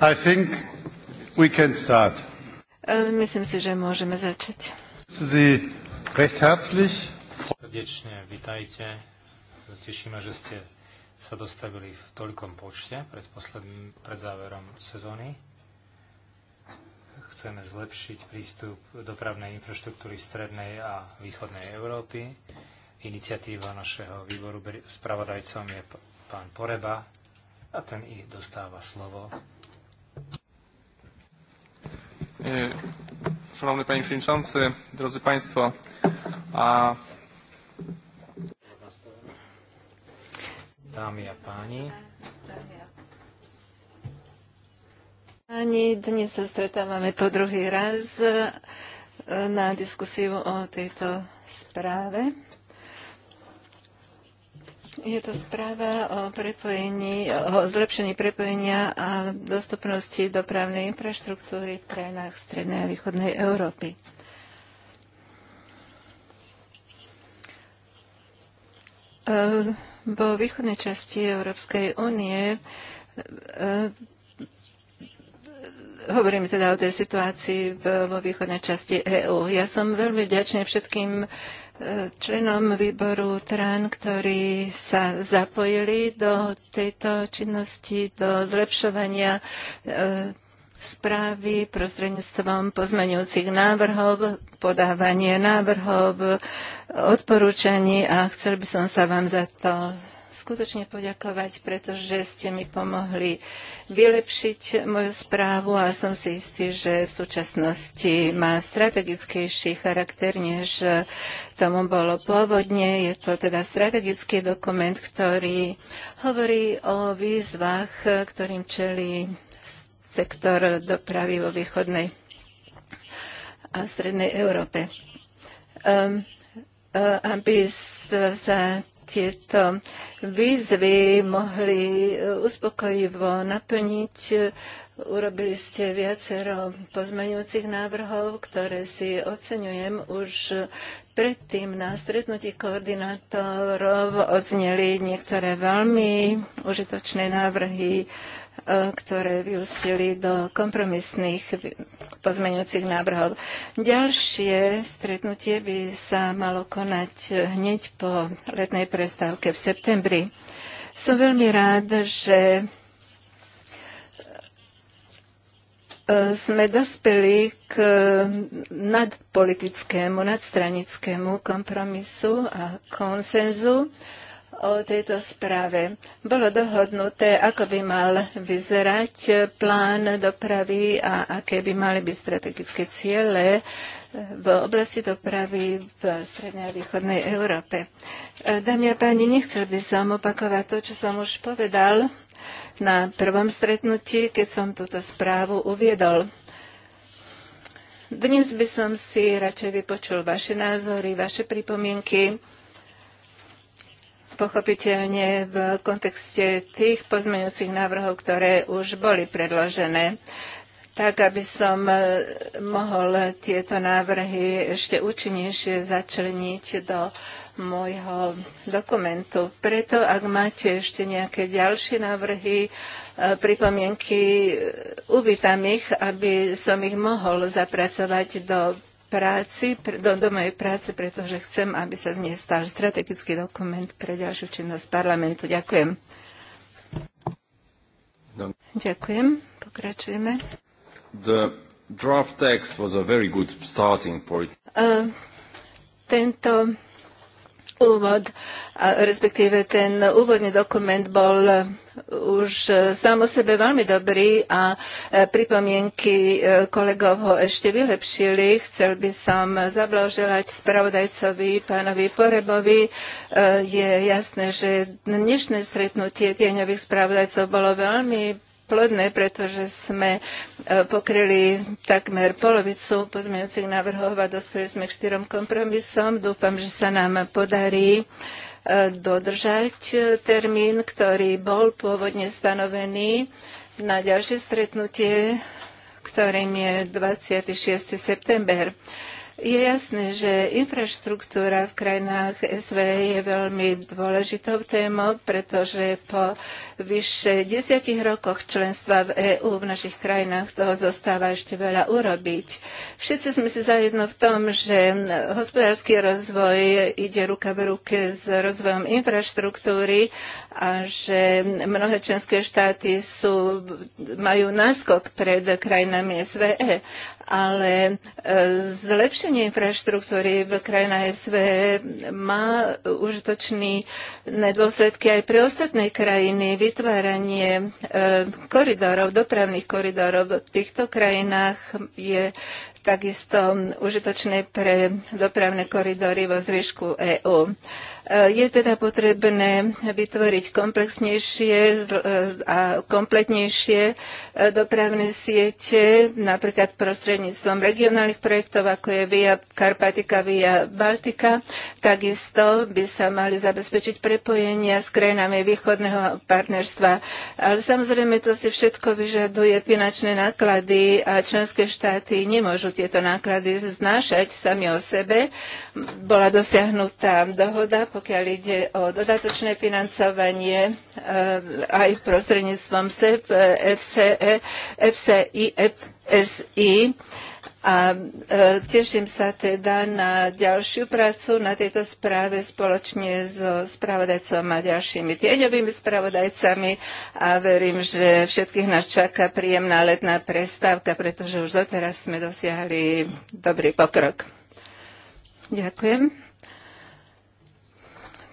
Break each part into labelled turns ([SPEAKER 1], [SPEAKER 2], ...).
[SPEAKER 1] I think we can start.
[SPEAKER 2] Myslím si, že môžeme začať.
[SPEAKER 1] Sie recht herzlich.
[SPEAKER 3] Srdečne vitajte. Tešíme, že ste sa dostavili v toľkom počte pred, posledným, pred záverom sezóny. Chceme zlepšiť prístup dopravnej infraštruktúry strednej a východnej Európy. Iniciatíva našeho výboru spravodajcom je pán Poreba a ten i dostáva slovo. E, Szanowny Panie Przewodniczący, drodzy Państwo, a... Dámy a páni,
[SPEAKER 2] Ani dnes sa stretávame po druhý raz e, na diskusiu o tejto správe. Je to správa o prepojení, o zlepšení prepojenia a dostupnosti dopravnej infraštruktúry v krajinách Strednej a Východnej Európy. E, vo východnej časti Európskej únie e, hovoríme teda o tej situácii vo východnej časti EÚ. Ja som veľmi vďačný všetkým členom výboru TRAN, ktorí sa zapojili do tejto činnosti, do zlepšovania e, správy prostredníctvom pozmeňujúcich návrhov, podávanie návrhov, odporúčaní a chcel by som sa vám za to skutočne poďakovať, pretože ste mi pomohli vylepšiť moju správu a som si istý, že v súčasnosti má strategickejší charakter, než tomu bolo pôvodne. Je to teda strategický dokument, ktorý hovorí o výzvach, ktorým čelí sektor dopravy vo východnej a strednej Európe. Um, aby sa tieto výzvy mohli uh, uspokojivo naplniť. Urobili ste viacero pozmeňujúcich návrhov, ktoré si oceňujem. Už predtým na stretnutí koordinátorov odzneli niektoré veľmi užitočné návrhy Eh, ktoré vyústili do kompromisných pozmeňujúcich návrhov. Ďalšie stretnutie by sa malo konať hneď po letnej prestávke v septembri. Som veľmi rád, že eh, sme dospeli k nadpolitickému, nadstranickému kompromisu a konsenzu o tejto správe. Bolo dohodnuté, ako by mal vyzerať plán dopravy a aké by mali byť strategické ciele eh, v oblasti dopravy v strednej a východnej Európe. Eh, dámy a páni, nechcel by som opakovať to, čo som už povedal na prvom stretnutí, keď som túto správu uviedol. Dnes by som si radšej vypočul vaše názory, vaše pripomienky pochopiteľne v kontexte tých pozmeňujúcich návrhov, ktoré už boli predložené tak, aby som e, mohol tieto návrhy ešte účinnejšie začleniť do môjho dokumentu. Preto, ak máte ešte nejaké ďalšie návrhy, e, pripomienky, e, uvítam ich, aby som ich mohol zapracovať do práci, do, do mojej práce, pretože chcem, aby sa z nej stal strategický dokument pre ďalšiu činnosť parlamentu. Ďakujem. No. Ďakujem. Pokračujeme.
[SPEAKER 3] The draft text
[SPEAKER 1] was a very good starting point.
[SPEAKER 2] Uh, tento úvod, respektíve ten úvodný dokument bol e, už e, sám o sebe veľmi dobrý a e, pripomienky kolegov ho ešte vylepšili. Chcel by som zablahoželať spravodajcovi pánovi Porebovi. Je jasné, že dnešné stretnutie tieňových spravodajcov bolo veľmi plodné, pretože sme e, pokryli takmer polovicu pozmeňujúcich návrhov a dospeli sme k štyrom kompromisom. Dúfam, že sa nám podarí e, dodržať e, termín, ktorý bol pôvodne stanovený na ďalšie stretnutie, ktorým je 26. september. Je jasné, že infraštruktúra v krajinách SV je veľmi dôležitou témou, pretože po vyše desiatich rokoch členstva v EÚ v našich krajinách toho zostáva ešte veľa urobiť. Všetci sme si zajedno v tom, že hospodársky rozvoj ide ruka v ruke s rozvojom infraštruktúry a že mnohé členské štáty sú, majú náskok pred krajinami SVE ale e, zlepšenie infraštruktúry v krajinách SV má užitočný dôsledky aj pre ostatné krajiny. Vytváranie e, koridorov, dopravných koridorov v týchto krajinách je takisto užitočné pre dopravné koridory vo zvyšku EÚ. Eh, je teda potrebné vytvoriť komplexnejšie eh, a kompletnejšie eh, dopravné siete, napríklad prostredníctvom regionálnych projektov, ako je Via Karpatika, Via Baltika. Takisto by sa mali zabezpečiť prepojenia s krajinami východného partnerstva. Ale samozrejme to si všetko vyžaduje finančné náklady a členské štáty nemôžu tieto náklady znášať sami o sebe. Bola dosiahnutá dohoda, pokiaľ ide o dodatočné financovanie e, aj prostredníctvom SEF, FCE, FCI, FSI. A e, teším sa teda na ďalšiu prácu na tejto správe spoločne so spravodajcom a ďalšími tieňovými spravodajcami a verím, že všetkých nás čaká príjemná letná prestávka, pretože už doteraz sme dosiahli dobrý pokrok. Ďakujem.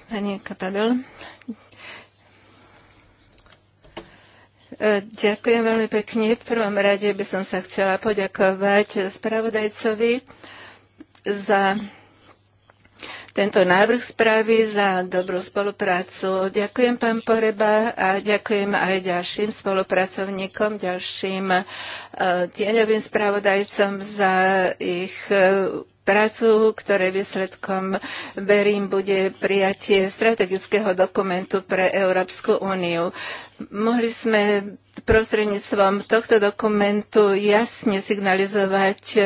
[SPEAKER 2] Pani Kapadol. E, ďakujem veľmi pekne. V prvom rade by som sa chcela poďakovať spravodajcovi za tento návrh správy za dobrú spoluprácu. Ďakujem pán Poreba a ďakujem aj ďalším spolupracovníkom, ďalším e, tieňovým spravodajcom za ich e, prácu, ktoré výsledkom, verím, bude prijatie strategického dokumentu pre Európsku úniu. Mohli sme prostredníctvom tohto dokumentu jasne signalizovať e,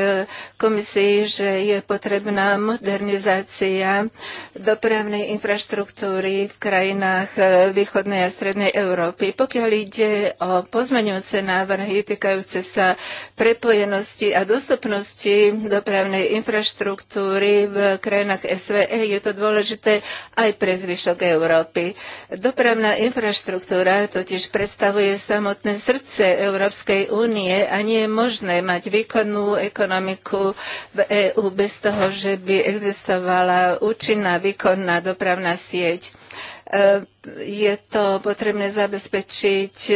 [SPEAKER 2] komisii, že je potrebná modernizácia dopravnej infraštruktúry v krajinách e, východnej a strednej Európy. Pokiaľ ide o pozmeňujúce návrhy týkajúce sa prepojenosti a dostupnosti dopravnej infraštruktúry v krajinách SVE, je to dôležité aj pre zvyšok Európy. Dopravná infraštruktúra totiž predstavuje samotné sme srdce Európskej únie a nie je možné mať výkonnú ekonomiku v EÚ bez toho, že by existovala účinná výkonná dopravná sieť e, je to potrebné zabezpečiť e,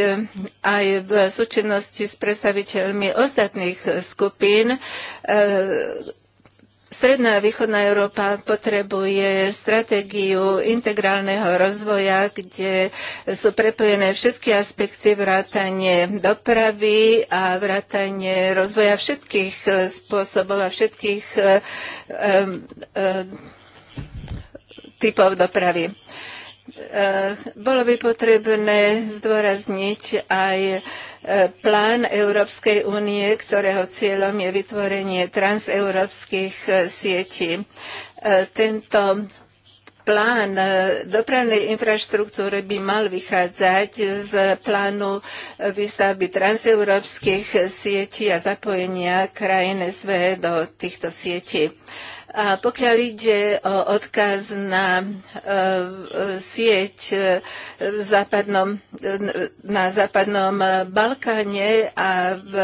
[SPEAKER 2] aj v súčinnosti s predstaviteľmi ostatných skupín e, Stredná a východná Európa potrebuje stratégiu integrálneho rozvoja, kde sú prepojené všetky aspekty vrátanie dopravy a vrátanie rozvoja všetkých spôsobov a všetkých um, um, typov dopravy. Eh, bolo by potrebné zdôrazniť aj plán Európskej únie, ktorého cieľom je vytvorenie transeurópskych e, sietí. E, tento plán e, dopravnej infraštruktúry by mal vychádzať z plánu výstavby transeurópskych sietí a zapojenia krajín SV do týchto sietí. A pokiaľ ide o odkaz na e, sieť e, v západnom, e, na západnom Balkáne a v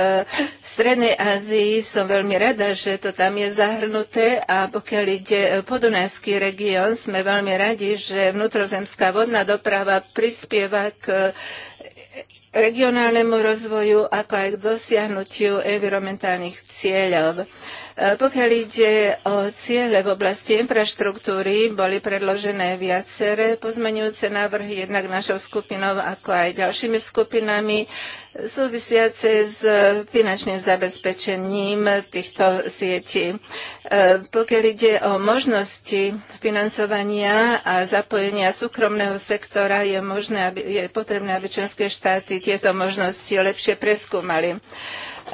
[SPEAKER 2] Strednej Ázii, som veľmi rada, že to tam je zahrnuté a pokiaľ ide podunajský región, sme veľmi radi, že vnútrozemská vodná doprava prispieva k regionálnemu rozvoju, ako aj k dosiahnutiu environmentálnych cieľov. E, pokiaľ ide o ciele v oblasti infraštruktúry, boli predložené viaceré pozmeňujúce návrhy, jednak našou skupinou, ako aj ďalšími skupinami súvisiace s finančným zabezpečením týchto sietí. E, pokiaľ ide o možnosti financovania a zapojenia súkromného sektora, je, možné, aby, je potrebné, aby členské štáty tieto možnosti lepšie preskúmali.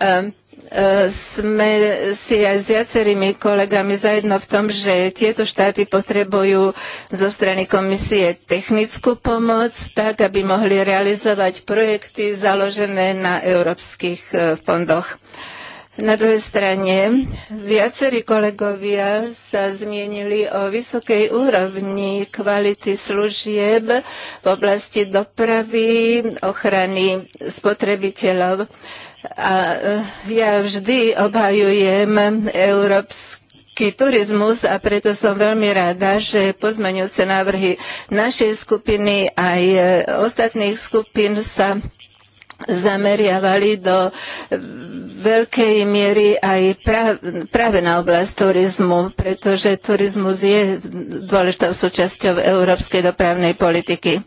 [SPEAKER 2] E, E, sme si aj s viacerými kolegami zajedno v tom, že tieto štáty potrebujú zo strany komisie technickú pomoc, tak aby mohli realizovať projekty založené na európskych e, fondoch. Na druhej strane, viacerí kolegovia sa zmienili o vysokej úrovni kvality služieb v oblasti dopravy, ochrany spotrebiteľov. A e, ja vždy obhajujem európsky turizmus a preto som veľmi rada, že pozmeňujúce návrhy našej skupiny aj e, ostatných skupín sa zameriavali do veľkej miery aj pra, práve na oblasť turizmu, pretože turizmus je dôležitou súčasťou európskej dopravnej politiky.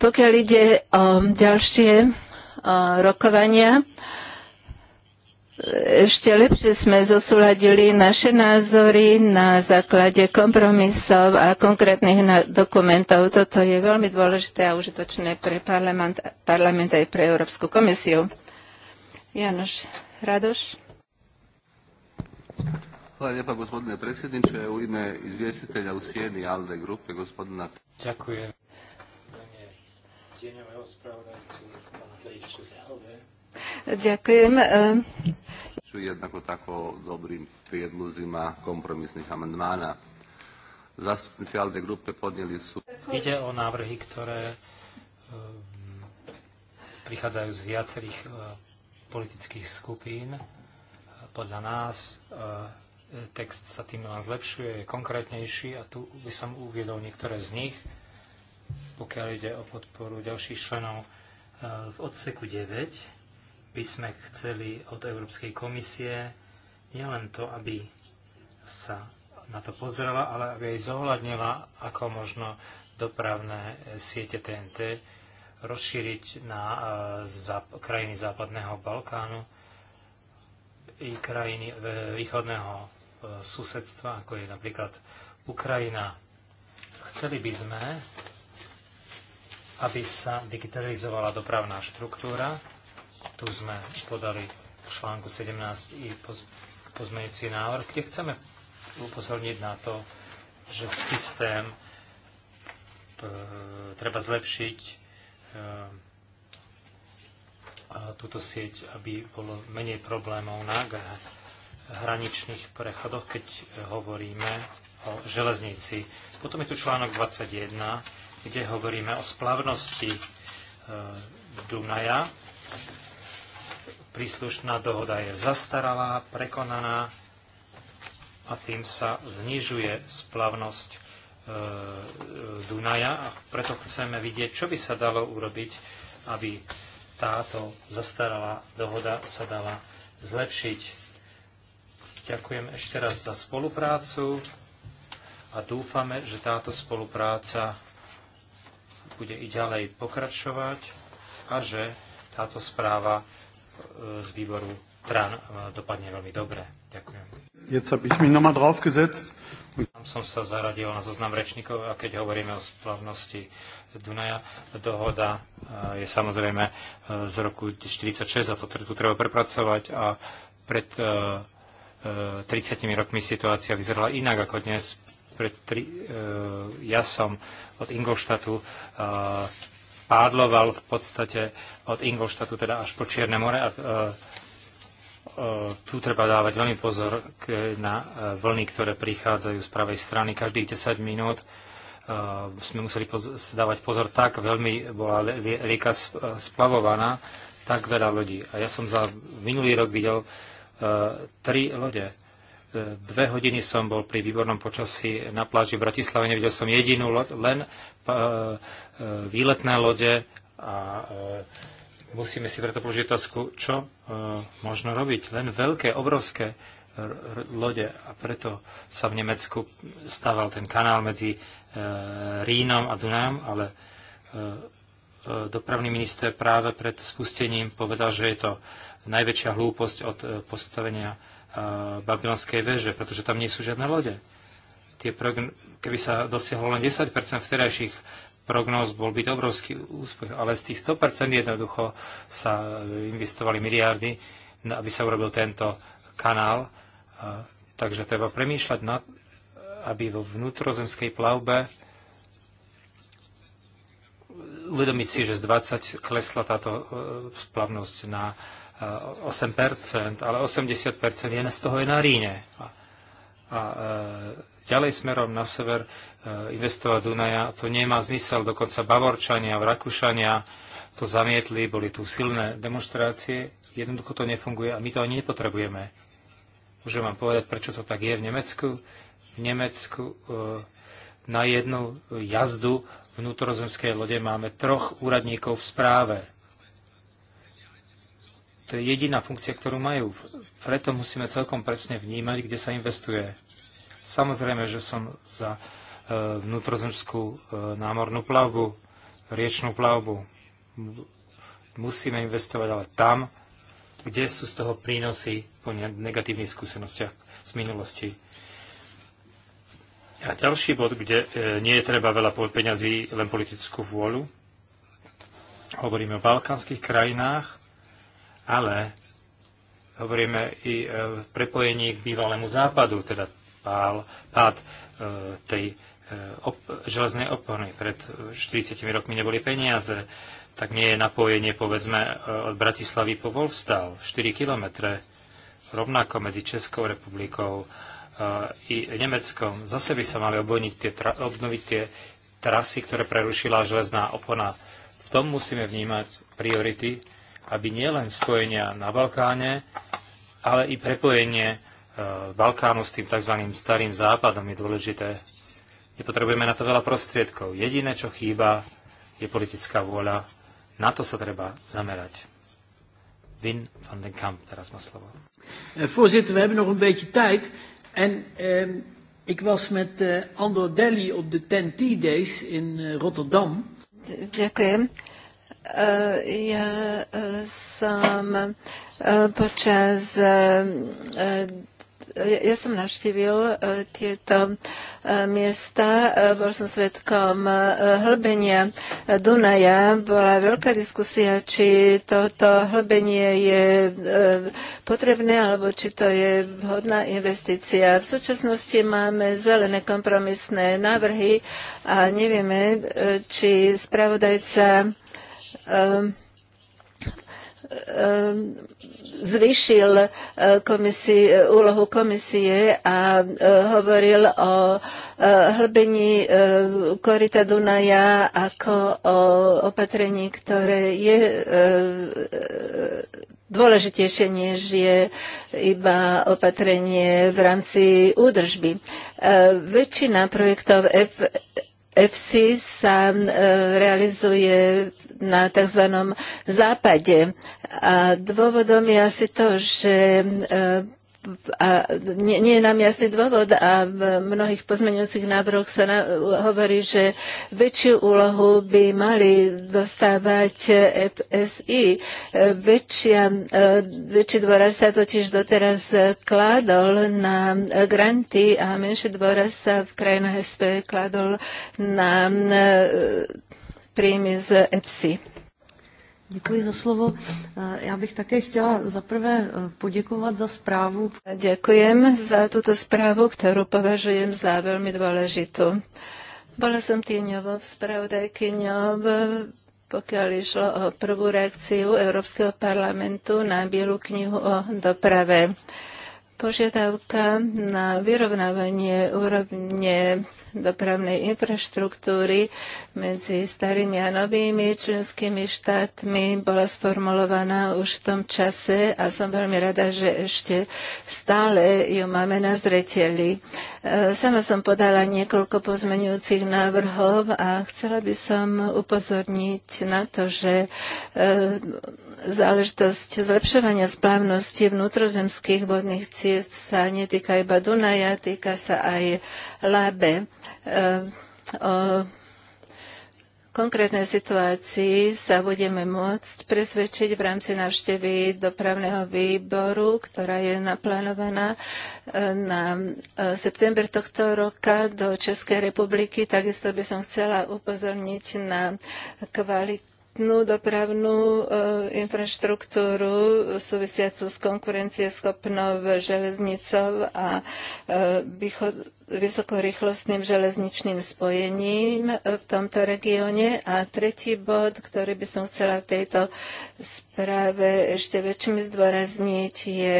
[SPEAKER 2] Pokiaľ ide o ďalšie o rokovania, ešte lepšie sme zosúladili naše názory na základe kompromisov a konkrétnych dokumentov. Toto je veľmi dôležité a užitočné pre parlament, parlament aj pre Európsku komisiu. Janoš Radoš.
[SPEAKER 3] Hvala lijepa gospodine predsjedniče. U ime izvjestitelja u sjeni ALDE grupe gospodina... Ďakujem.
[SPEAKER 2] Ďakujem
[SPEAKER 3] izvješću, jednako tako dobrim prijedlozima kompromisných amandmana. Zastupníci ALDE grupe podnijeli sú... Ide o návrhy, ktoré e, prichádzajú z viacerých e, politických skupín. E, podľa nás text sa tým len zlepšuje, je konkrétnejší a tu by som uviedol niektoré z nich, pokiaľ ide o podporu ďalších členov v odseku 9 by sme chceli od Európskej komisie nielen to, aby sa na to pozrela, ale aby aj zohľadnila, ako možno dopravné siete TNT rozšíriť na e, krajiny Západného Balkánu i krajiny e, východného e, susedstva, ako je napríklad Ukrajina. Chceli by sme, aby sa digitalizovala dopravná štruktúra, tu sme podali v článku 17 i pozmeňujúci návrh, kde chceme upozorniť na to, že systém e, treba zlepšiť e, túto sieť, aby bolo menej problémov na hraničných prechodoch, keď hovoríme o železnici. Potom je tu článok 21, kde hovoríme o splavnosti e, Dunaja. Príslušná dohoda je zastaralá, prekonaná a tým sa znižuje splavnosť e, e, Dunaja a preto chceme vidieť, čo by sa dalo urobiť, aby táto zastaralá dohoda sa dala zlepšiť. Ďakujem ešte raz za spoluprácu a dúfame, že táto spolupráca bude i ďalej pokračovať a že táto správa E, z výboru TRAN e, dopadne veľmi dobre. Ďakujem.
[SPEAKER 1] Jetzt habe ich mich nochmal draufgesetzt.
[SPEAKER 3] Tam som sa zaradil na zoznam rečníkov a keď hovoríme o splavnosti Dunaja, dohoda e, je samozrejme z roku 1946 a to tu treba prepracovať a pred 30 rokmi situácia vyzerala inak ako dnes. Pred tri, ja som od Ingolštatu pádloval v podstate od Ingolštatu teda až po Čierne more a e, e, tu treba dávať veľmi pozor na e, vlny, ktoré prichádzajú z pravej strany. Každých 10 minút sme museli poz- dávať pozor, tak veľmi bola rieka splavovaná, tak veľa lodí. A ja som za minulý rok videl tri lode Dve hodiny som bol pri výbornom počasí na pláži v Bratislave, nevidel som jedinú loď, len e, e, výletné lode a e, musíme si preto položiť otázku, čo možno robiť. Len veľké, obrovské lode a preto sa v Nemecku stával ten kanál medzi Rínom a Dunajom, ale dopravný minister práve pred spustením povedal, že je to najväčšia hlúposť od postavenia babylonskej väže, pretože tam nie sú žiadne lode. Tie keby sa dosiahlo len 10 vterajších prognóz, bol byť obrovský úspech, ale z tých 100 jednoducho sa investovali miliardy, aby sa urobil tento kanál. Takže treba premýšľať nad, aby vo vnútrozemskej plavbe uvedomiť si, že z 20 klesla táto e, splavnosť na 8%, eh, ale 80% je, z toho je na Ríne. A, a eh, ďalej smerom na sever eh, investovať Dunaja, to nemá zmysel. Dokonca Bavorčania, Rakúšania to zamietli, boli tu silné demonstrácie. Jednoducho to nefunguje a my to ani nepotrebujeme. Môžem vám povedať, prečo to tak je v Nemecku. V Nemecku na jednu jazdu vnútorozemskej lode máme troch úradníkov v správe. To je jediná funkcia, ktorú majú. Preto musíme celkom presne vnímať, kde sa investuje. Samozrejme, že som za e, vnútrozemskú e, námornú plavbu, riečnú plavbu. Musíme investovať ale tam, kde sú z toho prínosy po negatívnych skúsenostiach z minulosti. A ďalší bod, kde e, nie je treba veľa peňazí, len politickú vôľu. Hovoríme o balkánskych krajinách ale hovoríme i e, v prepojení k bývalému západu, teda pál, pád e, tej e, op, železnej opony. Pred 40 rokmi neboli peniaze, tak nie je napojenie, povedzme, od Bratislavy po Wolfstal, 4 kilometre, rovnako medzi Českou republikou i Nemeckom. Zase by sa mali tie tra- obnoviť tie trasy, ktoré prerušila železná opona. V tom musíme vnímať priority aby nielen spojenia na Balkáne, ale i prepojenie Balkánu s tým tzv. starým západom je dôležité. Nepotrebujeme na to veľa prostriedkov. Jediné, čo chýba, je politická vôľa. Na to sa treba zamerať. Vin van den Kamp, teraz má slovo.
[SPEAKER 2] Voorzitter, we hebben nog een beetje tijd. En eh, ik was met eh, Andor Deli op de 10 t days in eh, Rotterdam. Ďakujem ja e, som e, počas e, ja som navštívil tieto miesta, bol som svetkom hlbenia Dunaja. Bola veľká diskusia, či toto hlbenie je potrebné, alebo či to je vhodná investícia. V súčasnosti máme zelené kompromisné návrhy a nevieme, či spravodajca Um, um, zvyšil uh, komisi, uh, úlohu komisie a uh, hovoril o hlbení korita Dunaja ako o opatrení, ktoré je dôležitejšie, než je iba opatrenie v rámci údržby. Väčšina projektov F EFSI sa e, realizuje na tzv. západe. A dôvodom je asi to, že e, a nie, nie je nám jasný dôvod a v mnohých pozmeňujúcich návrhoch sa na, hovorí, že väčšiu úlohu by mali dostávať FSI. Väčšia, e, väčší dôraz sa totiž doteraz kládol na granty a menší dôraz sa v krajinách SP kládol na e, príjmy z EPSI. Děkuji za slovo. Eh, já bych také chtěla zaprvé eh, poděkovat za zprávu. Ďakujem za tuto zprávu, kterou považujem za veľmi dôležitú. Bola som v spravodajkyňou eh, pokiaľ išlo o prvú reakciu Európskeho parlamentu na Bielu knihu o doprave. Požiadavka na vyrovnávanie úrovne dopravnej infraštruktúry medzi starými a novými členskými štátmi bola sformulovaná už v tom čase a som veľmi rada, že ešte stále ju máme na zreteli. E, sama som podala niekoľko pozmenujúcich návrhov a chcela by som upozorniť na to, že e, záležitosť zlepšovania správnosti vnútrozemských vodných ciest sa netýka iba Dunaja, týka sa aj Labe. E, o konkrétnej situácii sa budeme môcť presvedčiť v rámci návštevy dopravného výboru, ktorá je naplánovaná e, na e, september tohto roka do Českej republiky. Takisto by som chcela upozorniť na kvalitu kvalitnú dopravnú eh, infraštruktúru súvisiacu s konkurencieschopnou železnicou a eh, vysokorýchlostným železničným spojením eh, v tomto regióne. A tretí bod, ktorý by som chcela v tejto správe ešte väčším zdôrazniť, je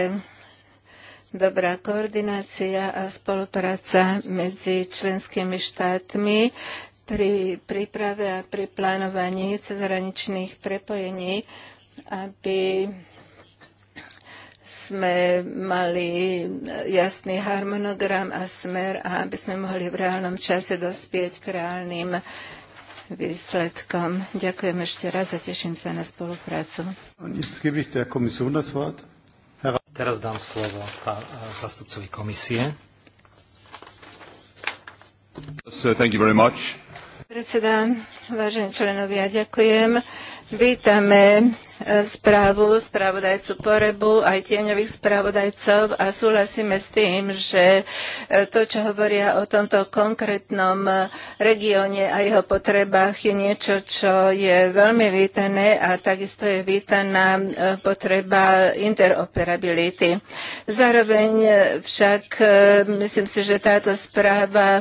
[SPEAKER 2] dobrá koordinácia a spolupráca medzi členskými štátmi pri príprave a pri plánovaní cezhraničných prepojení, aby sme mali jasný harmonogram a smer a aby sme mohli v reálnom čase dospieť k reálnym výsledkom. Ďakujem ešte raz a teším sa na spoluprácu.
[SPEAKER 1] Teraz dám slovo zastupcovi
[SPEAKER 3] komisie. thank you very much.
[SPEAKER 2] Predseda, vážení členovia, ďakujem. Vítame E, správu spravodajcu Porebu aj tieňových spravodajcov a súhlasíme s tým, že e, to, čo hovoria o tomto konkrétnom e, regióne a jeho potrebách je niečo, čo je veľmi vítané a takisto je vítaná potreba interoperability. Zároveň však myslím si, že táto správa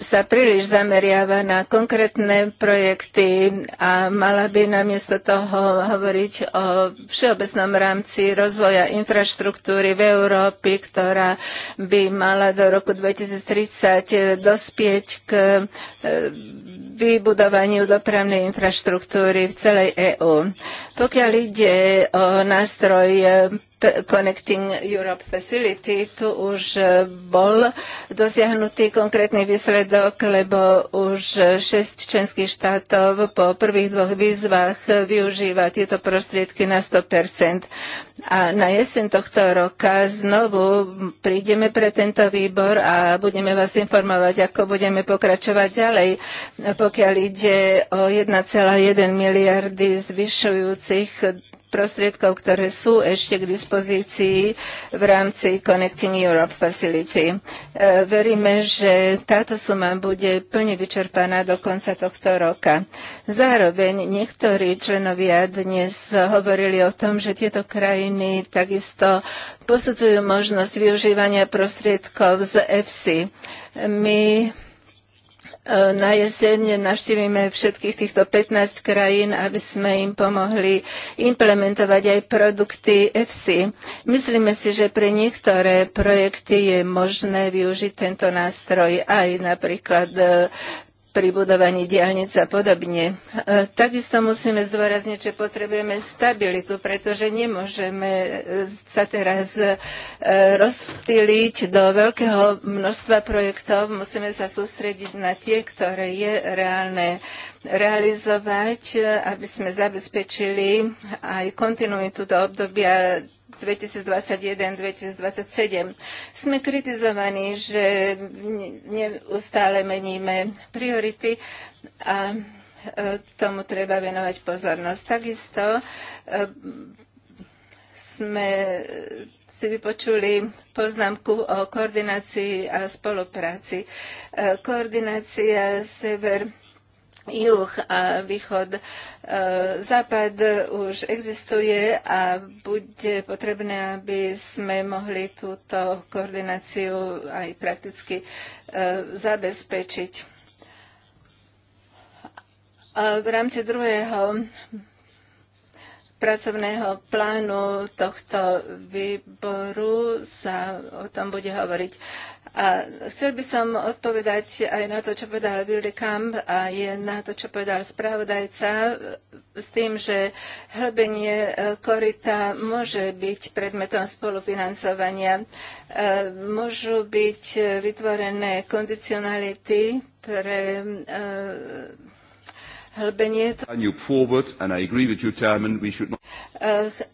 [SPEAKER 2] sa príliš zameriava na konkrétne projekty a mala by namiesto toho hovoriť hovoriť o všeobecnom rámci rozvoja infraštruktúry v Európe, ktorá by mala do roku 2030 dospieť k e, vybudovaniu dopravnej infraštruktúry v celej EÚ. Pokiaľ ide o nástroj Connecting Europe Facility. Tu už e, bol dosiahnutý konkrétny výsledok, lebo už šesť členských štátov po prvých dvoch výzvach využíva tieto prostriedky na 100%. A na jeseň tohto roka znovu prídeme pre tento výbor a budeme vás informovať, ako budeme pokračovať ďalej, pokiaľ ide o 1,1 miliardy zvyšujúcich prostriedkov, ktoré sú ešte k dispozícii v rámci Connecting Europe Facility. E, veríme, že táto suma bude plne vyčerpaná do konca tohto roka. Zároveň niektorí členovia dnes hovorili o tom, že tieto krajiny takisto posudzujú možnosť využívania prostriedkov z EFSI. My E, na jeseň navštívime všetkých týchto 15 krajín, aby sme im pomohli implementovať aj produkty EFSI. Myslíme si, že pre niektoré projekty je možné využiť tento nástroj aj napríklad e, pri budovaní diálnic a podobne. E, takisto musíme zdôrazniť, že potrebujeme stabilitu, pretože nemôžeme e, sa teraz e, rozptýliť do veľkého množstva projektov. Musíme sa sústrediť na tie, ktoré je reálne realizovať, aby sme zabezpečili aj kontinuitu do obdobia 2021-2027. Sme kritizovaní, že neustále meníme priority a e, tomu treba venovať pozornosť. Takisto e, sme si vypočuli poznámku o koordinácii a spolupráci. E, koordinácia sever juh a východ. E, Západ už existuje a bude potrebné, aby sme mohli túto koordináciu aj prakticky e, zabezpečiť. v rámci druhého pracovného plánu tohto výboru sa o tom bude hovoriť. A chcel by som odpovedať aj na to, čo povedal Willy Kamp a je na to, čo povedal spravodajca, s tým, že hlbenie e, korita môže byť predmetom spolufinancovania. E, môžu byť e, vytvorené kondicionality pre hlbenie.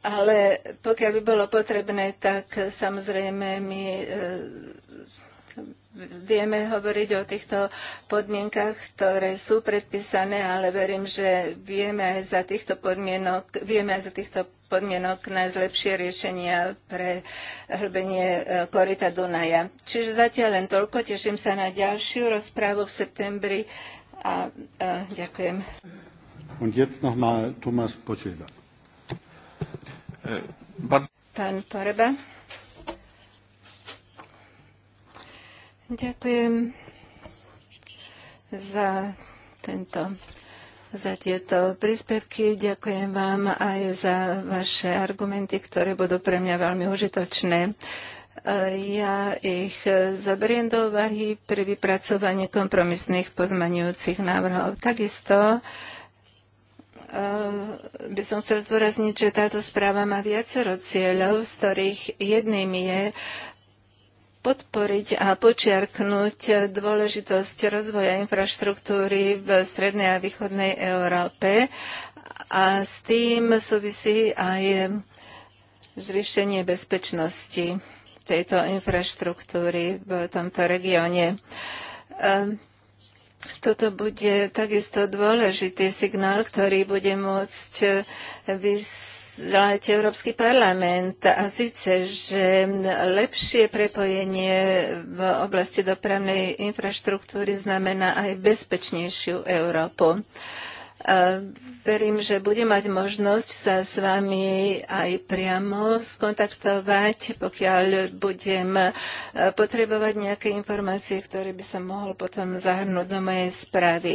[SPEAKER 2] Ale pokiaľ by bolo potrebné, tak samozrejme my vieme hovoriť o týchto podmienkach, ktoré sú predpísané, ale verím, že vieme aj za týchto podmienok, vieme aj za týchto podmienok nájsť lepšie riešenia pre hlbenie e, korita Dunaja. Čiže zatiaľ len toľko. Teším sa na ďalšiu rozprávu v septembri a, a e, ďakujem.
[SPEAKER 1] Und jetzt noch mal Thomas Pocheda.
[SPEAKER 2] Pán Poreba. Ďakujem za tento za tieto príspevky. Ďakujem vám aj za vaše argumenty, ktoré budú pre mňa veľmi užitočné. Ja ich zaberiem do úvahy pri vypracovaní kompromisných pozmaňujúcich návrhov. Takisto eh, by som chcel zdôrazniť, že táto správa má viacero cieľov, z ktorých jedným je podporiť a počiarknúť dôležitosť rozvoja infraštruktúry v strednej a východnej Európe a s tým súvisí aj zvýšenie bezpečnosti tejto infraštruktúry v tomto regióne. Ehm, toto bude takisto dôležitý signál, ktorý bude môcť vys- vyslať Európsky parlament a síce, že lepšie prepojenie v oblasti dopravnej infraštruktúry znamená aj bezpečnejšiu Európu. Verím, že bude mať možnosť sa s vami aj priamo skontaktovať, pokiaľ budem e, potrebovať nejaké informácie, ktoré by som mohol potom zahrnúť do mojej správy.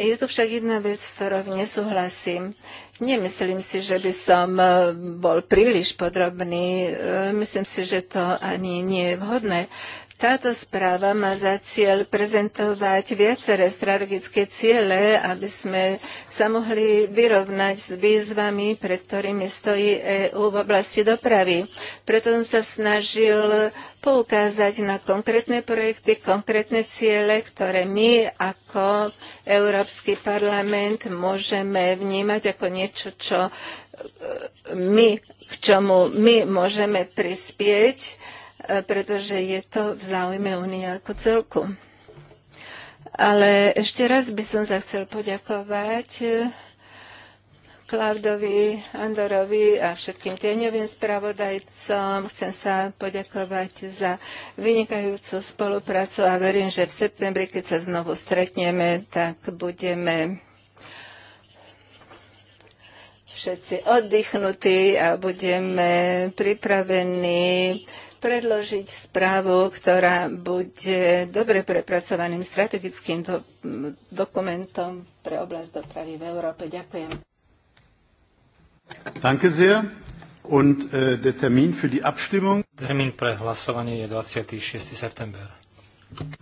[SPEAKER 2] Je tu však jedna vec, s ktorou nesúhlasím. Nemyslím si, že by som e, bol príliš podrobný. E, myslím si, že to ani nie je vhodné. Táto správa má za cieľ prezentovať viaceré strategické ciele, aby sme sa mohli vyrovnať s výzvami, pred ktorými stojí EÚ v oblasti dopravy. Preto som sa snažil poukázať na konkrétne projekty, konkrétne ciele, ktoré my ako Európsky parlament môžeme vnímať ako niečo, čo e, my, k čomu my môžeme prispieť pretože je to v záujme únie ako celku. Ale ešte raz by som sa chcel poďakovať eh, Klaudovi, Andorovi a všetkým tieňovým spravodajcom. Chcem sa poďakovať za vynikajúcu spoluprácu a verím, že v septembri, keď sa znovu stretneme, tak budeme všetci oddychnutí a budeme pripravení predložiť správu, ktorá bude dobre prepracovaným strategickým do, dokumentom pre oblasť dopravy v Európe. Ďakujem.
[SPEAKER 1] Danke sehr. Und äh, der Termin für die Abstimmung?
[SPEAKER 3] Termin pre hlasovanie je 26. september.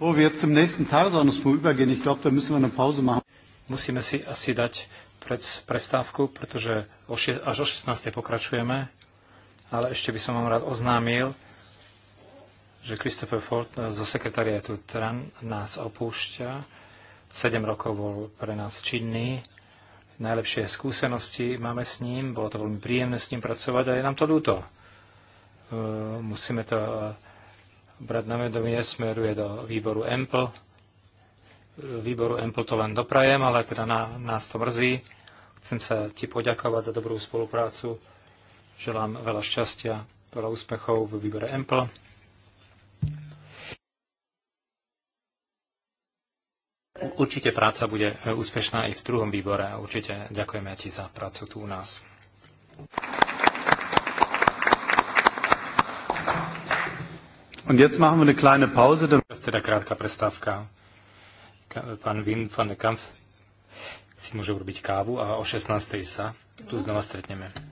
[SPEAKER 1] Wo wir zum nächsten Tagesordnungspunkt übergehen, ich glaube, da müssen wir eine Pause machen.
[SPEAKER 3] Musíme si asi dať pred prestávku, pretože o až o 16. pokračujeme, ale ešte by som vám rád oznámil, že Christopher Ford zo sekretariatu TRAN nás opúšťa. 7 rokov bol pre nás činný. Najlepšie skúsenosti máme s ním, bolo to veľmi príjemné s ním pracovať a je nám to ľúto. E, musíme to e, brať na vedomie, smeruje do výboru EMPL. E, výboru EMPL to len doprajem, ale teda nás to mrzí. Chcem sa ti poďakovať za dobrú spoluprácu. Želám veľa šťastia, veľa úspechov v výbore EMPL Určite práca bude e, úspešná aj v druhom výbore a určite ďakujeme ti za prácu tu u nás. Und jetzt machen wir eine kleine Pause. ist teda krátka prestavka. Pán Wim van der Kampf si môže urobiť kávu a o 16.00 sa tu znova stretneme.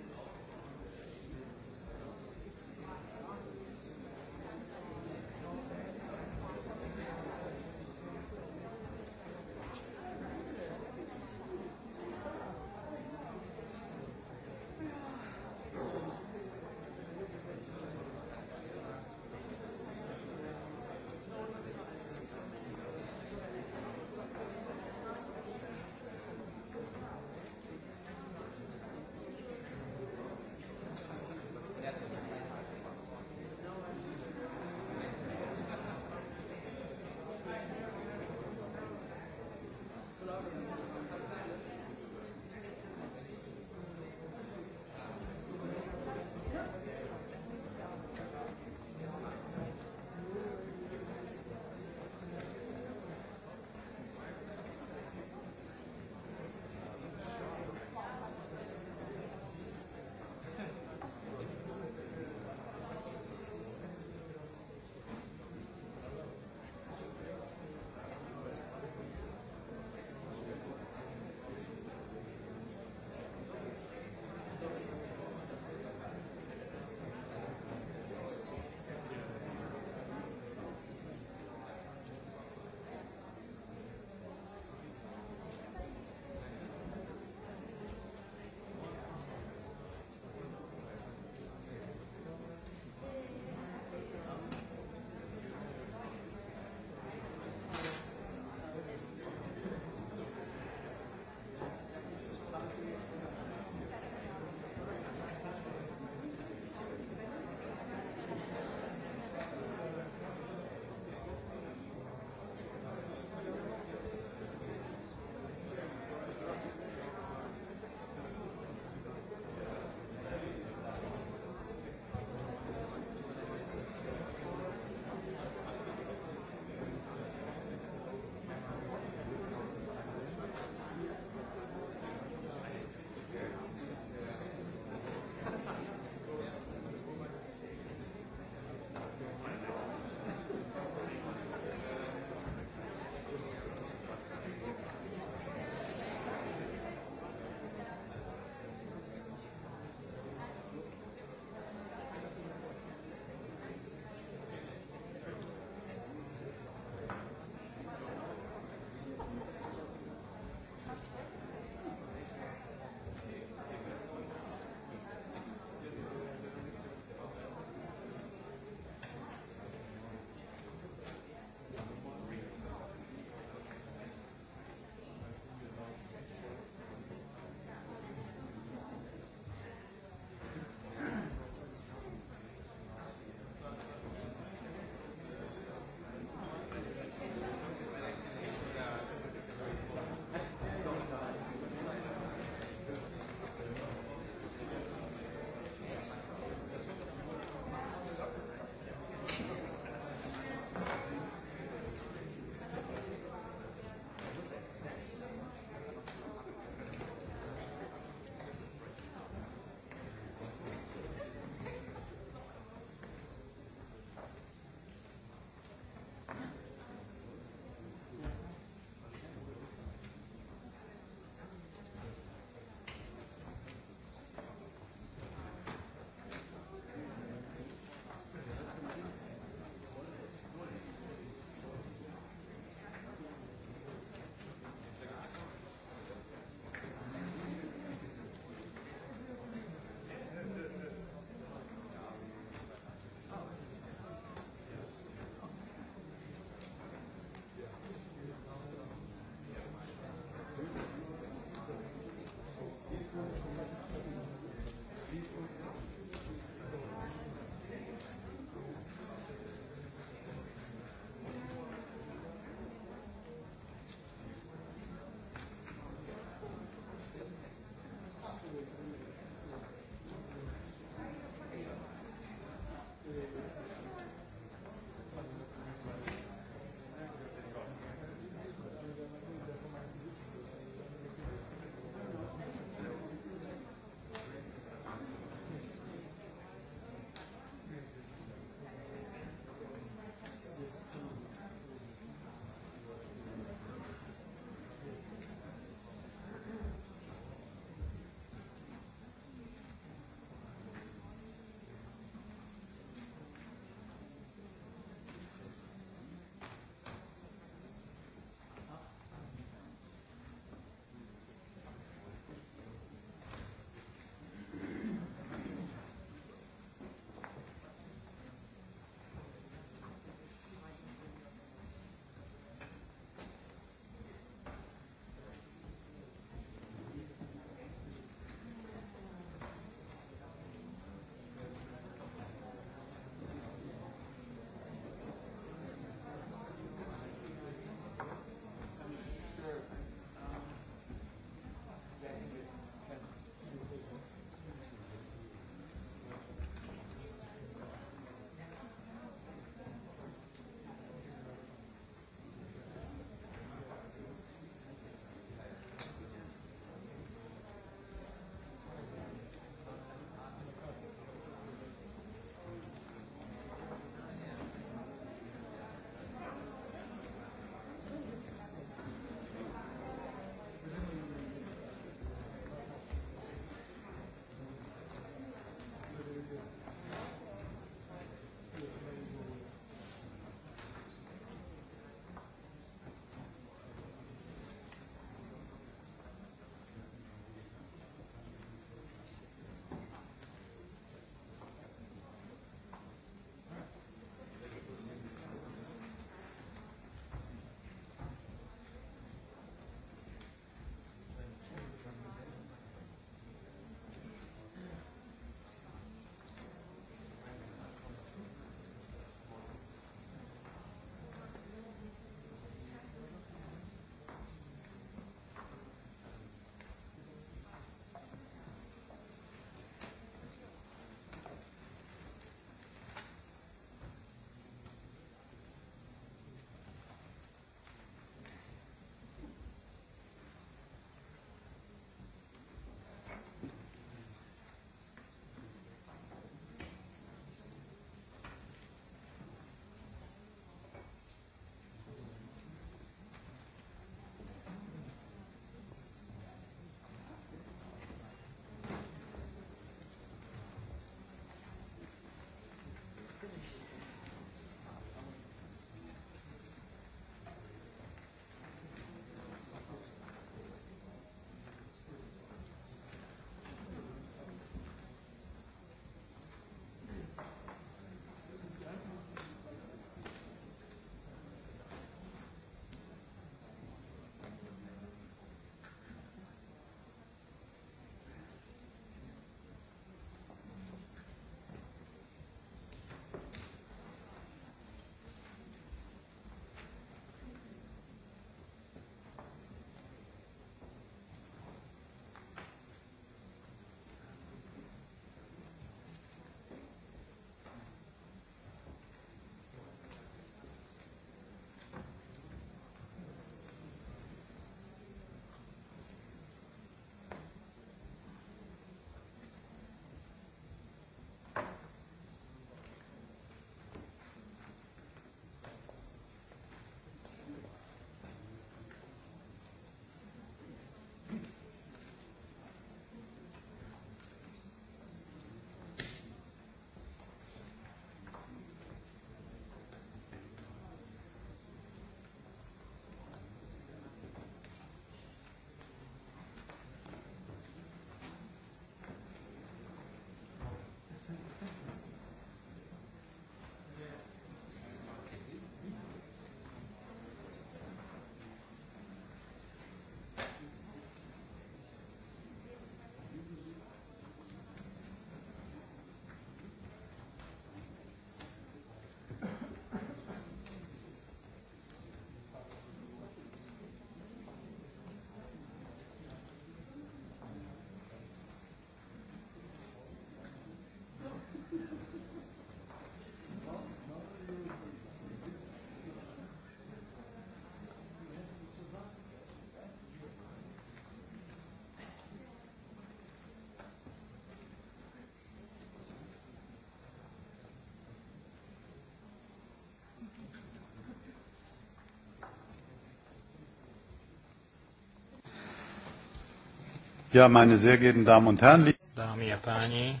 [SPEAKER 1] Ja, meine sehr geehrten Damen und Herren.
[SPEAKER 3] Dámy a páni,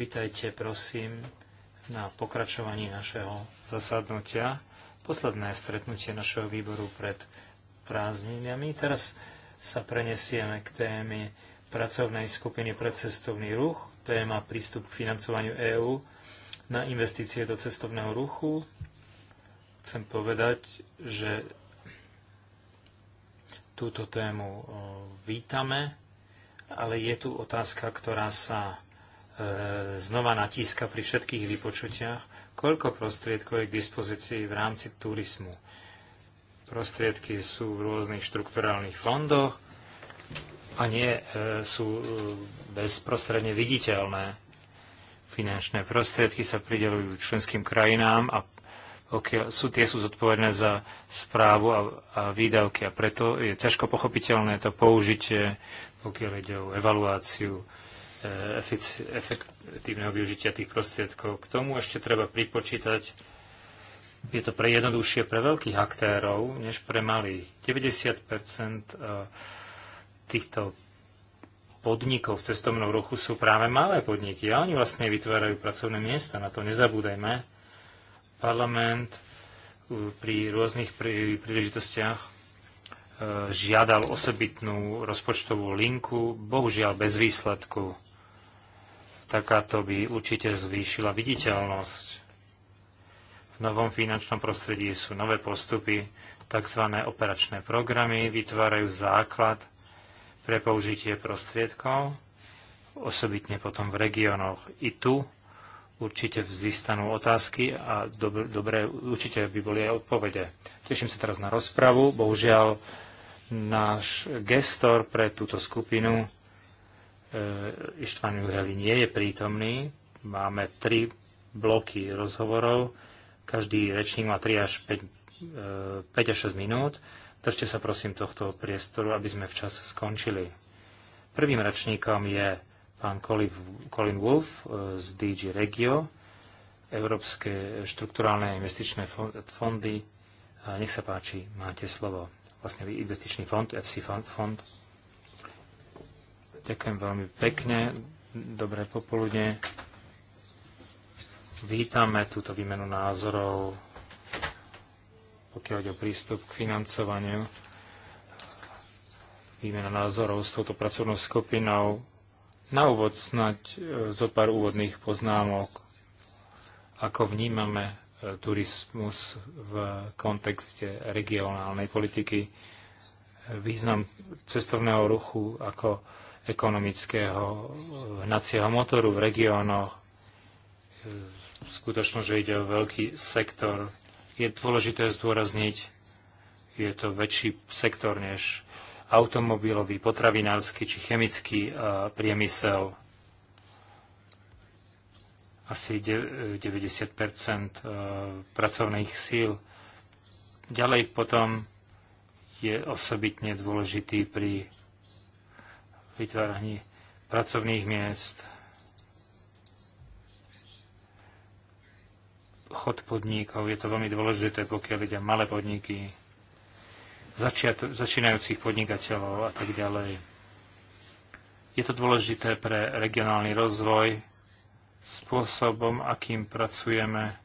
[SPEAKER 3] vitajte prosím na pokračovaní našeho zasadnutia. Posledné stretnutie našeho výboru pred prázdninami. Teraz sa prenesieme k téme pracovnej skupiny pre cestovný ruch, téma prístup k financovaniu EÚ na investície do cestovného ruchu. Chcem povedať, že Túto tému e, vítame, ale je tu otázka, ktorá sa e, znova natíska pri všetkých vypočutiach, koľko prostriedkov je k dispozícii v rámci turizmu. Prostriedky sú v rôznych štrukturálnych fondoch a nie e, sú bezprostredne viditeľné. Finančné prostriedky sa pridelujú členským krajinám a sú, tie sú zodpovedné za správu a, a výdavky a preto je ťažko pochopiteľné to použitie, pokiaľ ide o evaluáciu e, efektívneho využitia tých prostriedkov. K tomu ešte treba pripočítať, je to pre jednoduchšie pre veľkých aktérov, než pre malých. 90 e, týchto podnikov v cestovnom ruchu sú práve malé podniky a oni vlastne vytvárajú pracovné miesta, na to nezabúdajme. Parlament uh, pri rôznych príležitostiach uh, žiadal osobitnú rozpočtovú linku, bohužiaľ bez výsledku. Takáto by určite zvýšila viditeľnosť. V novom finančnom prostredí sú nové postupy, tzv. operačné programy vytvárajú základ pre použitie prostriedkov, osobitne potom v regiónoch. I tu Určite vzistanú otázky a dobre, dobre, určite by boli aj odpovede. Teším sa teraz na rozpravu. Bohužiaľ, náš gestor pre túto skupinu, e, Ištván Juheli, nie je prítomný. Máme tri bloky rozhovorov. Každý rečník má 3 až 5, 5 e, až 6 minút. Držte sa prosím tohto priestoru, aby sme včas skončili. Prvým rečníkom je pán Colin Wolf e, z DG Regio, Európske štrukturálne investičné fondy. Nech sa páči, máte slovo. Vlastne investičný fond, FC fond. Ďakujem veľmi pekne. Dobré popoludne. Vítame túto výmenu názorov, pokiaľ ide o prístup k financovaniu. Výmena názorov s touto pracovnou skupinou na úvod snať e, zo pár úvodných poznámok, ako vnímame e, turizmus v kontexte regionálnej politiky, e, význam cestovného ruchu ako ekonomického hnacieho motoru v regiónoch, skutočno, že ide o veľký sektor. Je dôležité zdôrazniť, je to väčší sektor než automobilový, potravinársky či chemický e, priemysel. Asi 90 e, e, pracovných síl. Ďalej potom je osobitne dôležitý pri vytváraní pracovných miest, chod podnikov. Je to veľmi dôležité, pokiaľ ide malé podniky, začiat, začínajúcich podnikateľov a tak ďalej. Je to dôležité pre regionálny rozvoj, spôsobom, akým pracujeme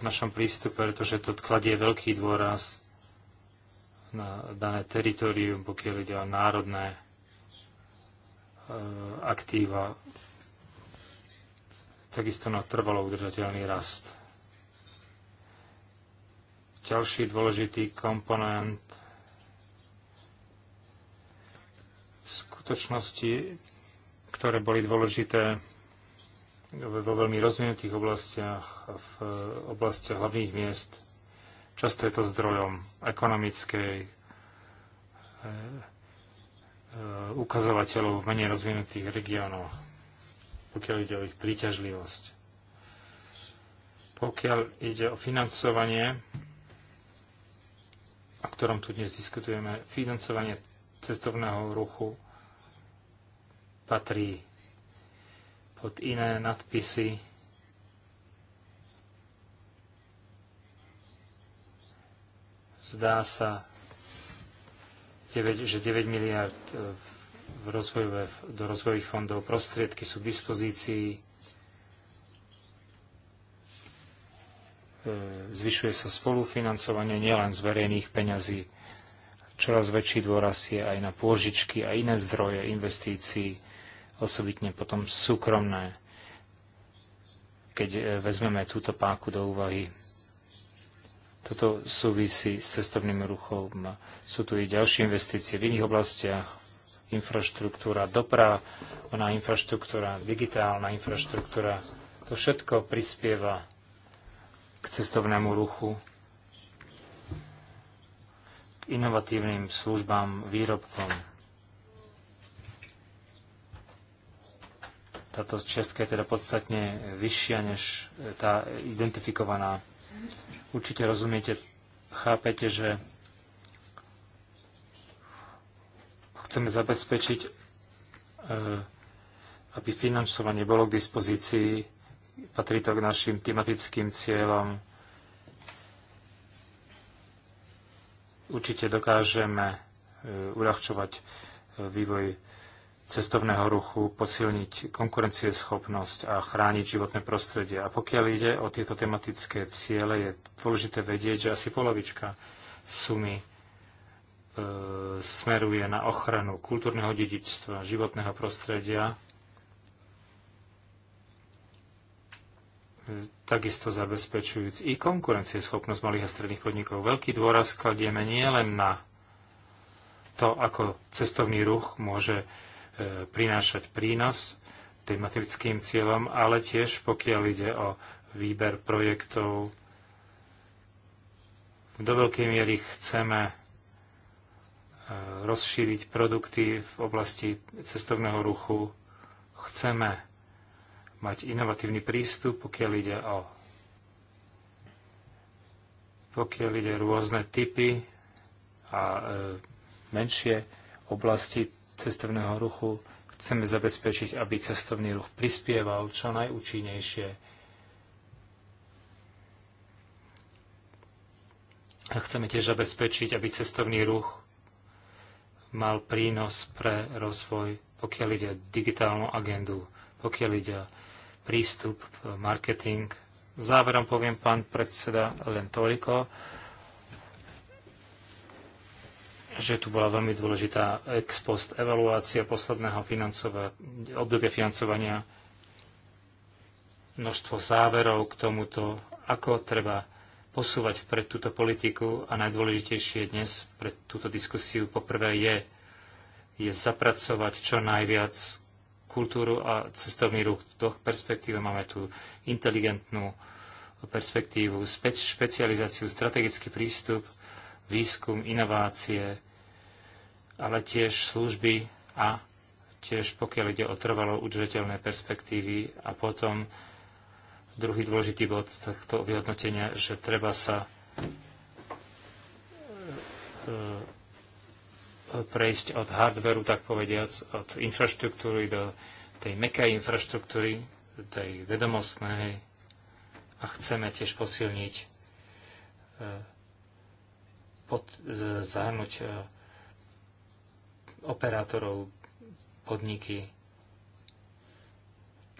[SPEAKER 3] v našom prístupe, pretože to kladie veľký dôraz na dané teritorium, pokiaľ ide o národné e, aktíva, takisto na trvalo udržateľný rast. Ďalší dôležitý komponent skutočnosti, ktoré boli dôležité vo veľmi rozvinutých oblastiach, a v oblastiach hlavných miest. Často je to zdrojom ekonomickej, e, e, ukazovateľov v menej rozvinutých regiónoch, pokiaľ ide o ich príťažlivosť. Pokiaľ ide o financovanie, o ktorom tu dnes diskutujeme, financovanie cestovného ruchu patrí pod iné nadpisy. Zdá sa, 9, že 9 miliard e, v rozvojové, do rozvojových fondov prostriedky sú k dispozícii E, zvyšuje sa spolufinancovanie nielen z verejných peňazí. Čoraz väčší dôraz je aj na pôžičky a iné zdroje investícií, osobitne potom súkromné, keď e, vezmeme túto páku do úvahy. Toto súvisí s cestovným ruchom. Sú tu i ďalšie investície v iných oblastiach, infraštruktúra, ona infraštruktúra, digitálna infraštruktúra. To všetko prispieva k cestovnému ruchu, k inovatívnym službám, výrobkom. Táto čestka je teda podstatne vyššia než tá identifikovaná. Určite rozumiete, chápete, že chceme zabezpečiť, e, aby financovanie bolo k dispozícii patrí to k našim tematickým cieľom. Určite dokážeme e, uľahčovať e, vývoj cestovného ruchu, posilniť konkurencieschopnosť a chrániť životné prostredie. A pokiaľ ide o tieto tematické ciele, je dôležité vedieť, že asi polovička sumy e, smeruje na ochranu kultúrneho dedičstva, životného prostredia, takisto zabezpečujúc i konkurencieschopnosť malých a stredných podnikov. Veľký dôraz kladieme nielen na to, ako cestovný ruch môže e, prinášať prínos tematickým cieľom, ale tiež pokiaľ ide o výber projektov, do veľkej miery chceme e, rozšíriť produkty v oblasti cestovného ruchu, chceme mať inovatívny prístup, pokiaľ ide o pokiaľ ide rôzne typy a e, menšie oblasti cestovného ruchu, chceme zabezpečiť, aby cestovný ruch prispieval čo najúčinnejšie. A chceme tiež zabezpečiť, aby cestovný ruch mal prínos pre rozvoj, pokiaľ ide o digitálnu agendu, pokiaľ ide o prístup, marketing. Záverom poviem, pán predseda, len toľko, že tu bola veľmi dôležitá ex post evaluácia posledného financova- obdobia financovania, množstvo záverov k tomuto, ako treba posúvať vpred túto politiku a najdôležitejšie dnes pre túto diskusiu poprvé je, je zapracovať čo najviac kultúru a cestovný ruch. V toch perspektíve máme tu inteligentnú perspektívu, špecializáciu, strategický prístup, výskum, inovácie, ale tiež služby a tiež pokiaľ ide o trvalo udržateľné perspektívy a potom druhý dôležitý bod takto vyhodnotenia, že treba sa e, e, prejsť od hardveru, tak povediac, od infraštruktúry do tej mekej infraštruktúry, tej vedomostnej a chceme tiež posilniť e, pod, e, zahrnúť e, operátorov, podniky.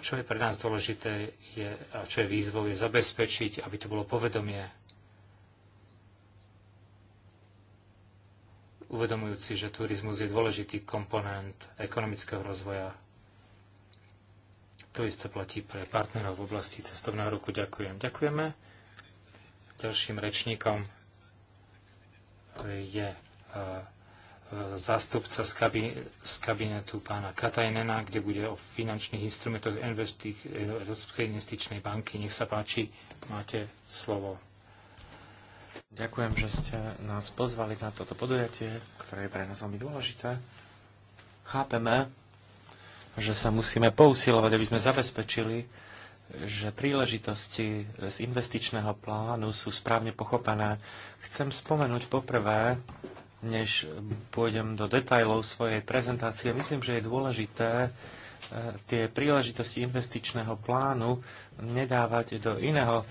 [SPEAKER 3] Čo je pre nás dôležité je, a čo je výzvou, je zabezpečiť, aby to bolo povedomie uvedomujúci, že turizmus je dôležitý komponent ekonomického rozvoja. To isté platí pre partnerov v oblasti cestovného ruku. Ďakujem. Ďakujeme. Ďalším rečníkom je e, zástupca z, kabi- z kabinetu pána Katajnena, kde bude o finančných instrumentoch Európskej investičnej banky. Nech sa páči, máte slovo.
[SPEAKER 4] Ďakujem, že ste nás pozvali na toto podujatie, ktoré je pre nás veľmi dôležité. Chápeme, že sa musíme pousilovať, aby sme zabezpečili, že príležitosti z investičného plánu sú správne pochopené. Chcem spomenúť poprvé, než pôjdem do detajlov svojej prezentácie, myslím, že je dôležité e, tie príležitosti investičného plánu nedávať do iného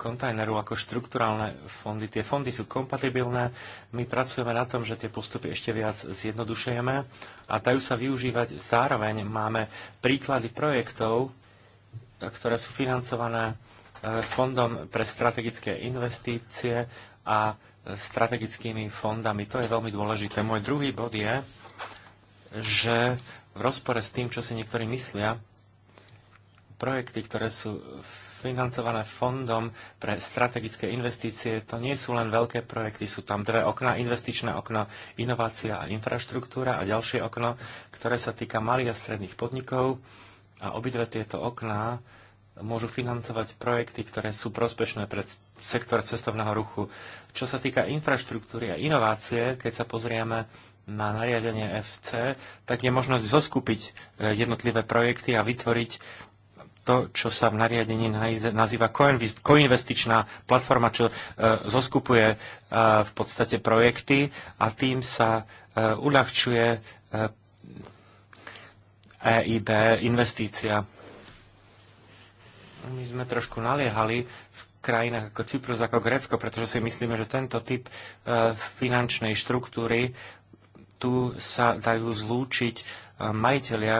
[SPEAKER 4] kontajnerov ako štrukturálne fondy. Tie fondy sú kompatibilné. My pracujeme na tom, že tie postupy ešte viac zjednodušujeme a dajú sa využívať. Zároveň máme príklady projektov, ktoré sú financované e, Fondom pre strategické investície a strategickými fondami. To je veľmi dôležité. Môj druhý bod je, že v rozpore s tým, čo si niektorí myslia, projekty, ktoré sú financované fondom pre strategické investície. To nie sú len veľké projekty, sú tam dve okna, investičné okno, inovácia a infraštruktúra a ďalšie okno, ktoré sa týka malých a stredných podnikov. A obidve tieto okná môžu financovať projekty, ktoré sú prospešné pre sektor cestovného ruchu. Čo sa týka infraštruktúry a inovácie, keď sa pozrieme na nariadenie FC, tak je možnosť zoskupiť e, jednotlivé projekty a vytvoriť to, čo sa v nariadení nazýva koinvestičná platforma, čo e, zoskupuje e, v podstate projekty a tým sa e, uľahčuje EIB investícia. My sme trošku naliehali v krajinách ako Cyprus, ako Grécko, pretože si myslíme, že tento typ finančnej štruktúry tu sa dajú zlúčiť majiteľia,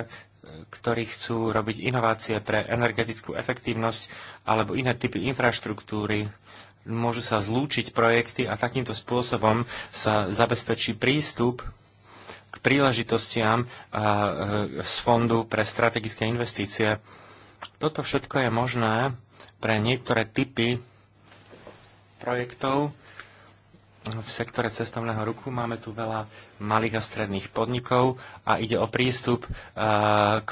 [SPEAKER 4] ktorí chcú robiť inovácie pre energetickú efektívnosť alebo iné typy infraštruktúry. Môžu sa zlúčiť projekty a takýmto spôsobom sa zabezpečí prístup k príležitostiam e, z Fondu pre strategické investície. Toto všetko je možné pre niektoré typy projektov v sektore cestovného ruku máme tu veľa malých a stredných podnikov a ide o prístup eh, k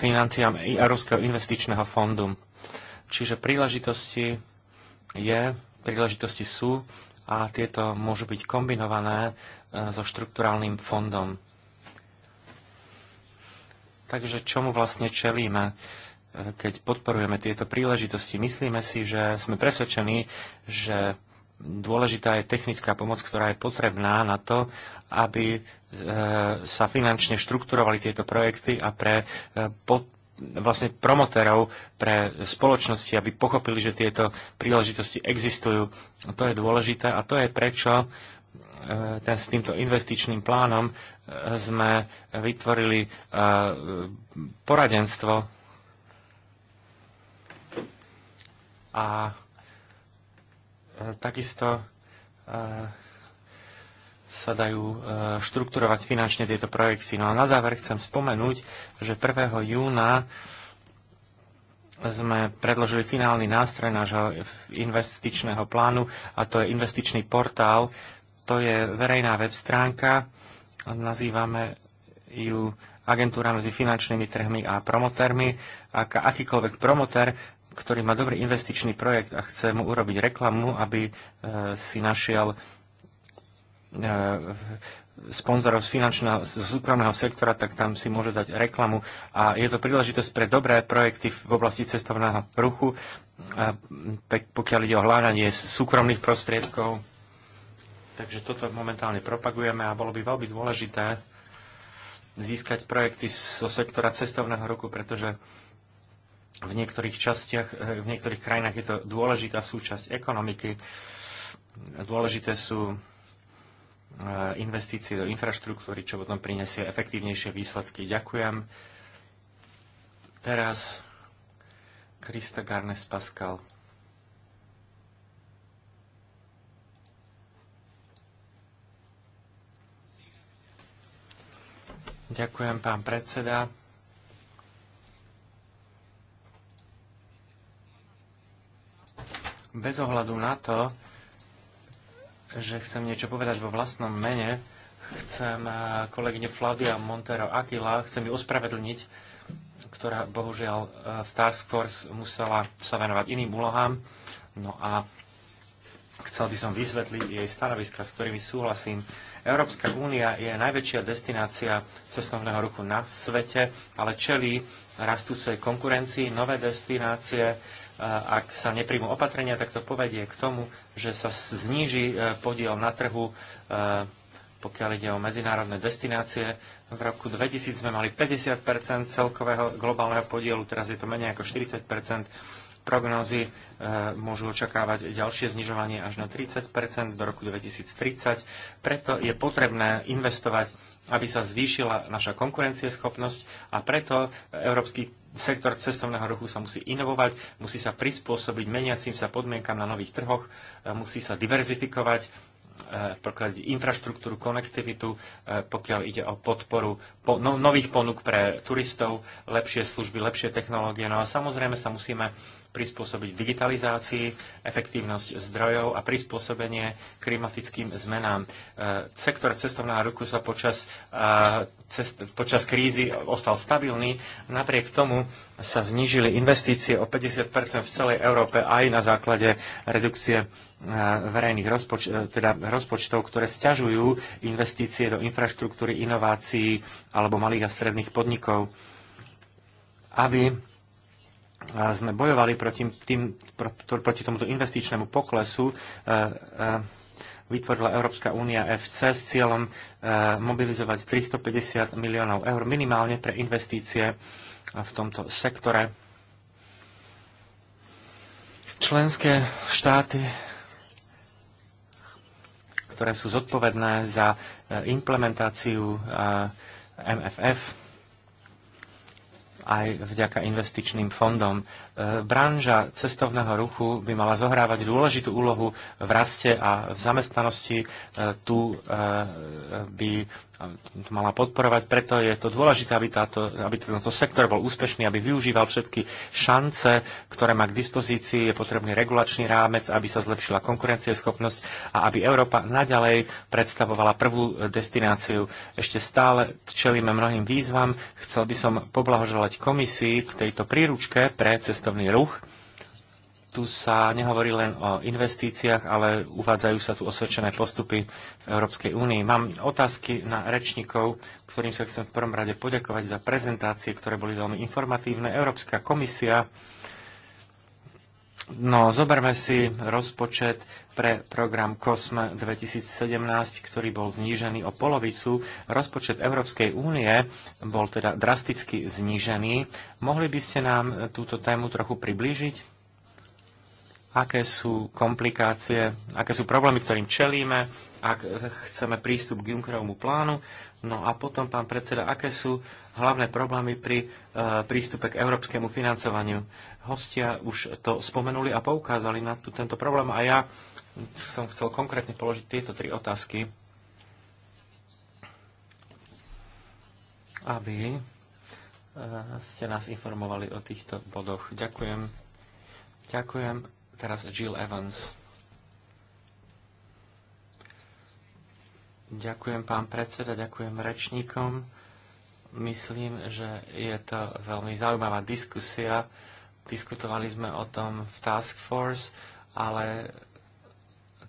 [SPEAKER 4] financiám Európskeho investičného fondu. Čiže príležitosti je, príležitosti sú a tieto môžu byť kombinované eh, so štrukturálnym fondom. Takže čomu vlastne čelíme? Eh, keď podporujeme tieto príležitosti, myslíme si, že sme presvedčení, že Dôležitá je technická pomoc, ktorá je potrebná na to, aby e, sa finančne štrukturovali tieto projekty a pre e, vlastne promotérov pre spoločnosti, aby pochopili, že tieto príležitosti existujú. To je dôležité a to je prečo e, ten, s týmto investičným plánom sme vytvorili poradenstvo a takisto e, sa dajú e, štrukturovať finančne tieto projekty. No a na záver chcem spomenúť, že 1. júna sme predložili finálny nástroj nášho investičného plánu a to je investičný portál. To je verejná web stránka, nazývame ju agentúra medzi finančnými trhmi a promotérmi. Ak akýkoľvek promotér ktorý má dobrý investičný projekt a chce mu urobiť reklamu, aby e, si našiel e, sponzorov z finančného, z súkromného sektora, tak tam si môže dať reklamu. A je to príležitosť pre dobré projekty v oblasti cestovného ruchu, e, pokiaľ ide o hľadanie súkromných prostriedkov. Takže toto momentálne propagujeme a bolo by veľmi dôležité získať projekty zo sektora cestovného ruchu, pretože v niektorých častiach, eh, v niektorých krajinách je to dôležitá súčasť ekonomiky. Dôležité sú eh, investície do infraštruktúry, čo potom prinesie efektívnejšie výsledky. Ďakujem. Teraz Krista Garnes Pascal. Ďakujem, pán predseda. bez ohľadu na to, že chcem niečo povedať vo vlastnom mene, chcem eh, kolegyne Flavia Montero Aquila, chcem ju ospravedlniť, ktorá bohužiaľ eh, v Task Force musela sa venovať iným úlohám. No a chcel by som vysvetliť jej stanoviska, s ktorými súhlasím. Európska únia je najväčšia destinácia cestovného ruchu na svete, ale čelí rastúcej konkurencii, nové destinácie, ak sa nepríjmú opatrenia, tak to povedie k tomu, že sa zníži e, podiel na trhu, e, pokiaľ ide o medzinárodné destinácie. V roku 2000 sme mali 50 celkového globálneho podielu, teraz je to menej ako 40 Prognózy e, môžu očakávať ďalšie znižovanie až na 30 do roku 2030. Preto je potrebné investovať aby sa zvýšila naša konkurencieschopnosť a preto európsky sektor cestovného ruchu sa musí inovovať, musí sa prispôsobiť meniacim sa podmienkam na nových trhoch, e, musí sa diverzifikovať, e, pokiaľ infraštruktúru, konektivitu, e, pokiaľ ide o podporu po, no, nových ponúk pre turistov, lepšie služby, lepšie technológie. No a samozrejme sa musíme prispôsobiť digitalizácii, efektívnosť zdrojov a prispôsobenie klimatickým zmenám. E, sektor cestovného ruku sa počas, e, cest, počas krízy ostal stabilný, napriek tomu sa znížili investície o 50 v celej Európe aj na základe redukcie e, verejných rozpoč- teda rozpočtov, ktoré sťažujú investície do infraštruktúry, inovácií alebo malých a stredných podnikov, aby sme bojovali proti, tým, proti tomuto investičnému poklesu, e, e, vytvorila Európska únia FC s cieľom e, mobilizovať 350 miliónov eur minimálne pre investície v tomto sektore. Členské štáty, ktoré sú zodpovedné za implementáciu MFF, aj vďaka investičným fondom. E, branža cestovného ruchu by mala zohrávať dôležitú úlohu v raste a v zamestnanosti. E, tu e, by mala podporovať, preto je to dôležité, aby, táto, aby tento sektor bol úspešný, aby využíval všetky šance, ktoré má k dispozícii, je potrebný regulačný rámec, aby sa zlepšila konkurencieschopnosť a aby Európa naďalej predstavovala prvú destináciu. Ešte stále čelíme mnohým výzvam. Chcel by som poblahoželať komisii k tejto príručke pre cestovný ruch tu sa nehovorí len o investíciách, ale uvádzajú sa tu osvedčené postupy v Európskej únii. Mám otázky na rečníkov, ktorým sa chcem v prvom rade poďakovať za prezentácie, ktoré boli veľmi informatívne. Európska komisia No, zoberme si rozpočet pre program COSME 2017, ktorý bol znížený o polovicu. Rozpočet Európskej únie bol teda drasticky znížený. Mohli by ste nám túto tému trochu priblížiť? aké sú komplikácie, aké sú problémy, ktorým čelíme, ak chceme prístup k Junckerovmu plánu. No a potom, pán predseda, aké sú hlavné problémy pri e, prístupe k európskemu financovaniu? Hostia už to spomenuli a poukázali na tu, tento problém a ja som chcel konkrétne položiť tieto tri otázky, aby e, ste nás informovali o týchto bodoch. Ďakujem. Ďakujem. Teraz Jill Evans. Ďakujem pán predseda, ďakujem rečníkom. Myslím, že je to veľmi zaujímavá diskusia. Diskutovali sme o tom v Task Force, ale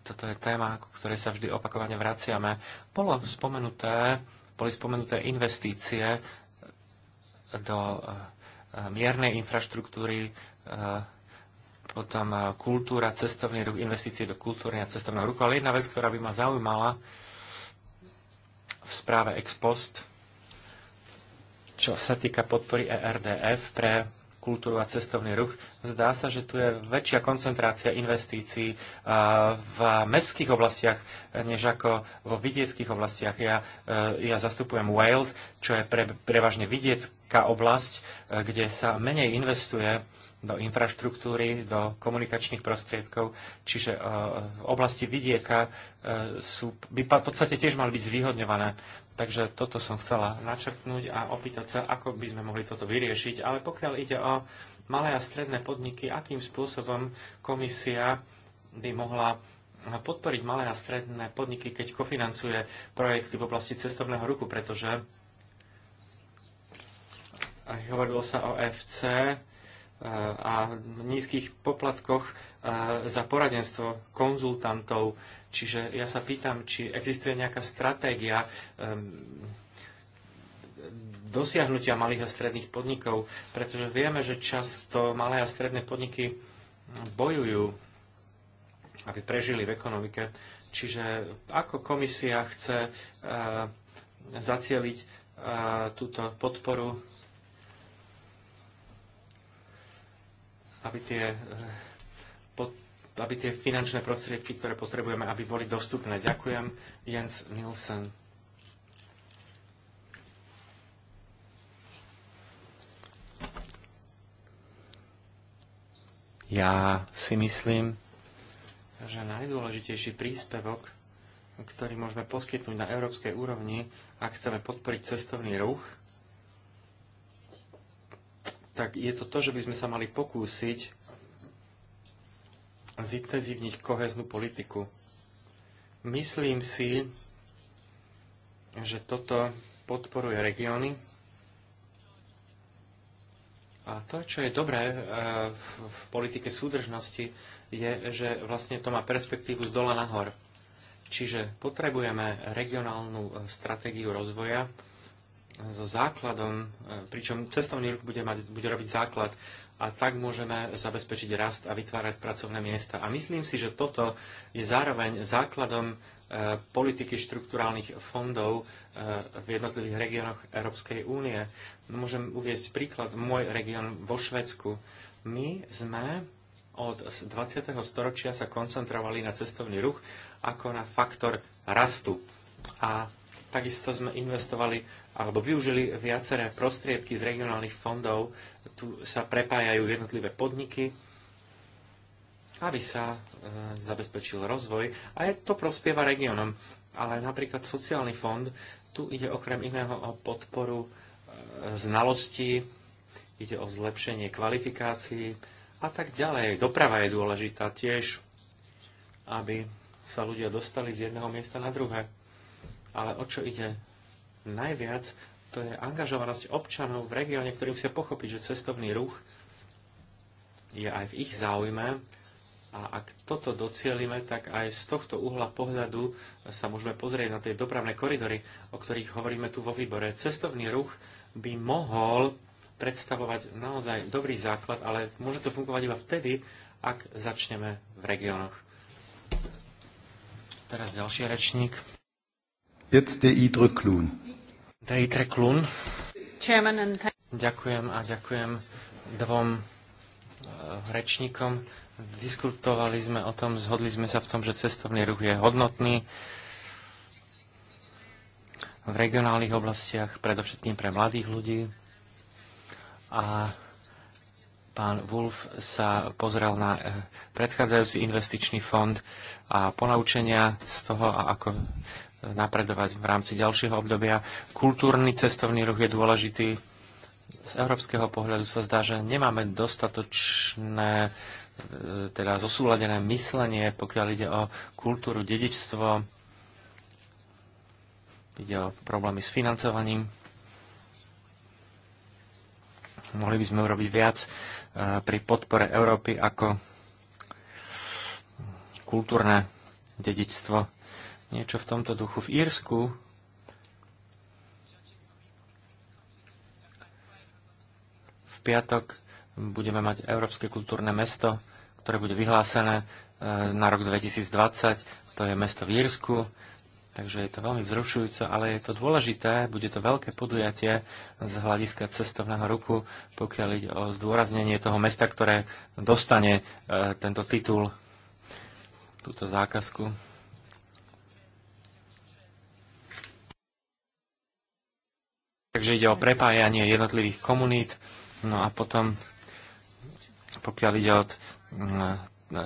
[SPEAKER 4] toto je téma, ku ktorej sa vždy opakovane vraciame. Bolo spomenuté, boli spomenuté investície do eh, miernej infraštruktúry eh, potom e, kultúra, cestovný ruch, investície do kultúry a cestovného ruchu. Ale jedna vec, ktorá by ma zaujímala v správe ex post, čo sa týka podpory ERDF pre kultúru a cestovný ruch, zdá sa, že tu je väčšia koncentrácia investícií e, v mestských oblastiach, než ako vo vidieckých oblastiach. Ja, e, ja zastupujem Wales, čo je pre, prevažne vidiecká oblasť, kde sa menej investuje do infraštruktúry, do komunikačných prostriedkov, čiže v e, oblasti vidieka e, sú, by v podstate tiež mali byť zvýhodňované. Takže toto som chcela načrtnúť a opýtať sa, ako by sme mohli toto vyriešiť. Ale pokiaľ ide o malé a stredné podniky, akým spôsobom komisia by mohla podporiť malé a stredné podniky, keď kofinancuje projekty v oblasti cestovného ruku, pretože hovorilo sa o FC, a nízkych poplatkoch e, za poradenstvo konzultantov. Čiže ja sa pýtam, či existuje nejaká stratégia e, dosiahnutia malých a stredných podnikov, pretože vieme, že často malé a stredné podniky bojujú, aby prežili v ekonomike. Čiže ako komisia chce e, zacieliť túto podporu aby tie, eh, aby tie finančné prostriedky, ktoré potrebujeme, aby boli dostupné. Ďakujem. Jens Nielsen. Ja si myslím, že najdôležitejší príspevok, ktorý môžeme poskytnúť na európskej úrovni, ak chceme podporiť cestovný ruch, tak je to to, že by sme sa mali pokúsiť zintenzívniť koheznú politiku. Myslím si, že toto podporuje regióny. A to, čo je dobré e, v politike súdržnosti, je, že vlastne to má perspektívu z dola nahor. Čiže potrebujeme regionálnu e, stratégiu rozvoja, so základom, e, pričom cestovný ruch bude, mať, bude robiť základ a tak môžeme zabezpečiť rast a vytvárať pracovné miesta. A myslím si, že toto je zároveň základom e, politiky štrukturálnych fondov e, v jednotlivých regiónoch Európskej únie. No, môžem uviezť príklad, môj región vo Švedsku. My sme od 20. storočia sa koncentrovali na cestovný ruch ako na faktor rastu. A takisto sme investovali alebo využili viaceré prostriedky z regionálnych fondov. Tu sa prepájajú jednotlivé podniky, aby sa e, zabezpečil rozvoj. A je to prospieva regiónom. Ale napríklad sociálny fond, tu ide okrem iného o podporu e, znalostí, ide o zlepšenie kvalifikácií a tak ďalej. Doprava je dôležitá tiež, aby sa ľudia dostali z jedného miesta na druhé. Ale o čo ide najviac, to je angažovanosť občanov v regióne, ktorí musia pochopiť, že cestovný ruch je aj v ich záujme a ak toto docielime, tak aj z tohto uhla pohľadu sa môžeme pozrieť na tie dopravné koridory, o ktorých hovoríme tu vo výbore. Cestovný ruch by mohol predstavovať naozaj dobrý základ, ale môže to fungovať iba vtedy, ak začneme v regiónoch. Teraz ďalší rečník.
[SPEAKER 1] Jetzt der Idre Klun. Klun.
[SPEAKER 4] Ďakujem a ďakujem dvom e, rečníkom. Diskutovali sme o tom, zhodli sme sa v tom, že cestovný ruch je hodnotný v regionálnych oblastiach, predovšetkým pre mladých ľudí. A pán Wolf sa pozrel na e, predchádzajúci investičný fond a ponaučenia z toho, ako napredovať v rámci ďalšieho obdobia. Kultúrny cestovný ruch je dôležitý. Z európskeho pohľadu sa zdá, že nemáme dostatočné e, teda zosúladené myslenie, pokiaľ ide o kultúru, dedičstvo, ide o problémy s financovaním. Mohli by sme urobiť viac e, pri podpore Európy ako kultúrne dedičstvo niečo v tomto duchu. V Írsku v piatok budeme mať Európske kultúrne mesto, ktoré bude vyhlásené e, na rok 2020. To je mesto v Írsku, takže je to veľmi vzrušujúce, ale je to dôležité, bude to veľké podujatie z hľadiska cestovného ruku, pokiaľ ide o zdôraznenie toho mesta, ktoré dostane e, tento titul, túto zákazku. Takže ide o prepájanie jednotlivých komunít. No a potom, pokiaľ ide od mm, e,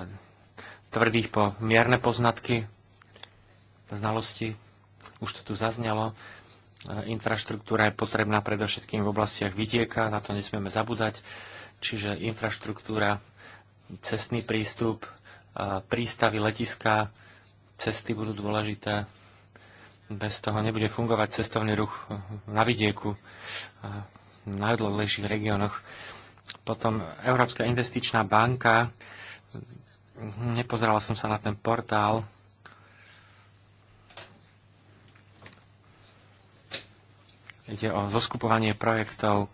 [SPEAKER 4] tvrdých po mierne poznatky, znalosti, už to tu zaznelo, e, infraštruktúra je potrebná predovšetkým v oblastiach vidieka, na to nesmieme zabúdať, čiže infraštruktúra, cestný prístup, e, prístavy, letiska, cesty budú dôležité, bez toho nebude fungovať cestovný ruch na vidieku a v najodlodlejších regiónoch. Potom Európska investičná banka. Nepozerala som sa na ten portál. Ide o zoskupovanie projektov.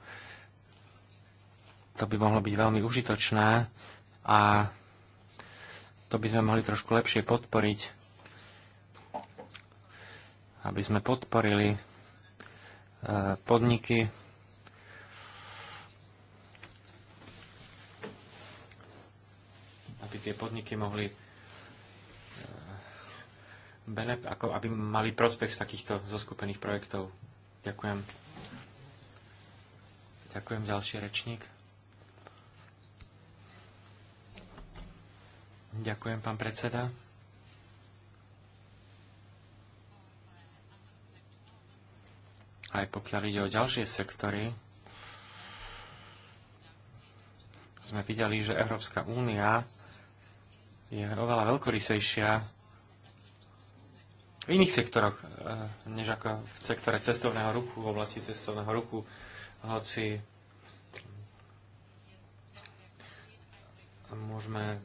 [SPEAKER 4] To by mohlo byť veľmi užitočné a to by sme mohli trošku lepšie podporiť aby sme podporili e, podniky, aby tie podniky mohli e, ako aby mali prospech z takýchto zoskupených projektov. Ďakujem. Ďakujem, ďalší rečník. Ďakujem, pán predseda. Aj pokiaľ ide o ďalšie sektory, sme videli, že Európska únia je oveľa veľkorysejšia v iných sektoroch, eh, než ako v sektore cestovného ruchu, v oblasti cestovného ruchu, hoci môžeme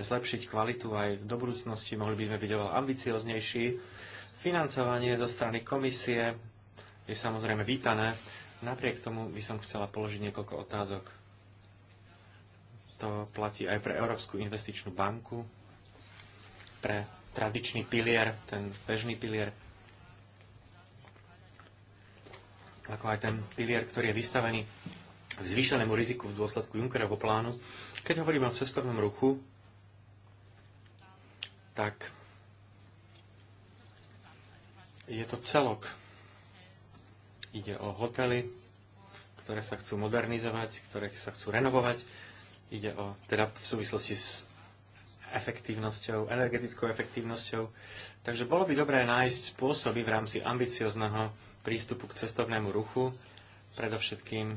[SPEAKER 4] zlepšiť kvalitu aj do budúcnosti, mohli by sme byť oveľa ambicioznejší. Financovanie zo strany komisie je samozrejme vítané. Napriek tomu by som chcela položiť niekoľko otázok. To platí aj pre Európsku investičnú banku, pre tradičný pilier, ten bežný pilier, ako aj ten pilier, ktorý je vystavený zvýšenému riziku v dôsledku Junckerovho plánu. Keď hovoríme o cestovnom ruchu, tak je to celok ide o hotely, ktoré sa chcú modernizovať, ktoré sa chcú renovovať. Ide o, teda v súvislosti s efektívnosťou, energetickou efektívnosťou. Takže bolo by dobré nájsť spôsoby v rámci ambiciozného prístupu k cestovnému ruchu, predovšetkým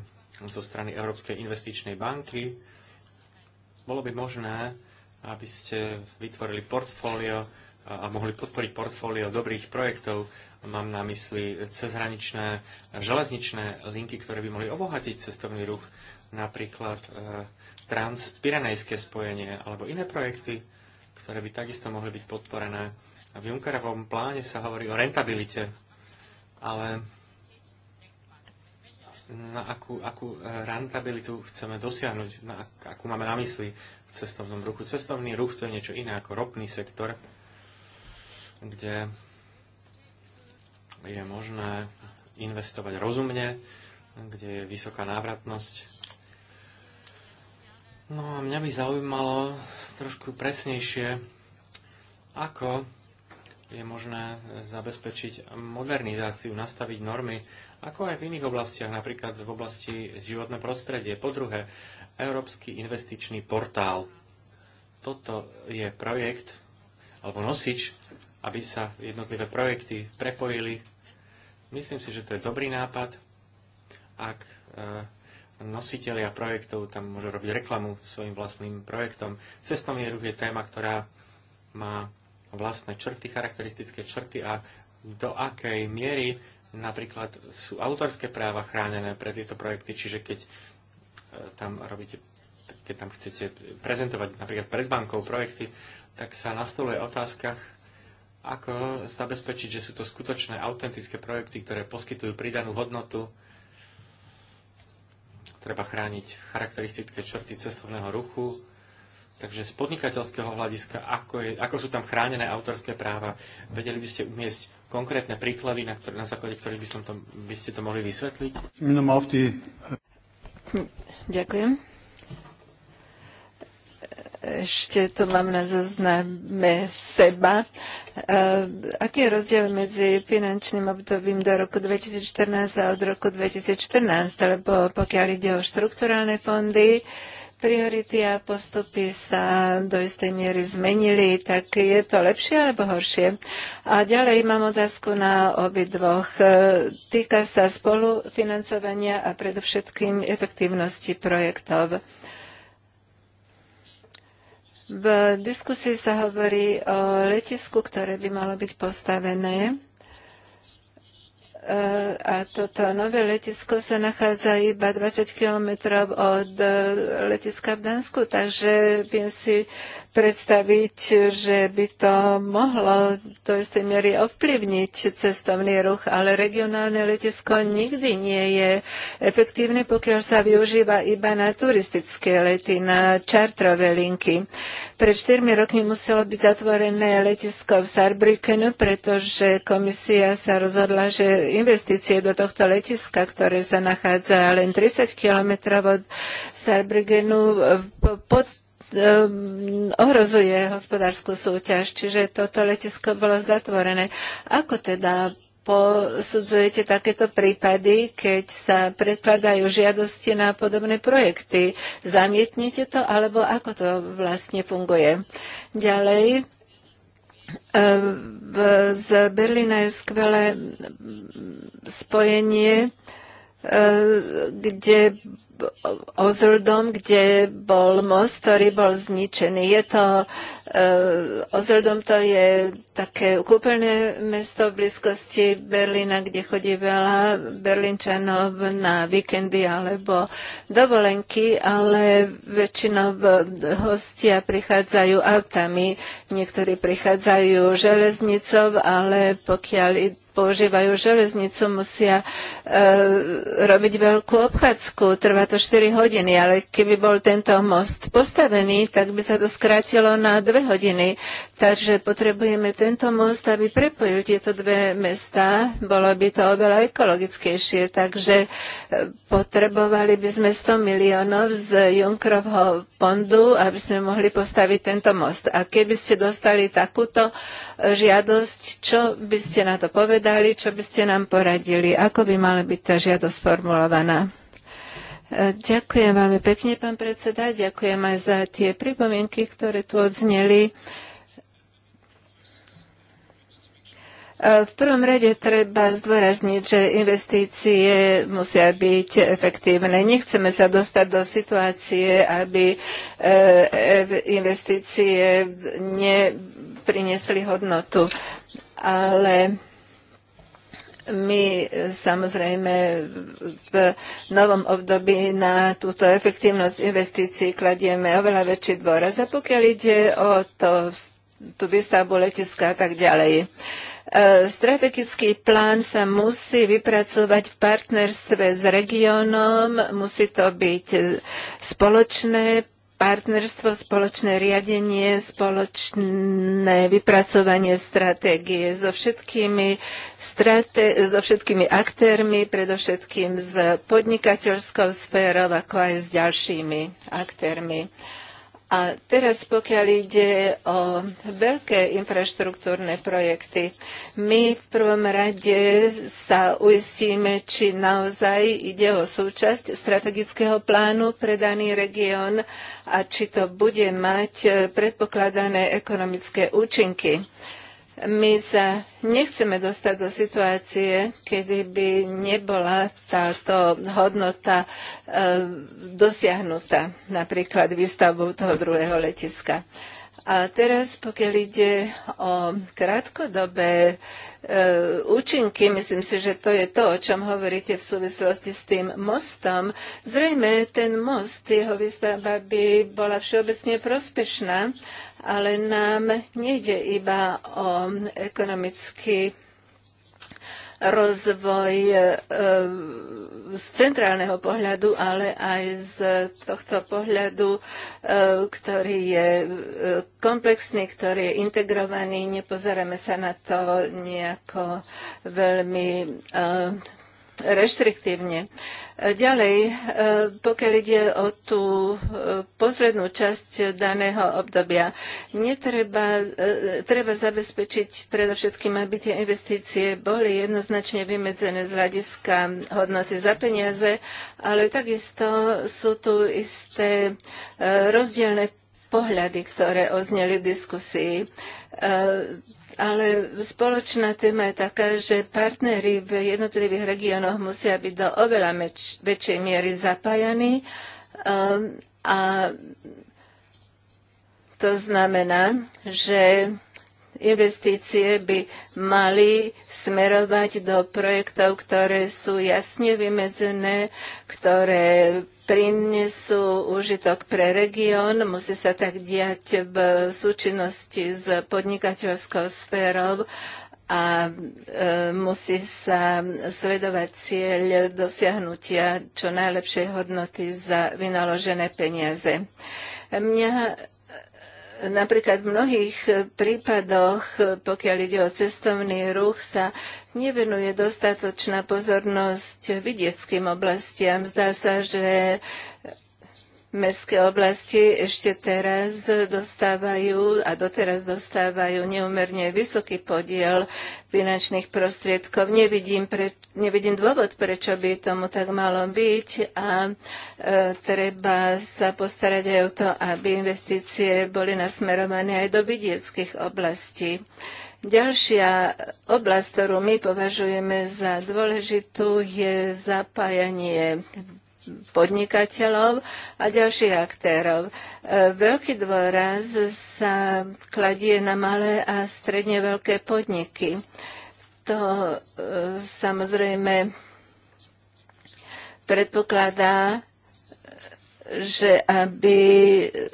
[SPEAKER 4] zo strany Európskej investičnej banky. Bolo by možné, aby ste vytvorili portfólio a mohli podporiť portfólio dobrých projektov. Mám na mysli cezhraničné železničné linky, ktoré by mohli obohatiť cestovný ruch, napríklad e, transpirenejské spojenie alebo iné projekty, ktoré by takisto mohli byť podporené. V Junckerovom pláne sa hovorí o rentabilite, ale na akú, akú e, rentabilitu chceme dosiahnuť, na akú máme na mysli v cestovnom ruchu. Cestovný ruch to je niečo iné ako ropný sektor kde je možné investovať rozumne, kde je vysoká návratnosť. No a mňa by zaujímalo trošku presnejšie, ako je možné zabezpečiť modernizáciu, nastaviť normy, ako aj v iných oblastiach, napríklad v oblasti životné prostredie. Po druhé, Európsky investičný portál. Toto je projekt alebo nosič aby sa jednotlivé projekty prepojili. Myslím si, že to je dobrý nápad, ak eh, nositeľia projektov tam môžu robiť reklamu svojim vlastným projektom. Cestovný ruch je téma, ktorá má vlastné črty, charakteristické črty a do akej miery napríklad sú autorské práva chránené pre tieto projekty, čiže keď eh, tam robíte, keď tam chcete prezentovať napríklad pred bankou projekty, tak sa nastoluje otázka, ako zabezpečiť, že sú to skutočné, autentické projekty, ktoré poskytujú pridanú hodnotu. Treba chrániť charakteristické črty cestovného ruchu. Takže z podnikateľského hľadiska, ako, je, ako sú tam chránené autorské práva, vedeli by ste umiesť konkrétne príklady, na, ktoré, na základe ktorých by, som to, by ste to mohli vysvetliť?
[SPEAKER 1] Hm,
[SPEAKER 2] ďakujem ešte to mám na zozname seba. E, aký je rozdiel medzi finančným obdobím do roku 2014 a od roku 2014? Lebo pokiaľ ide o štrukturálne fondy, priority a postupy sa do istej miery zmenili, tak je to lepšie alebo horšie? A ďalej mám otázku na obidvoch. E, týka sa spolufinancovania a predovšetkým efektívnosti projektov. V diskusii sa hovorí o letisku, ktoré by malo byť postavené e, a toto nové letisko sa nachádza iba 20 kilometrov od e, letiska v Dansku, takže viem si predstaviť, že by to mohlo do istej miery ovplyvniť cestovný ruch, ale regionálne letisko nikdy nie je efektívne, pokiaľ sa využíva iba na turistické lety, na čartrové linky. Pred 4 rokmi muselo byť zatvorené letisko v Sarbrückenu, pretože komisia sa rozhodla, že investície do tohto letiska, ktoré sa nachádza len 30 kilometrov od Sarbrückenu, pod Ehm, ohrozuje hospodárskú súťaž, čiže toto letisko bolo zatvorené. Ako teda posudzujete takéto prípady, keď sa predkladajú žiadosti na podobné projekty? Zamietnete to, alebo ako to vlastne funguje? Ďalej, ehm, z Berlína je skvelé spojenie ehm, kde Ozeldom, kde bol most, ktorý bol zničený. Je to, uh, Ozeldom to je také kúpeľné mesto v blízkosti Berlína, kde chodí veľa berlínčanov na víkendy alebo dovolenky, ale väčšinou hostia prichádzajú autami, niektorí prichádzajú železnicou, ale pokiaľ používajú železnicu, musia e, robiť veľkú obchádzku. Trvá to 4 hodiny, ale keby bol tento most postavený, tak by sa to skrátilo na 2 hodiny. Takže potrebujeme tento most, aby prepojil tieto dve mesta. Bolo by to oveľa ekologickejšie, takže e, potrebovali by sme 100 miliónov z Junkrovho fondu, aby sme mohli postaviť tento most. A keby ste dostali takúto e, žiadosť, čo by ste na to povedali? povedali, čo by ste nám poradili, ako by mala byť tá žiadosť formulovaná. E, ďakujem veľmi pekne, pán predseda. Ďakujem aj za tie pripomienky, ktoré tu odzneli. E, v prvom rade treba zdôrazniť, že investície musia byť efektívne. Nechceme sa dostať do situácie, aby e, investície nepriniesli hodnotu. Ale my samozrejme v novom období na túto efektívnosť investícií kladieme oveľa väčší dôraz. A pokiaľ ide o to, tú výstavbu letiska a tak ďalej, e, strategický plán sa musí vypracovať v partnerstve s regiónom, musí to byť spoločné partnerstvo, spoločné riadenie, spoločné vypracovanie stratégie so všetkými, strate- so všetkými aktérmi, predovšetkým s podnikateľskou sférou, ako aj s ďalšími aktérmi. A teraz pokiaľ ide o veľké infraštruktúrne projekty, my v prvom rade sa uistíme, či naozaj ide o súčasť strategického plánu pre daný región a či to bude mať predpokladané ekonomické účinky. My sa nechceme dostať do situácie, kedy by nebola táto hodnota e, dosiahnutá, napríklad výstavbou toho druhého letiska. A teraz, pokiaľ ide o krátkodobé e, účinky, myslím si, že to je to, o čom hovoríte v súvislosti s tým mostom. Zrejme ten most, jeho výstavba by bola všeobecne prospešná, ale nám nejde iba o ekonomický rozvoj e, z centrálneho pohľadu, ale aj z tohto pohľadu, e, ktorý je e, komplexný, ktorý je integrovaný. Nepozeráme sa na to nejako veľmi reštriktívne. Ďalej, e, pokiaľ ide o tú e, poslednú časť daného obdobia, netreba, e, treba zabezpečiť predovšetkým, aby tie investície boli jednoznačne vymedzené z hľadiska hodnoty za peniaze, ale takisto sú tu isté rozdielne pohľady, ktoré ozneli v diskusii ale spoločná téma je taká, že partnery v jednotlivých regiónoch musia byť do oveľa meč, väčšej miery zapájani um, a to znamená, že Investície by mali smerovať do projektov, ktoré sú jasne vymedzené, ktoré prinesú užitok pre región, musí sa tak diať v súčinnosti s podnikateľskou sférou a e, musí sa sledovať cieľ dosiahnutia čo najlepšej hodnoty za vynaložené peniaze. Mňa Napríklad v mnohých prípadoch, pokiaľ ide o cestovný ruch, sa nevenuje dostatočná pozornosť vidieckým oblastiam. Zdá sa, že Mestské oblasti ešte teraz dostávajú a doteraz dostávajú neumerne vysoký podiel finančných prostriedkov. Nevidím, pre, nevidím dôvod, prečo by tomu tak malo byť a e, treba sa postarať aj o to, aby investície boli nasmerované aj do vidieckých oblastí. Ďalšia oblasť, ktorú my považujeme za dôležitú, je zapájanie podnikateľov a ďalších aktérov. E, veľký dôraz sa kladie na malé a stredne veľké podniky. To e, samozrejme predpokladá že aby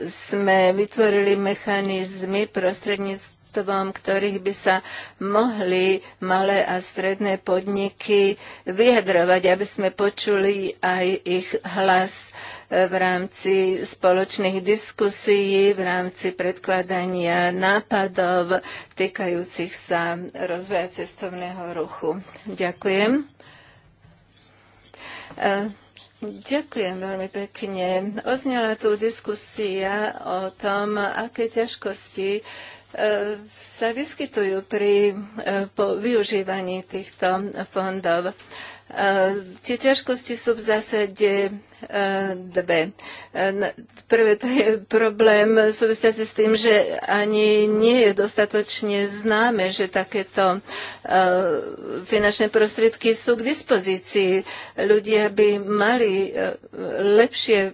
[SPEAKER 2] sme vytvorili mechanizmy, prostredníctvom spôsobom, ktorých by sa mohli malé a stredné podniky vyjadrovať, aby sme počuli aj ich hlas v rámci spoločných diskusí, v rámci predkladania nápadov týkajúcich sa rozvoja cestovného ruchu. Ďakujem. E, ďakujem veľmi pekne. Oznela tu diskusia o tom, aké ťažkosti E, sa vyskytujú pri e, využívaní týchto fondov. E, tie ťažkosti sú v zásade dve. Prvé to je problém súvisiaci s tým, že ani nie je dostatočne známe, že takéto finančné prostriedky sú k dispozícii. Ľudia by mali lepšie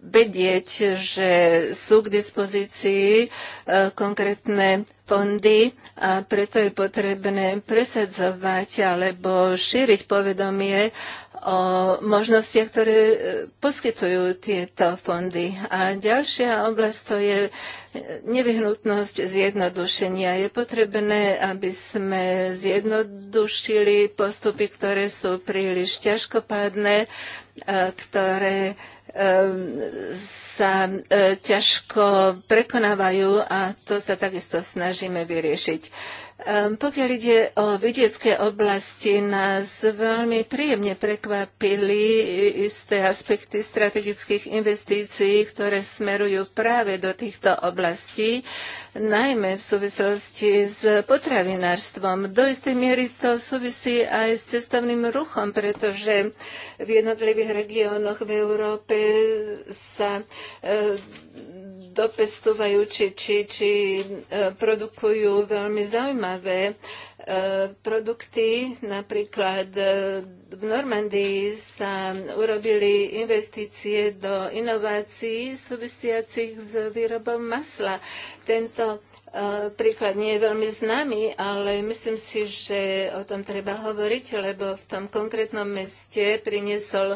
[SPEAKER 2] vedieť, že sú k dispozícii e, konkrétne fondy a preto je potrebné presadzovať alebo šíriť povedomie o možnostiach, ktoré e, poskytujú tieto fondy. A ďalšia oblasť to je nevyhnutnosť zjednodušenia. Je potrebné, aby sme zjednodušili postupy, ktoré sú príliš ťažkopádne, e, ktoré Ehm, sa e, ťažko prekonávajú a to sa takisto snažíme vyriešiť. Ehm, pokiaľ ide o vidiecké oblasti, nás veľmi príjemne prekvapili isté aspekty strategických investícií, ktoré smerujú práve do týchto oblastí, najmä v súvislosti s potravinárstvom. Do istej miery to súvisí aj s cestovným ruchom, pretože v jednotlivých regiónoch v Európe sa e, dopestovajú či, či, či e, produkujú veľmi zaujímavé e, produkty. Napríklad e, v Normandii sa urobili investície do inovácií súvisiacich s výrobom masla. Tento E, príklad nie je veľmi známy, ale myslím si, že o tom treba hovoriť, lebo v tom konkrétnom meste priniesol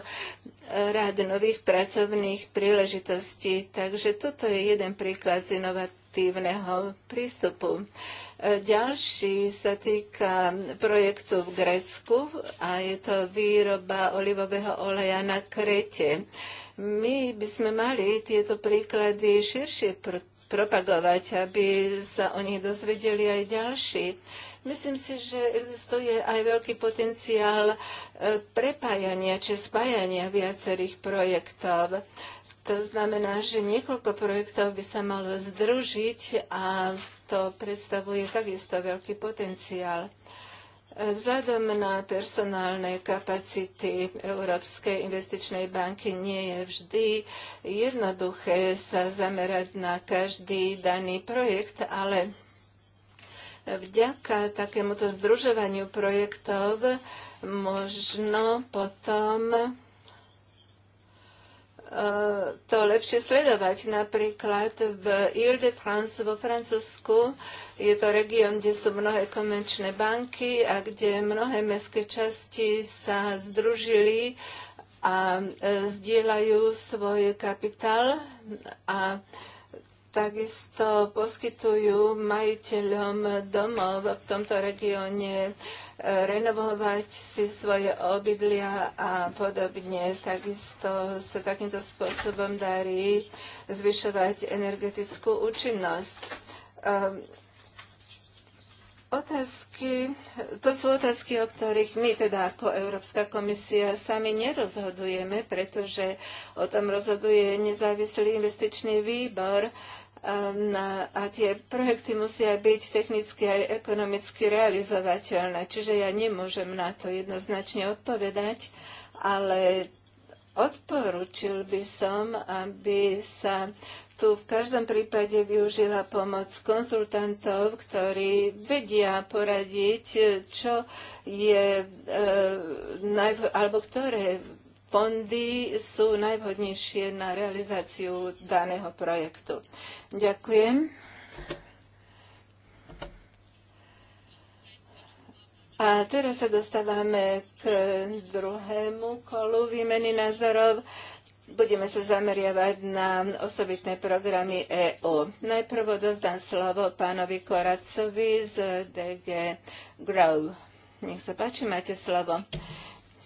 [SPEAKER 2] rád nových pracovných príležitostí. Takže toto je jeden príklad z inovatívneho prístupu. E, ďalší sa týka projektu v Grécku a je to výroba olivového oleja na Krete. My by sme mali tieto príklady širšie propagovať, aby sa o nich dozvedeli aj ďalší. Myslím si, že existuje aj veľký potenciál e, prepájania či spájania viacerých projektov. To znamená, že niekoľko projektov by sa malo združiť a to predstavuje takisto veľký potenciál. Vzhľadom na personálne kapacity Európskej investičnej banky nie je vždy jednoduché sa zamerať na každý daný projekt, ale vďaka takémuto združovaniu projektov možno potom E, to lepšie sledovať. Napríklad v Ile-de-France vo Francúzsku je to región, kde sú mnohé komerčné banky a kde mnohé mestské časti sa združili a e, zdieľajú svoj kapitál a takisto poskytujú majiteľom domov v tomto regióne renovovať si svoje obydlia a podobne. Takisto sa takýmto spôsobom darí zvyšovať energetickú účinnosť. Ehm, otázky, to sú otázky, o ktorých my teda ako Európska komisia sami nerozhodujeme, pretože o tom rozhoduje nezávislý investičný výbor, Ehm, a tie projekty musia byť technicky aj ekonomicky realizovateľné. Čiže ja nemôžem na to jednoznačne odpovedať, ale odporúčil by som, aby sa tu v každom prípade využila pomoc konzultantov, ktorí vedia poradiť, čo je, e, najv- alebo ktoré fondy sú najvhodnejšie na realizáciu daného projektu. Ďakujem. A teraz sa dostávame k druhému kolu výmeny názorov. Budeme sa zameriavať na osobitné programy EÚ. Najprv odozdám slovo pánovi Koracovi z DG Grow. Nech sa páči, máte slovo.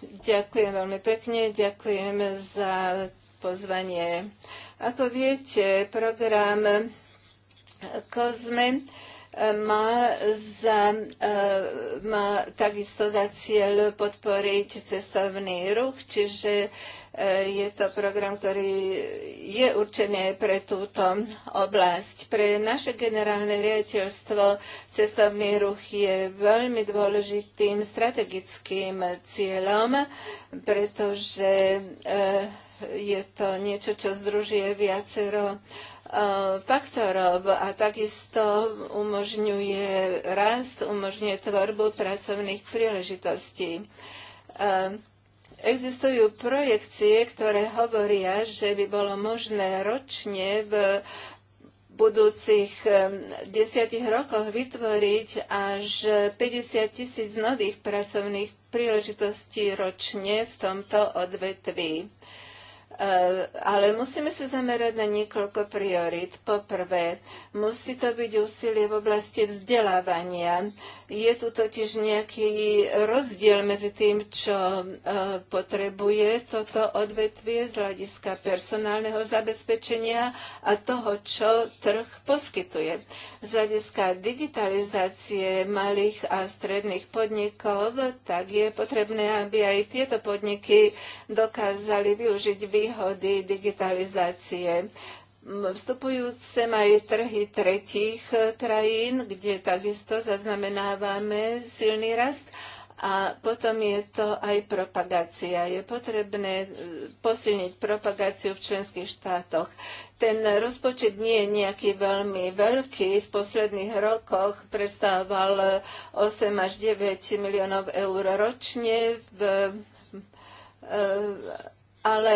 [SPEAKER 2] Ďakujem veľmi pekne, ďakujem za pozvanie. Ako viete, program COSME má, za, e, má takisto za cieľ podporiť cestovný ruch, čiže je to program, ktorý je určený aj pre túto oblasť. Pre naše generálne riaditeľstvo cestovný ruch je veľmi dôležitým strategickým cieľom, pretože eh, je to niečo, čo združuje viacero eh, faktorov a takisto umožňuje rast, umožňuje tvorbu pracovných príležitostí. Eh, Existujú projekcie, ktoré hovoria, že by bolo možné ročne v budúcich desiatich rokoch vytvoriť až 50 tisíc nových pracovných príležitostí ročne v tomto odvetví. Eh, ale musíme sa zamerať na niekoľko priorit. Poprvé, musí to byť úsilie v oblasti vzdelávania. Je tu totiž nejaký rozdiel medzi tým, čo eh, potrebuje toto odvetvie z hľadiska personálneho zabezpečenia a toho, čo trh poskytuje. Z hľadiska digitalizácie malých a stredných podnikov, tak je potrebné, aby aj tieto podniky dokázali využiť výhľad výhody digitalizácie. Vstupujú sem aj trhy tretích e, krajín, kde takisto zaznamenávame silný rast a potom je to aj propagácia. Je potrebné e, posilniť propagáciu v členských štátoch. Ten rozpočet nie je nejaký veľmi veľký. V posledných rokoch predstavoval 8 e, až 9 miliónov eur ročne, v, ale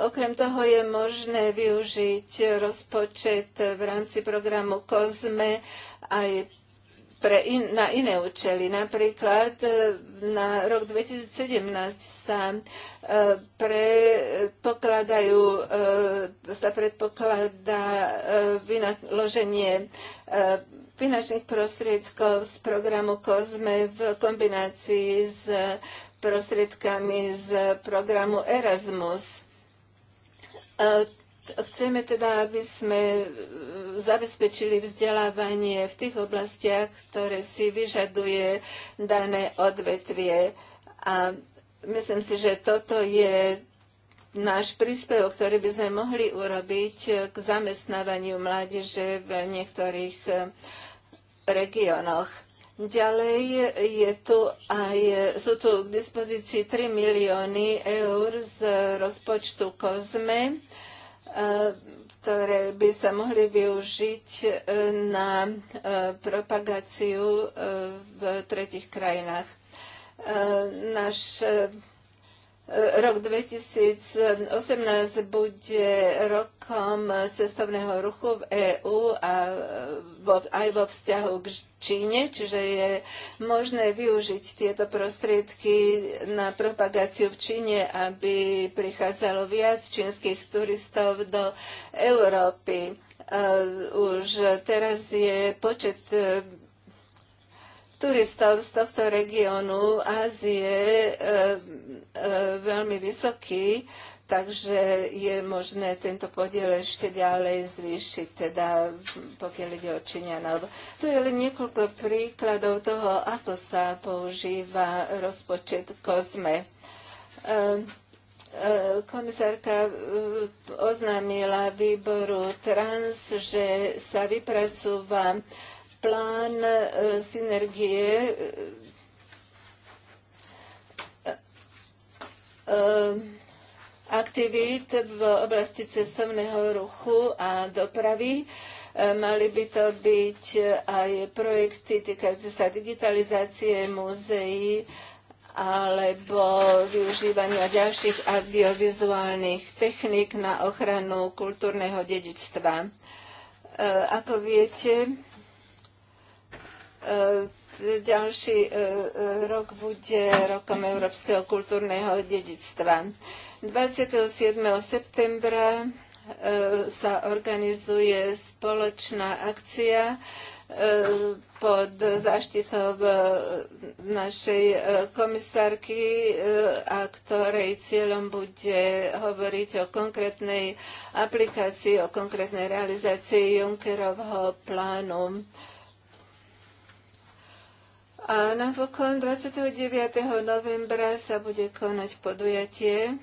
[SPEAKER 2] Okrem toho je možné využiť rozpočet v rámci programu COSME aj pre in, na iné účely. Napríklad e, na rok 2017 sa e, predpokladajú, e, sa predpokladá vynaloženie finančných prostriedkov z programu COSME v kombinácii s prostriedkami z programu Erasmus. E, chceme teda, aby sme zabezpečili vzdelávanie v tých oblastiach, ktoré si vyžaduje dané odvetvie. A myslím si, že toto je náš príspevok, ktorý by sme mohli urobiť k zamestnávaniu mládeže v niektorých e, regiónoch. Ďalej je tu aj, sú tu k dispozícii 3 milióny eur z rozpočtu COSME, e, ktoré by sa mohli využiť e, na e, propagáciu v tretich krajinách. Naš E, rok 2018 bude rokom cestovného ruchu v EÚ a aj vo vzťahu k Číne, čiže je možné využiť tieto prostriedky na propagáciu v Číne, aby prichádzalo viac čínskych turistov do Európy. E, už teraz je počet turistov z tohto regiónu Ázie e, e, veľmi vysoký, takže je možné tento podiel ešte ďalej zvýšiť, teda pokiaľ ide o Číňanov. Tu je len niekoľko príkladov toho, ako sa používa rozpočet kozme. E, e komisárka e, oznámila výboru trans, že sa vypracúva plán e, synergie e, e, aktivít v oblasti cestovného ruchu a dopravy. Mali by to byť aj projekty týkajúce sa digitalizácie múzeí alebo využívania ďalších audiovizuálnych technik na ochranu kultúrneho dedičstva. Ako viete, E, ďalší e, e, rok bude rokom Európskeho kultúrneho dedictva. 27. septembra sa organizuje spoločná akcia pod záštitou našej komisárky, a ktorej cieľom bude hovoriť o konkrétnej aplikácii, o konkrétnej realizácii Junckerovho plánu a napokon 29. novembra sa bude konať podujatie,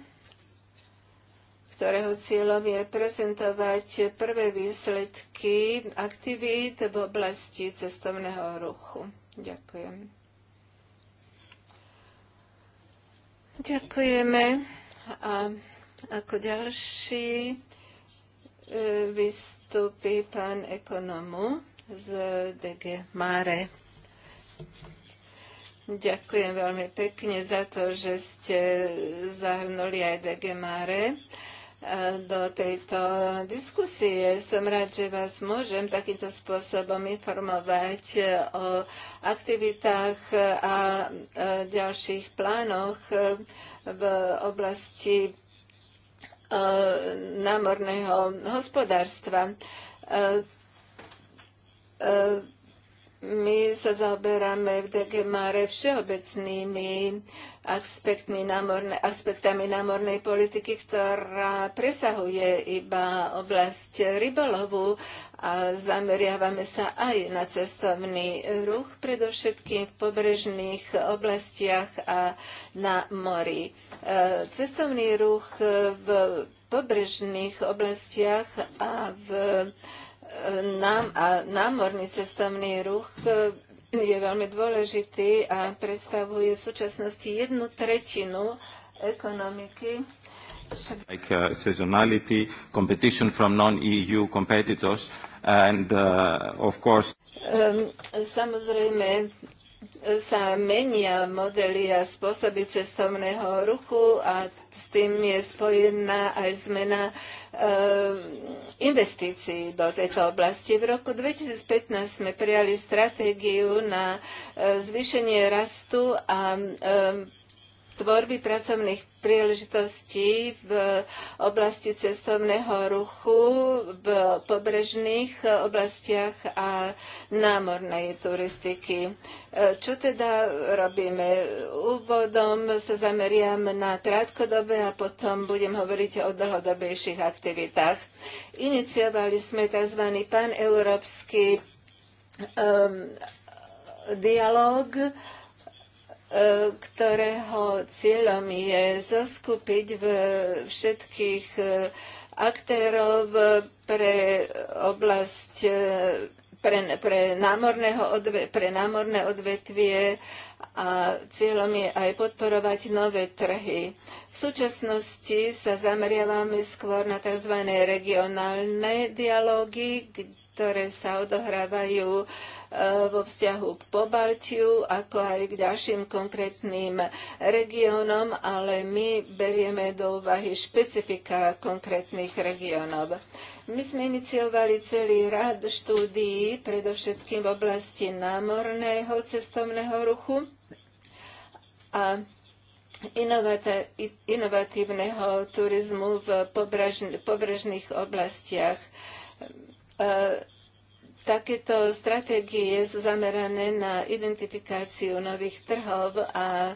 [SPEAKER 2] ktorého cieľom je prezentovať prvé výsledky aktivít v oblasti cestovného ruchu. Ďakujem. Ďakujeme. A ako ďalší e, vystúpi pán ekonomu z DG Mare. Ďakujem veľmi pekne za to, že ste zahrnuli aj Degemare eh, do tejto diskusie. Som rád, že vás môžem takýmto spôsobom informovať eh, o aktivitách eh, a ďalších plánoch v oblasti námorného hospodárstva my sa zaoberáme v DGMARE všeobecnými aspektmi, námorne, aspektami námornej politiky, ktorá presahuje iba oblasť rybolovu a zameriavame sa aj na cestovný ruch, predovšetkým v pobrežných oblastiach a na mori. E, cestovný ruch v pobrežných oblastiach a v nám a námorný cestovný ruch eh, je veľmi dôležitý a predstavuje v súčasnosti jednu tretinu ekonomiky.
[SPEAKER 1] Like uh, seasonality, competition from non-EU competitors and uh, of course...
[SPEAKER 2] Um, samozrejme, sa menia modely a spôsoby cestovného ruchu a s tým je spojená aj zmena uh, Ehm, investícií do tejto oblasti. V roku 2015 sme prijali stratégiu na e, zvýšenie rastu a ehm, tvorby pracovných príležitostí v oblasti cestovného ruchu, v pobrežných oblastiach a námornej turistiky. Čo teda robíme? Úvodom sa zameriam na krátkodobé a potom budem hovoriť o dlhodobejších aktivitách. Iniciovali sme tzv. pan-európsky um, dialog, ktorého cieľom je zoskupiť v všetkých e, aktérov pre oblasť e, pre, pre, námorného odve, pre námorné odvetvie a cieľom je aj podporovať nové trhy. V súčasnosti sa zameriavame skôr na tzv. regionálne dialógy, ktoré sa odohrávajú vo vzťahu k Pobaltiu, ako aj k ďalším konkrétnym regiónom, ale my berieme do úvahy špecifika konkrétnych regiónov. My sme iniciovali celý rad štúdií, predovšetkým v oblasti námorného cestovného ruchu a inovatívneho turizmu v pobrežných oblastiach. E, Takéto stratégie sú zamerané na identifikáciu nových trhov a e,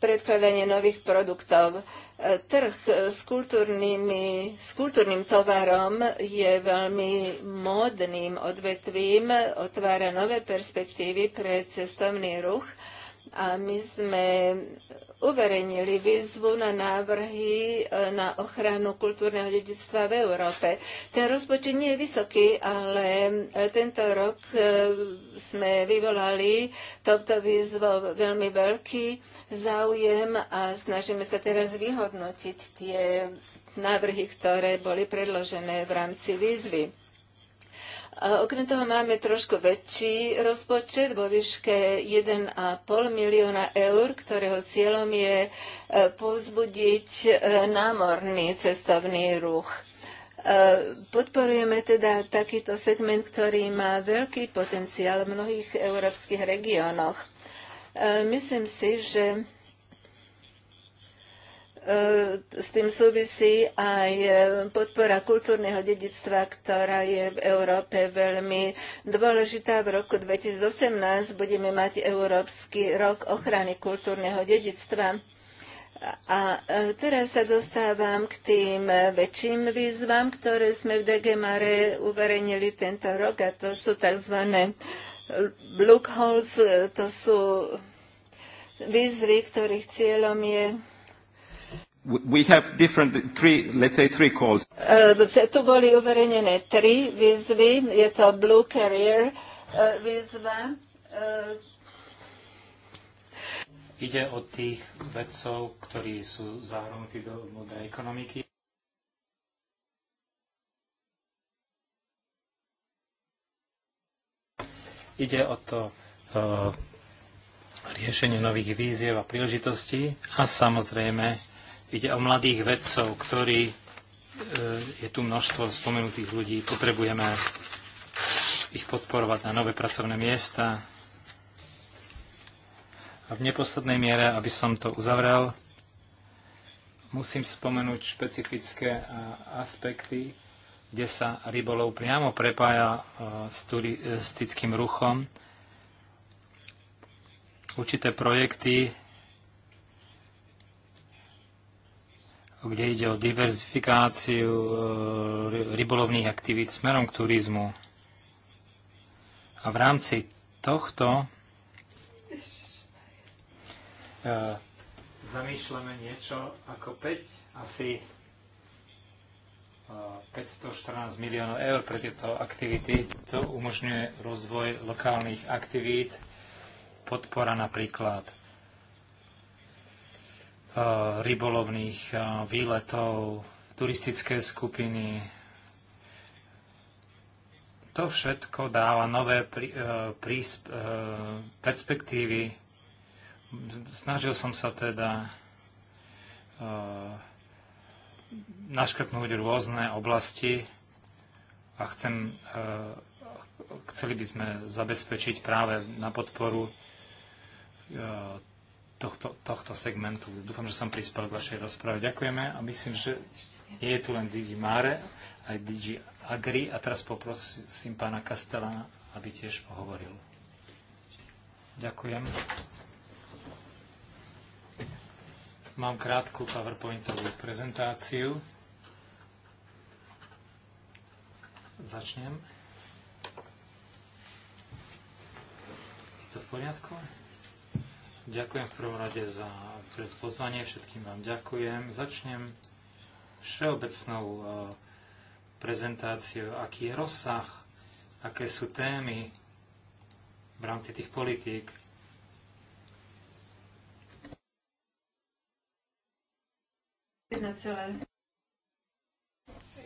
[SPEAKER 2] predkladanie nových produktov. E, trh s, kultúrnymi, s kultúrnym tovarom je veľmi módnym odvetvím, otvára nové perspektívy pre cestovný ruch a my sme uverejnili výzvu na návrhy e, na ochranu kultúrneho dedictva v Európe. Ten rozpočet nie je vysoký, ale e, tento rok e, sme vyvolali touto výzvou veľmi veľký záujem a snažíme sa teraz vyhodnotiť tie návrhy, ktoré boli predložené v rámci výzvy. Okrem toho máme trošku väčší rozpočet vo výške 1,5 milióna eur, ktorého cieľom je e, povzbudiť e, námorný cestovný ruch. E, podporujeme teda takýto segment, ktorý má veľký potenciál v mnohých európskych regiónoch. Myslím si, že E, s tým súvisí aj e, podpora kultúrneho dedictva, ktorá je v Európe veľmi dôležitá. V roku 2018 budeme mať Európsky rok ochrany kultúrneho dedictva. A teraz sa dostávam k tým väčším výzvam, ktoré sme v Degemare uverejnili tento rok a to sú tzv. holes, e, to sú výzvy, ktorých cieľom je
[SPEAKER 3] We have different three, let's say three calls.
[SPEAKER 2] Uh, tu boli uverejnené tri výzvy. Je to Blue Carrier uh, výzva. Uh,
[SPEAKER 3] Ide o tých vedcov, ktorí sú zahrnutí do modrej ekonomiky. Ide o to uh, riešenie nových víziev a príležitostí a samozrejme Ide o mladých vedcov, ktorí, e, je tu množstvo spomenutých ľudí, potrebujeme ich podporovať na nové pracovné miesta. A v neposlednej miere, aby som to uzavrel, musím spomenúť špecifické aspekty, kde sa rybolov priamo prepája e, s turistickým ruchom. Určité projekty kde ide o diverzifikáciu e, rybolovných aktivít smerom k turizmu. A v rámci tohto e, zamýšľame niečo ako 5, asi 514 e, miliónov eur pre tieto aktivity. To umožňuje rozvoj lokálnych aktivít, podpora napríklad E, rybolovných e, výletov, turistické skupiny. To všetko dáva nové e, perspektívy. Snažil som sa teda naškrtnúť rôzne oblasti a chcem, chceli by sme zabezpečiť práve na podporu tohto, tohto segmentu. Dúfam, že som prispel k vašej rozprave. Ďakujeme a myslím, že nie je tu len Digi Mare, aj Digi Agri a teraz poprosím pána Kastelana, aby tiež pohovoril. Ďakujem. Mám krátku PowerPointovú prezentáciu. Začnem. Je to v poriadku? Ďakujem v prvom rade za pozvanie, všetkým vám ďakujem. Začnem všeobecnou e, prezentáciou, aký je rozsah, aké sú témy v rámci tých politík.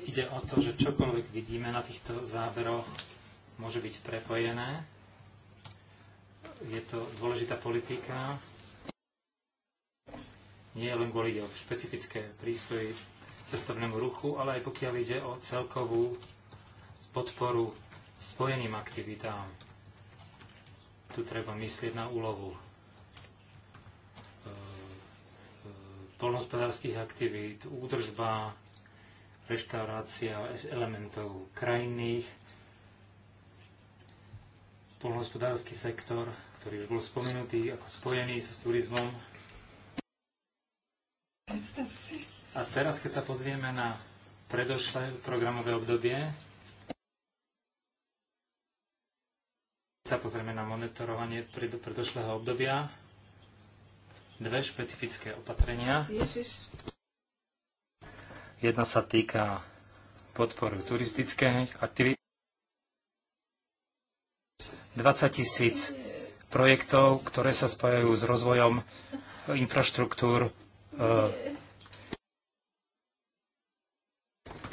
[SPEAKER 3] Ide o to, že čokoľvek vidíme na týchto záberoch, môže byť prepojené je to dôležitá politika. Nie len kvôli ide o špecifické prístroje cestovnému ruchu, ale aj pokiaľ ide o celkovú podporu spojeným aktivitám. Tu treba myslieť na úlohu e, e, polnospodárských aktivít, údržba, reštaurácia elementov krajinných, polnospodársky sektor, ktorý už bol spomenutý ako spojený s turizmom. A teraz, keď sa pozrieme na predošlé programové obdobie, keď sa pozrieme na monitorovanie pred, predošlého obdobia, dve špecifické opatrenia. Ježiš. Jedna sa týka podporu turistickej aktivity. 20 tisíc projektov, ktoré sa spájajú s rozvojom e, infraštruktúr, e,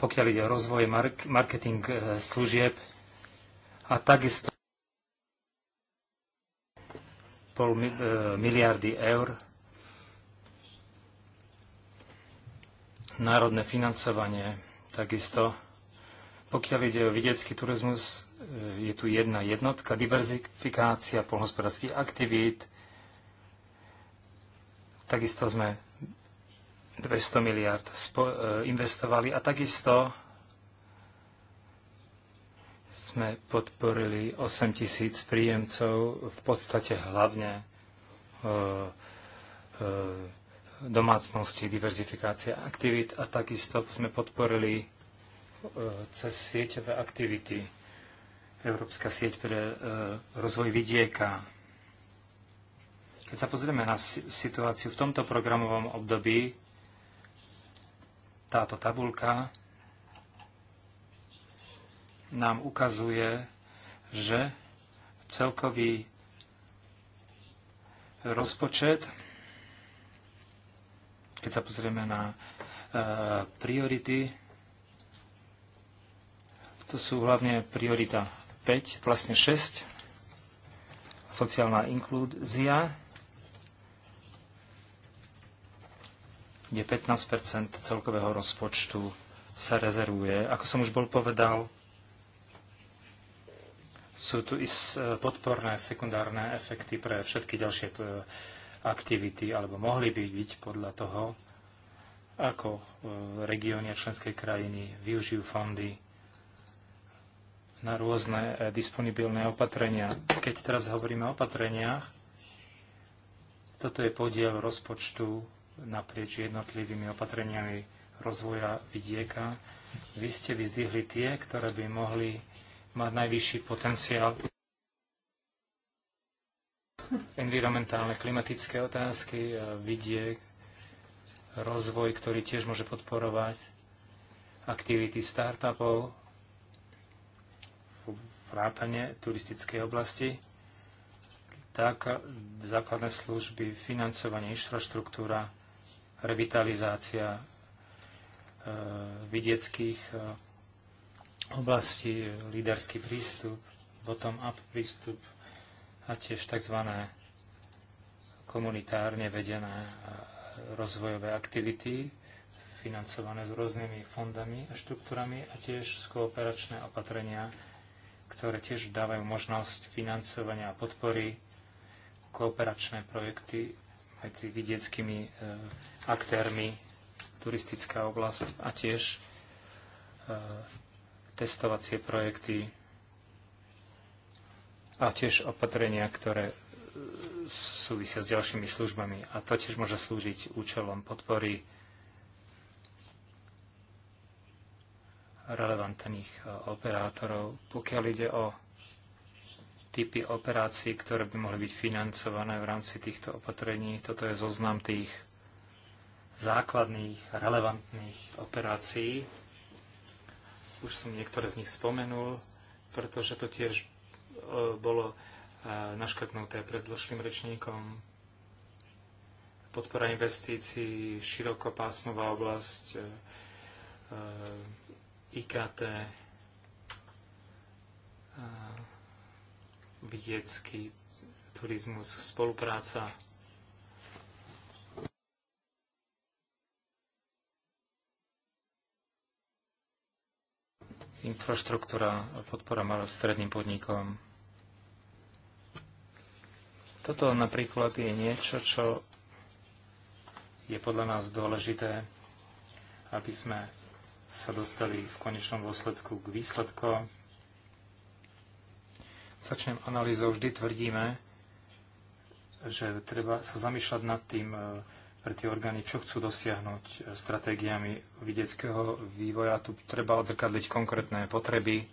[SPEAKER 3] pokiaľ ide o rozvoj marketing e, služieb a takisto pol miliardy eur národné financovanie takisto. Pokiaľ ide o vidiecký turizmus, je tu jedna jednotka, diverzifikácia polnospodárských aktivít. Takisto sme 200 miliard e, investovali a takisto sme podporili 8 tisíc príjemcov, v podstate hlavne e, e, domácnosti, diverzifikácia aktivít a takisto sme podporili cez sieťové aktivity Európska sieť pre e, rozvoj vidieka. Keď sa pozrieme na situáciu v tomto programovom období, táto tabulka nám ukazuje, že celkový rozpočet, keď sa pozrieme na e, priority, to sú hlavne priorita 5, vlastne 6, sociálna inklúzia, kde 15 celkového rozpočtu sa rezervuje. Ako som už bol povedal, sú tu i e, podporné sekundárne efekty pre všetky ďalšie e, aktivity, alebo mohli by byť podľa toho, ako e, regióny a členské krajiny využijú fondy na rôzne e, disponibilné opatrenia. Keď teraz hovoríme o opatreniach, toto je podiel rozpočtu naprieč jednotlivými opatreniami rozvoja vidieka. Vy ste vyzdvihli tie, ktoré by mohli mať najvyšší potenciál environmentálne, klimatické otázky, e, vidiek, rozvoj, ktorý tiež môže podporovať aktivity startupov, ako vrátanie turistickej oblasti, tak základné služby, financovanie, infraštruktúra, revitalizácia e, vidieckých e, oblastí, líderský prístup, bottom-up prístup a tiež tzv. komunitárne vedené rozvojové aktivity, financované s rôznymi fondami a štruktúrami a tiež kooperačné opatrenia ktoré tiež dávajú možnosť financovania a podpory kooperačné projekty medzi vidieckými e, aktérmi, turistická oblasť a tiež e, testovacie projekty a tiež opatrenia, ktoré e, súvisia s ďalšími službami. A to tiež môže slúžiť účelom podpory relevantných e, operátorov. Pokiaľ ide o typy operácií, ktoré by mohli byť financované v rámci týchto opatrení, toto je zoznam tých základných, relevantných operácií. Už som niektoré z nich spomenul, pretože to tiež e, bolo e, naškrtnuté predložným rečníkom. Podpora investícií, širokopásmová oblasť, IKT, vidiecký turizmus, spolupráca. infraštruktúra, podpora malým stredným podnikom. Toto napríklad je niečo, čo je podľa nás dôležité, aby sme sa dostali v konečnom dôsledku k výsledkom. Začnem analýzou. Vždy tvrdíme, že treba sa zamýšľať nad tým e, pre tie orgány, čo chcú dosiahnuť e, stratégiami vidieckého vývoja. Tu treba odzrkadliť konkrétne potreby,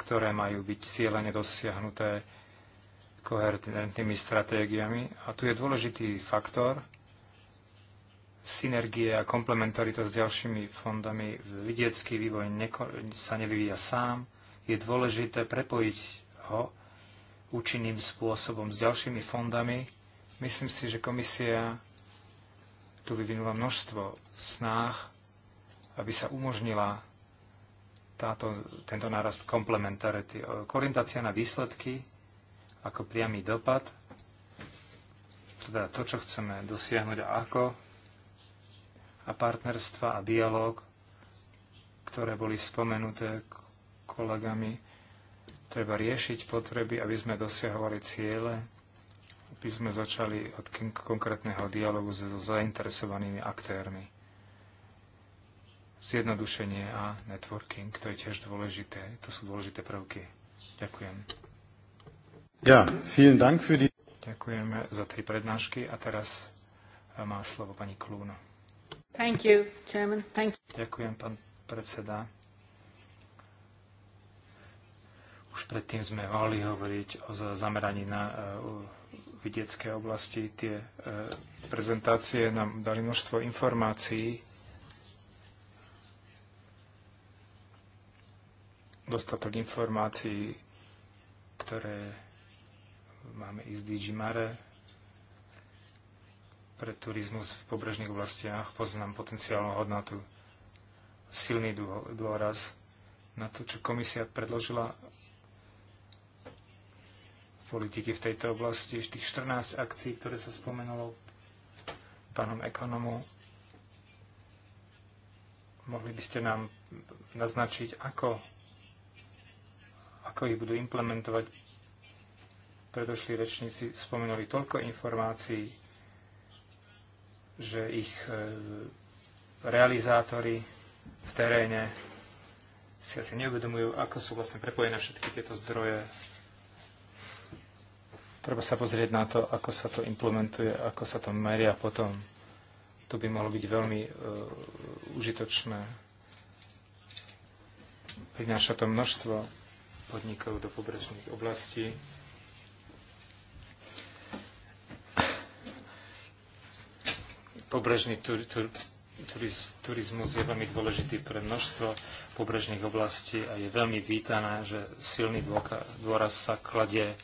[SPEAKER 3] ktoré majú byť cieľene dosiahnuté koherentnými stratégiami. A tu je dôležitý faktor, synergie a komplementarita s ďalšími fondami. Vidiecký vývoj sa nevyvíja sám. Je dôležité prepojiť ho účinným spôsobom s ďalšími fondami. Myslím si, že komisia tu vyvinula množstvo snách, aby sa umožnila táto, tento nárast komplementarity. korintácia na výsledky ako priamy dopad, teda to, čo chceme dosiahnuť a ako a partnerstva a dialog, ktoré boli spomenuté kolegami. Treba riešiť potreby, aby sme dosiahovali ciele, aby sme začali od konkrétneho dialogu so zainteresovanými aktérmi. Zjednodušenie a networking, to je tiež dôležité, to sú dôležité prvky. Ďakujem.
[SPEAKER 1] Ja, vielen Dank
[SPEAKER 3] für die... Ďakujeme za tri prednášky a teraz má slovo pani Klúna. Thank you, Chairman. Thank you. Ďakujem, pán predseda. Už predtým sme mohli hovoriť o zameraní na e, vidiecké oblasti. Tie e, prezentácie nám dali množstvo informácií. Dostatok informácií, ktoré máme i z DG Mare, pre turizmus v pobrežných oblastiach. Poznám potenciálnu hodnotu. Silný dôraz na to, čo komisia predložila politiky v tejto oblasti. Z tých 14 akcií, ktoré sa spomenulo pánom ekonomu, mohli by ste nám naznačiť, ako, ako ich budú implementovať. Predošli rečníci spomenuli toľko informácií, že ich e, realizátori v teréne si asi neuvedomujú, ako sú vlastne prepojené všetky tieto zdroje. Treba sa pozrieť na to, ako sa to implementuje, ako sa to meria potom. To by mohlo byť veľmi uh, užitočné. Prináša to množstvo podnikov do pobrežných oblastí, Pobrežný tur, tur, turiz, turizmus je veľmi dôležitý pre množstvo pobrežných oblastí a je veľmi vítané, že silný dôraz sa kladie e,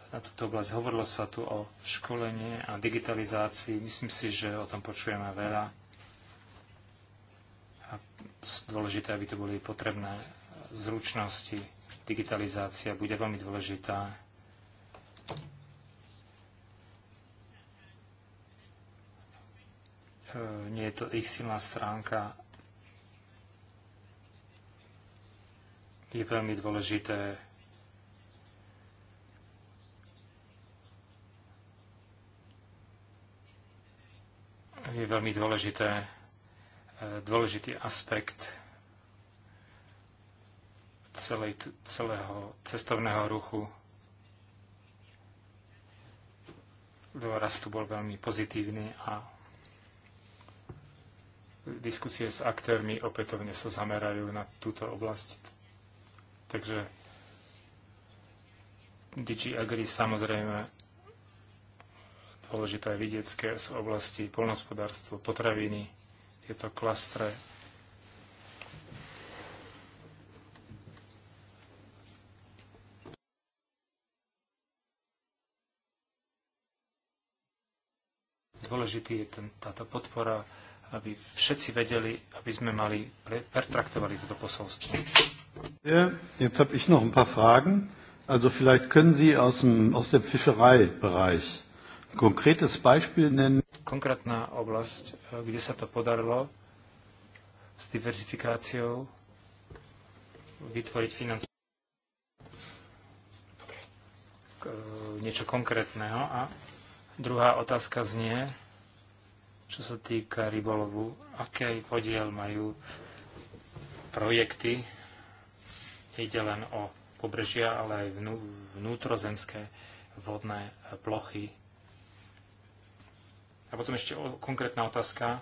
[SPEAKER 3] na túto oblasť. Hovorilo sa tu o školenie a digitalizácii. Myslím si, že o tom počujeme veľa. A dôležité, aby to boli potrebné zručnosti. Digitalizácia bude veľmi dôležitá Eh, nie je to ich silná stránka. Je veľmi dôležité je veľmi dôležité, eh, dôležitý aspekt celej, celého cestovného ruchu Dôraz tu bol veľmi pozitívny a Diskusie s aktérmi opätovne sa zamerajú na túto oblasť. Takže DG Agri samozrejme dôležité aj vidiecké z oblasti polnospodárstvo, potraviny, tieto klastre. Dôležitý je ten, táto podpora aby všetci vedeli, aby sme mali, pre, pertraktovali toto posolstvo.
[SPEAKER 1] Ja, Jetzt habe ich noch ein paar Fragen. Also vielleicht können Sie aus dem, aus dem Fischereibereich ein konkretes Beispiel nennen.
[SPEAKER 3] Konkrétna oblasť, eh, kde sa to podarilo s diversifikáciou vytvoriť financie eh, niečo konkrétneho. A druhá otázka znie, čo sa týka rybolovu, aký podiel majú projekty, ide len o pobrežia, ale aj vnú, vnútrozemské vodné plochy. A potom ešte o, konkrétna otázka.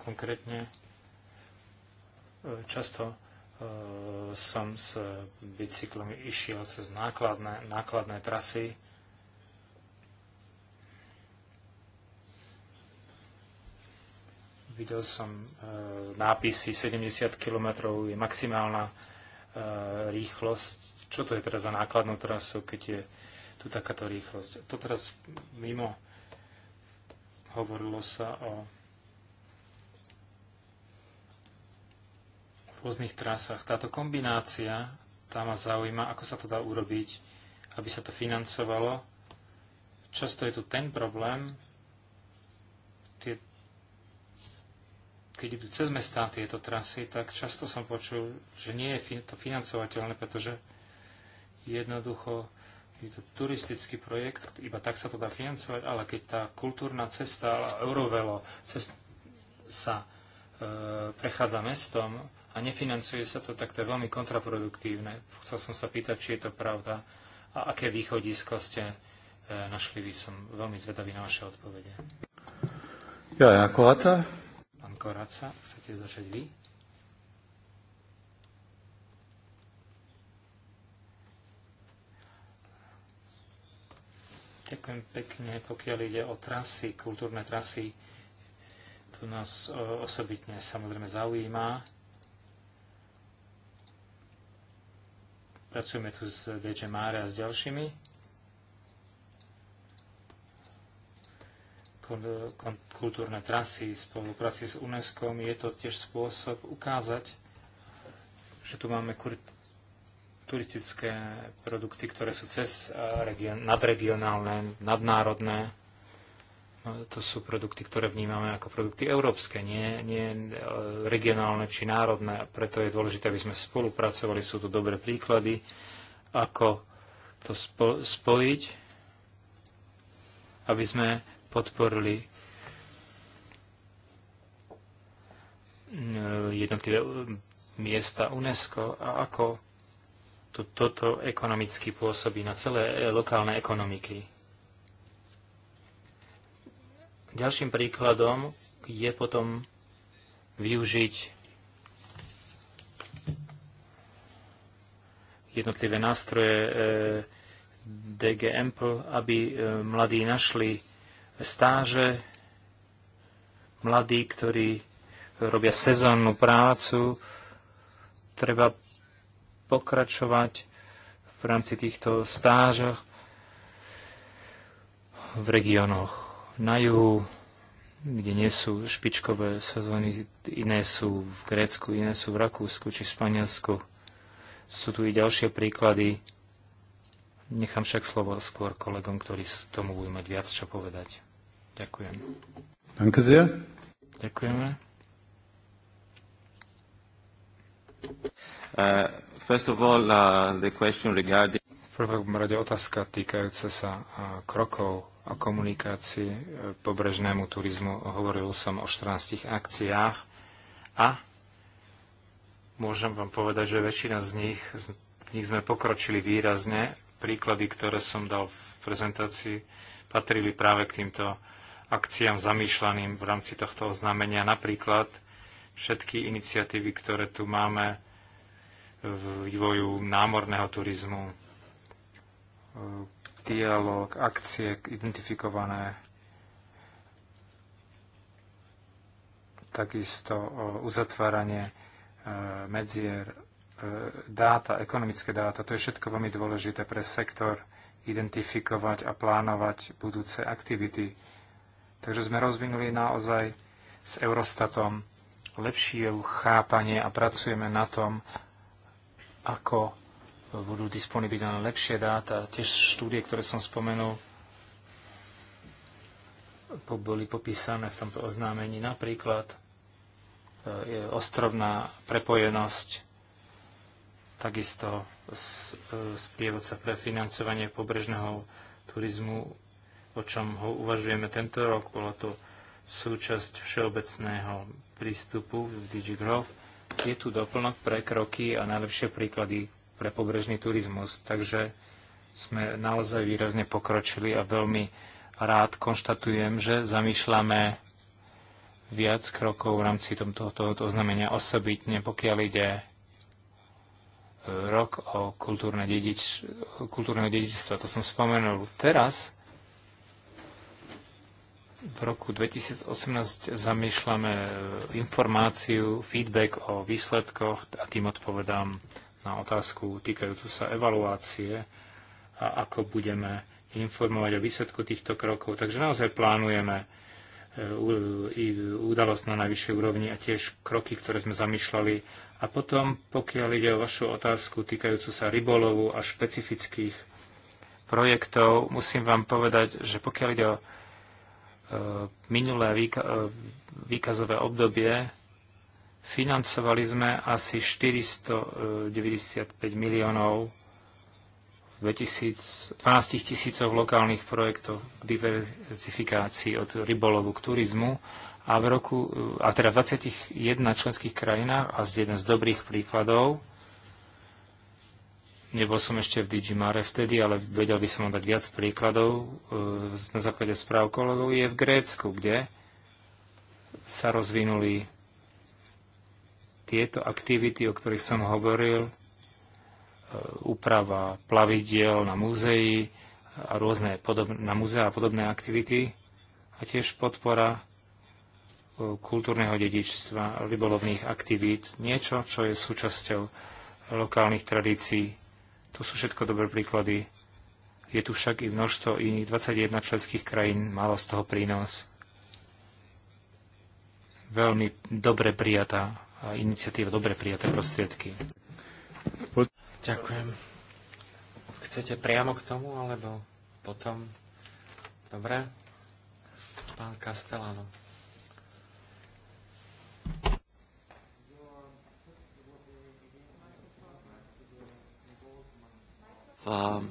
[SPEAKER 3] Konkrétne e, často e, som s bicyklom išiel cez nákladné, nákladné trasy Videl som e, nápisy 70 km je maximálna e, rýchlosť. Čo to je teraz za nákladnú no trasu, keď je tu takáto rýchlosť? To teraz mimo hovorilo sa o rôznych trasách. Táto kombinácia, tá ma zaujíma, ako sa to dá urobiť, aby sa to financovalo. Často je tu ten problém, keď idú cez mesta tieto trasy, tak často som počul, že nie je to financovateľné, pretože jednoducho je to turistický projekt, iba tak sa to dá financovať, ale keď tá kultúrna cesta, eurovelo, cest sa e, prechádza mestom a nefinancuje sa to, tak to je veľmi kontraproduktívne. Chcel som sa pýtať, či je to pravda a aké východisko ste e, našli vy. Som veľmi zvedavý na vaše odpovede. Ja, ako Koraca, chcete začať vy? Ďakujem pekne, pokiaľ ide o trasy, kultúrne trasy. To nás e, osobitne samozrejme zaujíma. Pracujeme tu s DJ Mare a s ďalšími. kultúrne trasy v spolupráci s UNESCO. Je to tiež spôsob ukázať, že tu máme turistické produkty, ktoré sú cez eh, region, nadregionálne, nadnárodné. No, to sú produkty, ktoré vnímame ako produkty európske, nie, nie eh, regionálne či národné. Preto je dôležité, aby sme spolupracovali. Sú tu dobré príklady, ako to spo, spojiť, aby sme podporili eh, jednotlivé eh, miesta UNESCO a ako to, toto ekonomicky pôsobí na celé eh, lokálne ekonomiky. Ďalším príkladom je potom využiť jednotlivé nástroje DG aby mladí našli stáže, mladí, ktorí robia sezónnu prácu, treba pokračovať v rámci týchto stážoch v regiónoch na juhu, kde nie sú špičkové sezóny, iné sú v Grécku, iné sú v Rakúsku či v Španielsku. Sú tu i ďalšie príklady. Nechám však slovo skôr kolegom, ktorí k tomu budú mať viac čo povedať. Ďakujem. Danke sehr. Ďakujeme.
[SPEAKER 4] Uh, first of all, uh, the question regarding...
[SPEAKER 3] prvom rade otázka týkajúca sa uh, krokov a komunikácii uh, pobrežnému turizmu. Hovoril som o 14 akciách a môžem vám povedať, že väčšina z nich, z nich sme pokročili výrazne. Príklady, ktoré som dal v prezentácii, patrili práve k týmto akciám zamýšľaným v rámci tohto oznámenia. Napríklad všetky iniciatívy, ktoré tu máme v vývoju námorného turizmu, e, dialog, akcie identifikované, takisto e, uzatváranie e, medzier, dáta, ekonomické dáta, to je všetko veľmi dôležité pre sektor identifikovať a plánovať budúce aktivity Takže sme rozvinuli naozaj s Eurostatom lepšie chápanie a pracujeme na tom, ako budú disponibilné lepšie dáta. Tiež štúdie, ktoré som spomenul, boli popísané v tomto oznámení. Napríklad e, je ostrovná prepojenosť, takisto e, sprievodca pre financovanie pobrežného turizmu o čom ho uvažujeme tento rok. Bola to súčasť všeobecného prístupu v DigiGrowth. Je tu doplnok pre kroky a najlepšie príklady pre pobrežný turizmus. Takže sme naozaj výrazne pokročili a veľmi rád konštatujem, že zamýšľame viac krokov v rámci tohto, tohoto oznamenia osobitne, pokiaľ ide e, rok o kultúrne, dedič, kultúrne dedičstva, to som spomenul. Teraz v roku 2018 zamýšľame e, informáciu, feedback o výsledkoch a tým odpovedám na otázku týkajúcu sa evaluácie a ako budeme informovať o výsledku týchto krokov. Takže naozaj plánujeme e, i udalosť na najvyššej úrovni a tiež kroky, ktoré sme zamýšľali. A potom, pokiaľ ide o vašu otázku týkajúcu sa rybolovu a špecifických projektov, musím vám povedať, že pokiaľ ide o E, minulé e, výkazové obdobie financovali sme asi 495 miliónov v 12 tisícoch lokálnych projektov k diverzifikácii od rybolovu k turizmu a v roku, e, a teda v 21 členských krajinách a z jeden z dobrých príkladov Nebol som ešte v Digimare Mare vtedy, ale vedel by som vám dať viac príkladov e, na základe správ kolegov. Je v Grécku, kde sa rozvinuli tieto aktivity, o ktorých som hovoril, e, úprava plavidiel na múzeí a rôzne podob- na múzea a podobné aktivity a tiež podpora e, kultúrneho dedičstva, rybolovných aktivít, niečo, čo je súčasťou lokálnych tradícií to sú všetko dobré príklady. Je tu však i množstvo iných 21 členských krajín, malo z toho prínos. Veľmi dobre prijatá iniciatíva, dobre prijaté prostriedky. Ďakujem.
[SPEAKER 4] Chcete priamo k tomu, alebo potom? Dobre. Pán Castellano.
[SPEAKER 1] um,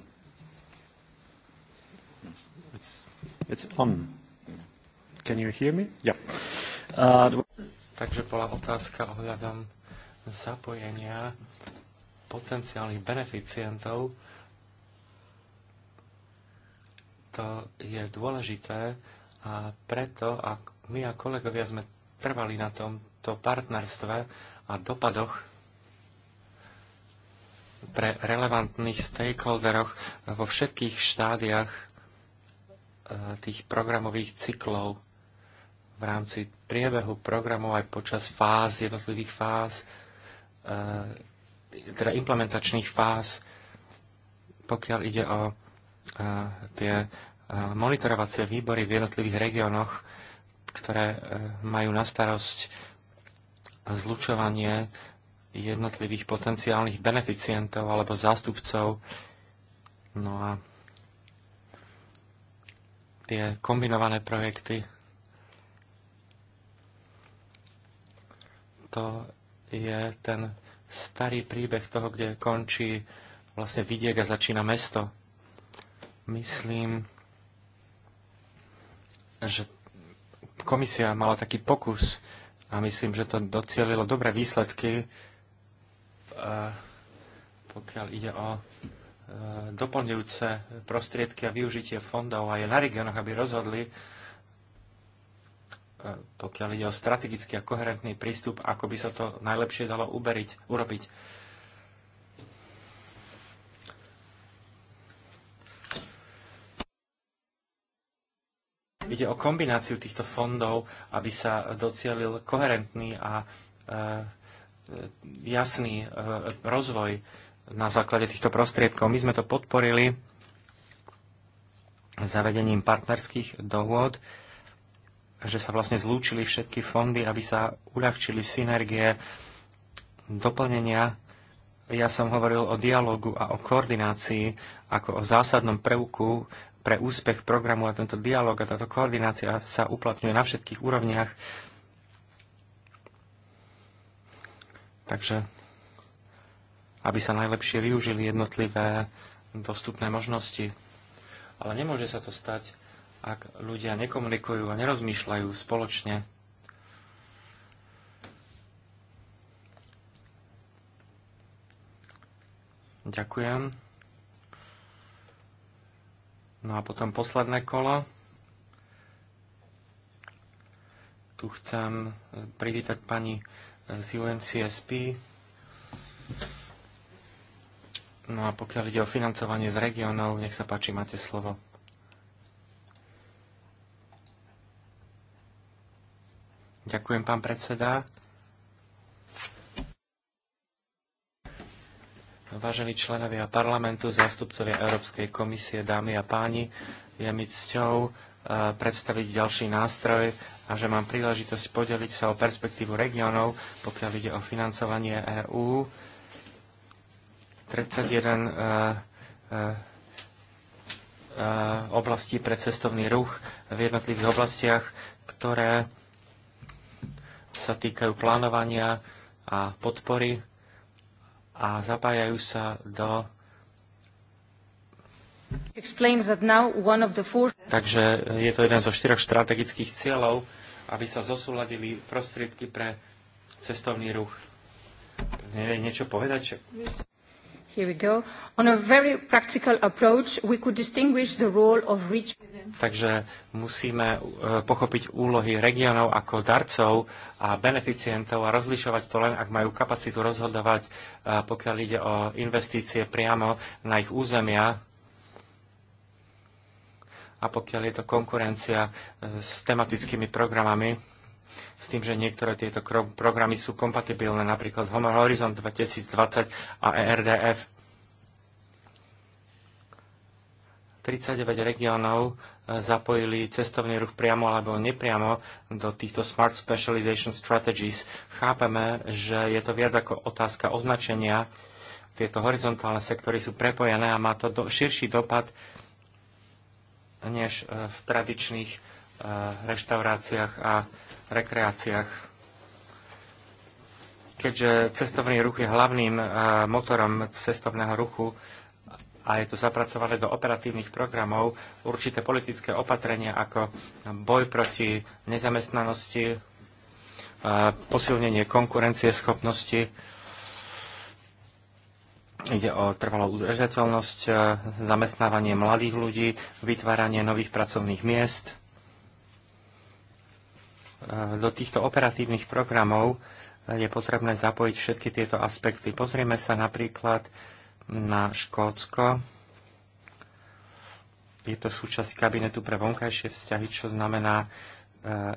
[SPEAKER 1] it's, it's on.
[SPEAKER 4] Can you hear me? Yeah. Uh, Takže bola otázka ohľadom zapojenia potenciálnych beneficientov. To je dôležité a preto, ak my a kolegovia sme trvali na tomto partnerstve a dopadoch pre relevantných stakeholderoch vo všetkých štádiach e, tých programových cyklov v rámci priebehu programov aj počas fáz, jednotlivých fáz, e, teda implementačných fáz, pokiaľ ide o e, tie monitorovacie výbory v jednotlivých regiónoch, ktoré majú na starosť zlučovanie jednotlivých potenciálnych beneficientov alebo zástupcov. No a tie kombinované projekty, to je ten starý príbeh toho, kde končí vlastne vidiek a začína mesto. Myslím, že komisia mala taký pokus a myslím, že to docielilo dobré výsledky, pokiaľ ide o e, doplňujúce prostriedky a využitie fondov aj na regiónoch, aby rozhodli, e, pokiaľ ide o strategický a koherentný prístup, ako by sa to najlepšie dalo uberiť, urobiť. Ide o kombináciu týchto fondov, aby sa docielil koherentný a e, jasný e, rozvoj na základe týchto prostriedkov. My sme to podporili zavedením partnerských dohôd, že sa vlastne zlúčili všetky fondy, aby sa uľahčili synergie, doplnenia. Ja som hovoril o dialogu a o koordinácii ako o zásadnom prvku pre úspech programu a tento dialog a táto koordinácia sa uplatňuje na všetkých úrovniach Takže aby sa najlepšie využili jednotlivé dostupné možnosti. Ale nemôže sa to stať, ak ľudia nekomunikujú a nerozmýšľajú spoločne. Ďakujem. No a potom posledné kolo. Tu chcem privítať pani z UNCSP. No a pokiaľ ide o financovanie z regionov, nech sa páči, máte slovo. Ďakujem, pán predseda. Vážení členovia parlamentu, zástupcovia Európskej komisie, dámy a páni, je mi cťou predstaviť ďalší nástroj a že mám príležitosť podeliť sa o perspektívu regiónov, pokiaľ ide o financovanie EÚ. 31 oblastí pre cestovný ruch v jednotlivých oblastiach, ktoré sa týkajú plánovania a podpory a zapájajú sa do Takže je to jeden zo štyroch strategických cieľov, aby sa zosúladili prostriedky pre cestovný ruch. Nie, niečo povedať? Čo...
[SPEAKER 2] Here we go. On a very practical approach, we could distinguish the role of rich...
[SPEAKER 4] Takže musíme e, pochopiť úlohy regiónov ako darcov a beneficientov a rozlišovať to len, ak majú kapacitu rozhodovať, e, pokiaľ ide o investície priamo na ich územia, a pokiaľ je to konkurencia e, s tematickými programami, s tým, že niektoré tieto programy sú kompatibilné, napríklad Horizon 2020 a ERDF. 39 regiónov e, zapojili cestovný ruch priamo alebo nepriamo do týchto Smart Specialization Strategies. Chápeme, že je to viac ako otázka označenia. Tieto horizontálne sektory sú prepojené a má to do, širší dopad než e, v tradičných e, reštauráciách a rekreáciách. Keďže cestovný ruch je hlavným e, motorom cestovného ruchu a je to zapracované do operatívnych programov, určité politické opatrenia ako boj proti nezamestnanosti, posilnenie konkurencie schopnosti, Ide o trvalú udržateľnosť, e, zamestnávanie mladých ľudí, vytváranie nových pracovných miest. E, do týchto operatívnych programov e, je potrebné zapojiť všetky tieto aspekty. Pozrieme sa napríklad na Škótsko. Je to súčasť kabinetu pre vonkajšie vzťahy, čo znamená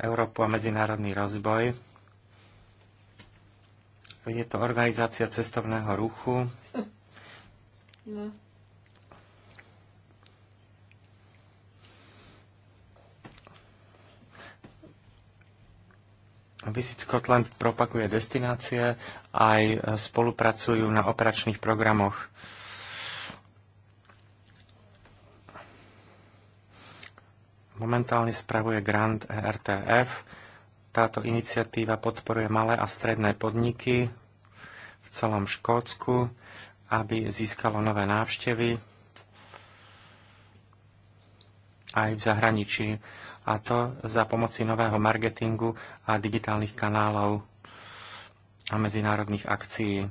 [SPEAKER 4] Európu a medzinárodný rozboj. Je to organizácia cestovného ruchu.
[SPEAKER 2] No.
[SPEAKER 4] Visit Scotland propaguje destinácie, aj e, spolupracujú na operačných programoch. Momentálne spravuje grant RTF. Táto iniciatíva podporuje malé a stredné podniky v celom Škótsku aby získalo nové návštevy aj v zahraničí, a to za pomoci nového marketingu a digitálnych kanálov a medzinárodných akcií.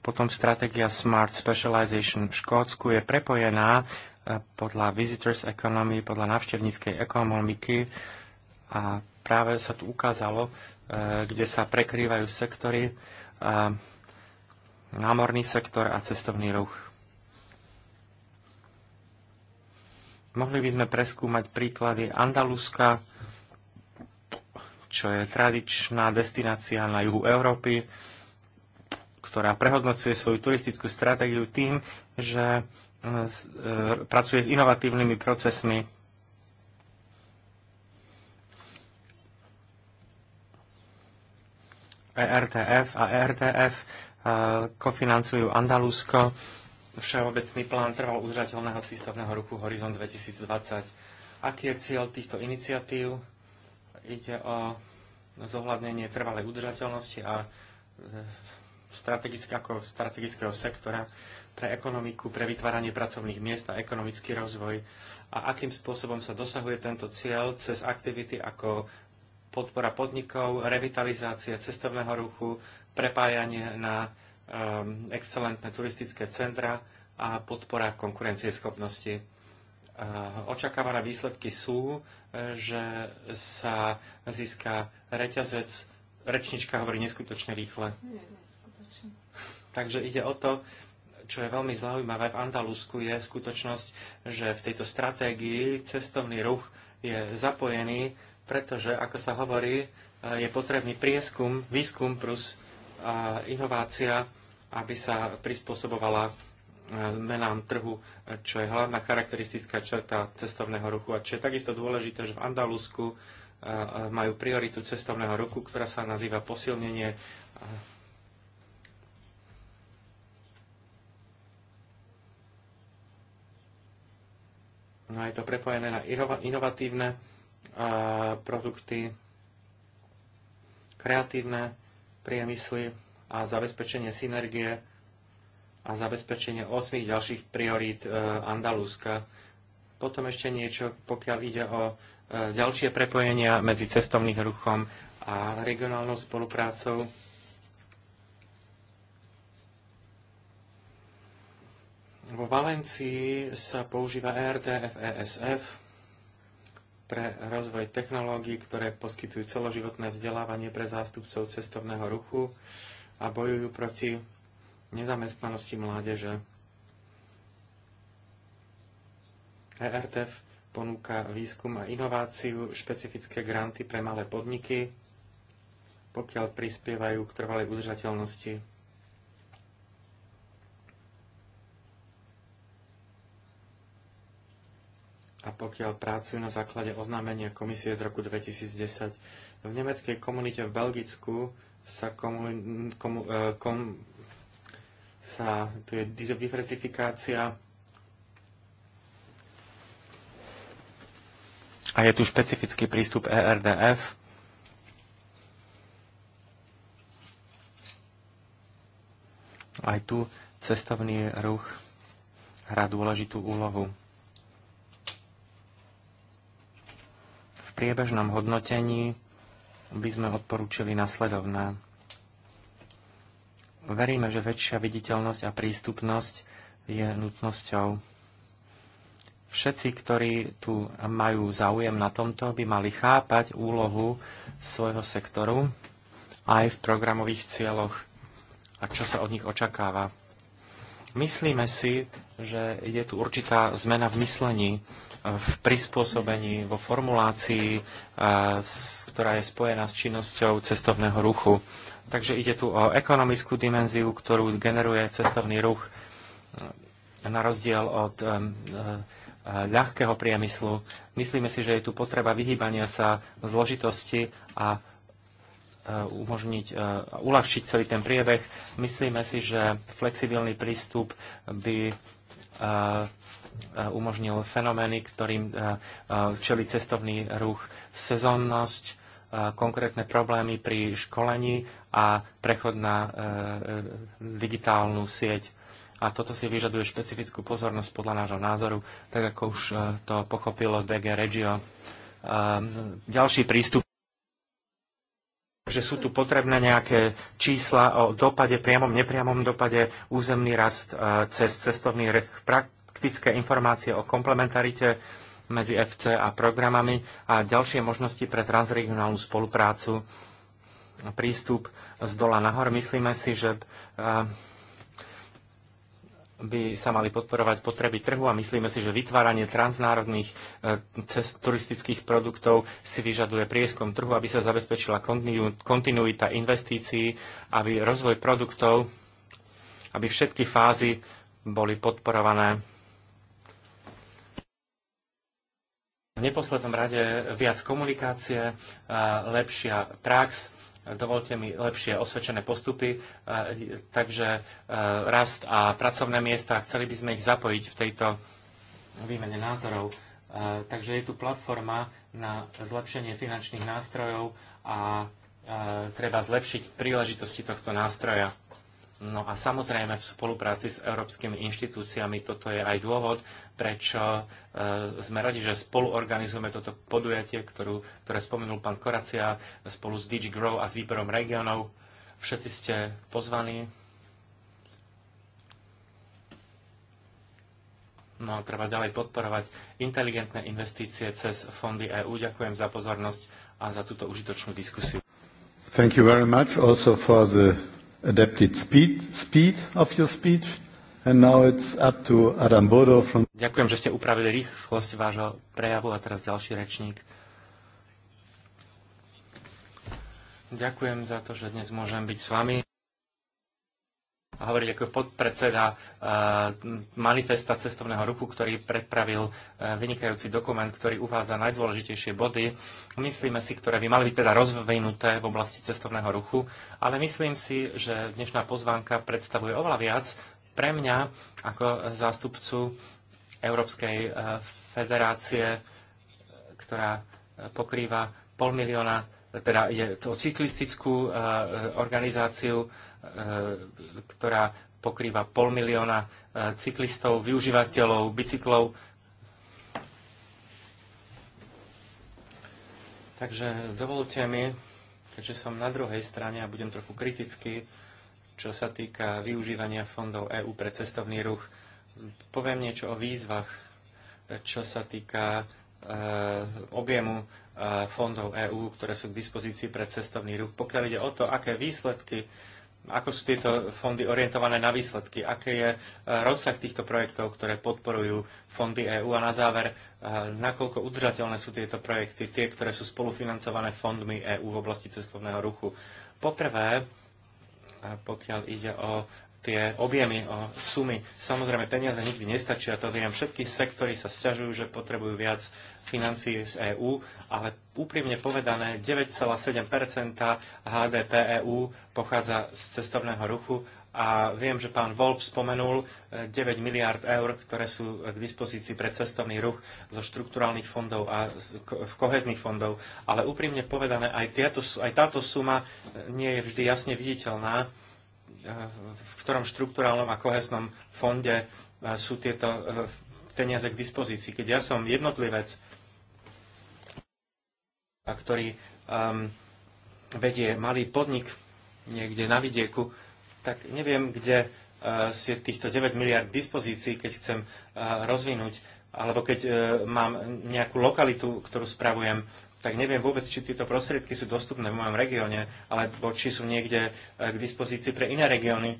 [SPEAKER 4] Potom stratégia Smart Specialization v Škótsku je prepojená e, podľa Visitors Economy, podľa návštevníckej ekonomiky a práve sa tu ukázalo, e, kde sa prekrývajú sektory námorný sektor a cestovný ruch. Mohli by sme preskúmať príklady Andaluska, čo je tradičná destinácia na juhu Európy, ktorá prehodnocuje svoju turistickú stratégiu tým, že e, e, pracuje s inovatívnymi procesmi. ERTF a ERTF kofinancujú Andalúsko, Všeobecný plán trvalo udržateľného cestovného ruchu Horizon 2020. Aký je cieľ týchto iniciatív? Ide o zohľadnenie trvalej udržateľnosti a e, strategické, ako strategického sektora pre ekonomiku, pre vytváranie pracovných miest a ekonomický rozvoj a akým spôsobom sa dosahuje tento cieľ cez aktivity ako podpora podnikov, revitalizácia cestovného ruchu, prepájanie na ehm, excelentné turistické centra a podpora konkurencieschopnosti. Ehm, očakávané výsledky sú, e, že sa získa reťazec, rečnička hovorí neskutočne rýchle. Takže ide o to, čo je veľmi zaujímavé v Andalusku, je skutočnosť, že v tejto stratégii cestovný ruch je zapojený, pretože, ako sa hovorí, e, je potrebný prieskum, výskum plus inovácia, aby sa prispôsobovala e, zmenám trhu, čo je hlavná charakteristická črta cestovného ruchu. A čo je takisto dôležité, že v Andalusku e, e, majú prioritu cestovného ruchu, ktorá sa nazýva posilnenie No je to prepojené na inovatívne produkty, kreatívne priemysly a zabezpečenie synergie a zabezpečenie 8 ďalších priorít e, Andalúska. Potom ešte niečo, pokiaľ ide o e, ďalšie prepojenia medzi cestovným ruchom a regionálnou spoluprácou. Vo Valencii sa používa ERDF ESF pre rozvoj technológií, ktoré poskytujú celoživotné vzdelávanie pre zástupcov cestovného ruchu a bojujú proti nezamestnanosti mládeže. ERTF ponúka výskum a inováciu, špecifické granty pre malé podniky, pokiaľ prispievajú k trvalej udržateľnosti a pokiaľ pracujú na základe oznámenia komisie z roku 2010. V nemeckej komunite v Belgicku sa, komu, komu, e, kom, sa tu je diversifikácia a je tu špecifický prístup ERDF, aj tu cestovný ruch hrá dôležitú úlohu. priebežnom hodnotení by sme odporúčili nasledovné. Veríme, že väčšia viditeľnosť a prístupnosť je nutnosťou. Všetci, ktorí tu majú záujem na tomto, by mali chápať úlohu svojho sektoru aj v programových cieľoch a čo sa od nich očakáva. Myslíme si, že je tu určitá zmena v myslení v prispôsobení, vo formulácii, ktorá je spojená s činnosťou cestovného ruchu. Takže ide tu o ekonomickú dimenziu, ktorú generuje cestovný ruch na rozdiel od e, e, ľahkého priemyslu. Myslíme si, že je tu potreba vyhýbania sa zložitosti a e, umožniť, uľahčiť celý ten priebeh. Myslíme si, že flexibilný prístup by umožnil fenomény, ktorým čeli cestovný ruch, sezónnosť, konkrétne problémy pri školení a prechod na e, e, digitálnu sieť. A toto si vyžaduje špecifickú pozornosť podľa nášho názoru, tak ako už e, to pochopilo DG Regio. Ďalší prístup že sú tu potrebné nejaké čísla o dopade, priamom, nepriamom dopade, územný rast cez cestovný rech, praktické informácie o komplementarite medzi FC a programami a ďalšie možnosti pre transregionálnu spoluprácu prístup z dola nahor. Myslíme si, že eh, by sa mali podporovať potreby trhu a myslíme si, že vytváranie transnárodných eh, cest, turistických produktov si vyžaduje prieskom trhu, aby sa zabezpečila kontinuita investícií, aby rozvoj produktov, aby všetky fázy boli podporované V neposlednom rade viac komunikácie, lepšia prax, dovolte mi lepšie osvedčené postupy, takže rast a pracovné miesta, chceli by sme ich zapojiť v tejto výmene názorov. Takže je tu platforma na zlepšenie finančných nástrojov a treba zlepšiť príležitosti tohto nástroja. No a samozrejme v spolupráci s európskymi inštitúciami toto je aj dôvod, prečo e, sme radi, že spolu organizujeme toto podujatie, ktorú, ktoré spomenul pán Koracia spolu s DigiGrow a s výberom regionov. Všetci ste pozvaní. No a treba ďalej podporovať inteligentné investície cez fondy EU. Ďakujem za pozornosť a za túto užitočnú diskusiu.
[SPEAKER 1] Thank you very much also for the adapted speed, speed of your speech. And now it's up to Adam Bodo from...
[SPEAKER 4] Ďakujem, že ste upravili rýchlosť vášho prejavu a teraz ďalší rečník. Ďakujem za to, že dnes môžem byť s vami a hovoriť ako podpredseda eh, manifesta cestovného ruchu, ktorý predpravil eh, vynikajúci dokument, ktorý uvádza najdôležitejšie body, myslíme si, ktoré by mali byť teda rozvinuté v oblasti cestovného ruchu, ale myslím si, že dnešná pozvánka predstavuje oveľa viac pre mňa ako zástupcu Európskej eh, federácie, ktorá pokrýva pol milióna, teda je to cyklistickú organizáciu, E, ktorá pokrýva pol milióna e, cyklistov, využívateľov, bicyklov. Takže dovolte mi, keďže som na druhej strane a budem trochu kritický, čo sa týka využívania fondov EÚ pre cestovný ruch, poviem niečo o výzvach, čo sa týka e, objemu fondov EÚ, ktoré sú k dispozícii pre cestovný ruch. Pokiaľ ide o to, aké výsledky ako sú tieto fondy orientované na výsledky? Aký je eh, rozsah týchto projektov, ktoré podporujú fondy EÚ? A na záver, eh, nakoľko udržateľné sú tieto projekty, tie, ktoré sú spolufinancované fondmi EÚ v oblasti cestovného ruchu? Poprvé, eh, pokiaľ ide o tie objemy, o sumy. Samozrejme, peniaze nikdy nestačia, to viem. Všetky sektory sa sťažujú, že potrebujú viac financií z EÚ, ale úprimne povedané 9,7 HDP EÚ pochádza z cestovného ruchu a viem, že pán Wolf spomenul 9 eh, miliard eur, ktoré sú eh, k dispozícii pre cestovný ruch zo štrukturálnych fondov a v kohezných fondov. Ale úprimne povedané, aj, tieto, aj táto suma eh, nie je vždy jasne viditeľná Eh, v ktorom štruktúralnom a kohesnom fonde eh, sú tieto eh, peniaze k dispozícii. Keď ja som jednotlivec, ktorý ehm, vedie malý podnik niekde na vidieku, tak neviem, kde si týchto 9 miliard dispozícií, keď chcem rozvinúť, alebo keď mám nejakú lokalitu, ktorú spravujem, tak neviem vôbec, či tieto prostriedky sú dostupné v mojom regióne, alebo či sú niekde eh, k dispozícii pre iné regióny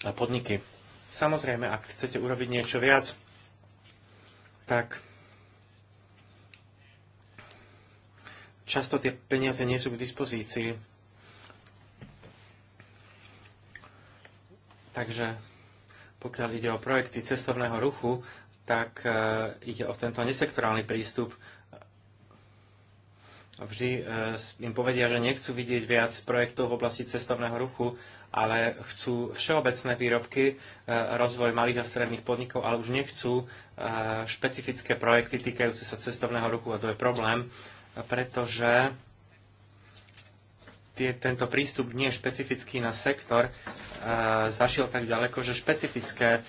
[SPEAKER 4] a podniky. Samozrejme, ak chcete urobiť niečo viac, tak často tie peniaze nie sú k dispozícii. Takže pokiaľ ide o projekty cestovného ruchu, tak e, ide o tento nesektorálny prístup. Vždy e, im povedia, že nechcú vidieť viac projektov v oblasti cestovného ruchu, ale chcú všeobecné výrobky, e, rozvoj malých a stredných podnikov, ale už nechcú špecifické projekty týkajúce sa cestovného ruchu a to je problém, pretože tie, tento prístup nie je špecifický na sektor, zašiel tak ďaleko, že špecifické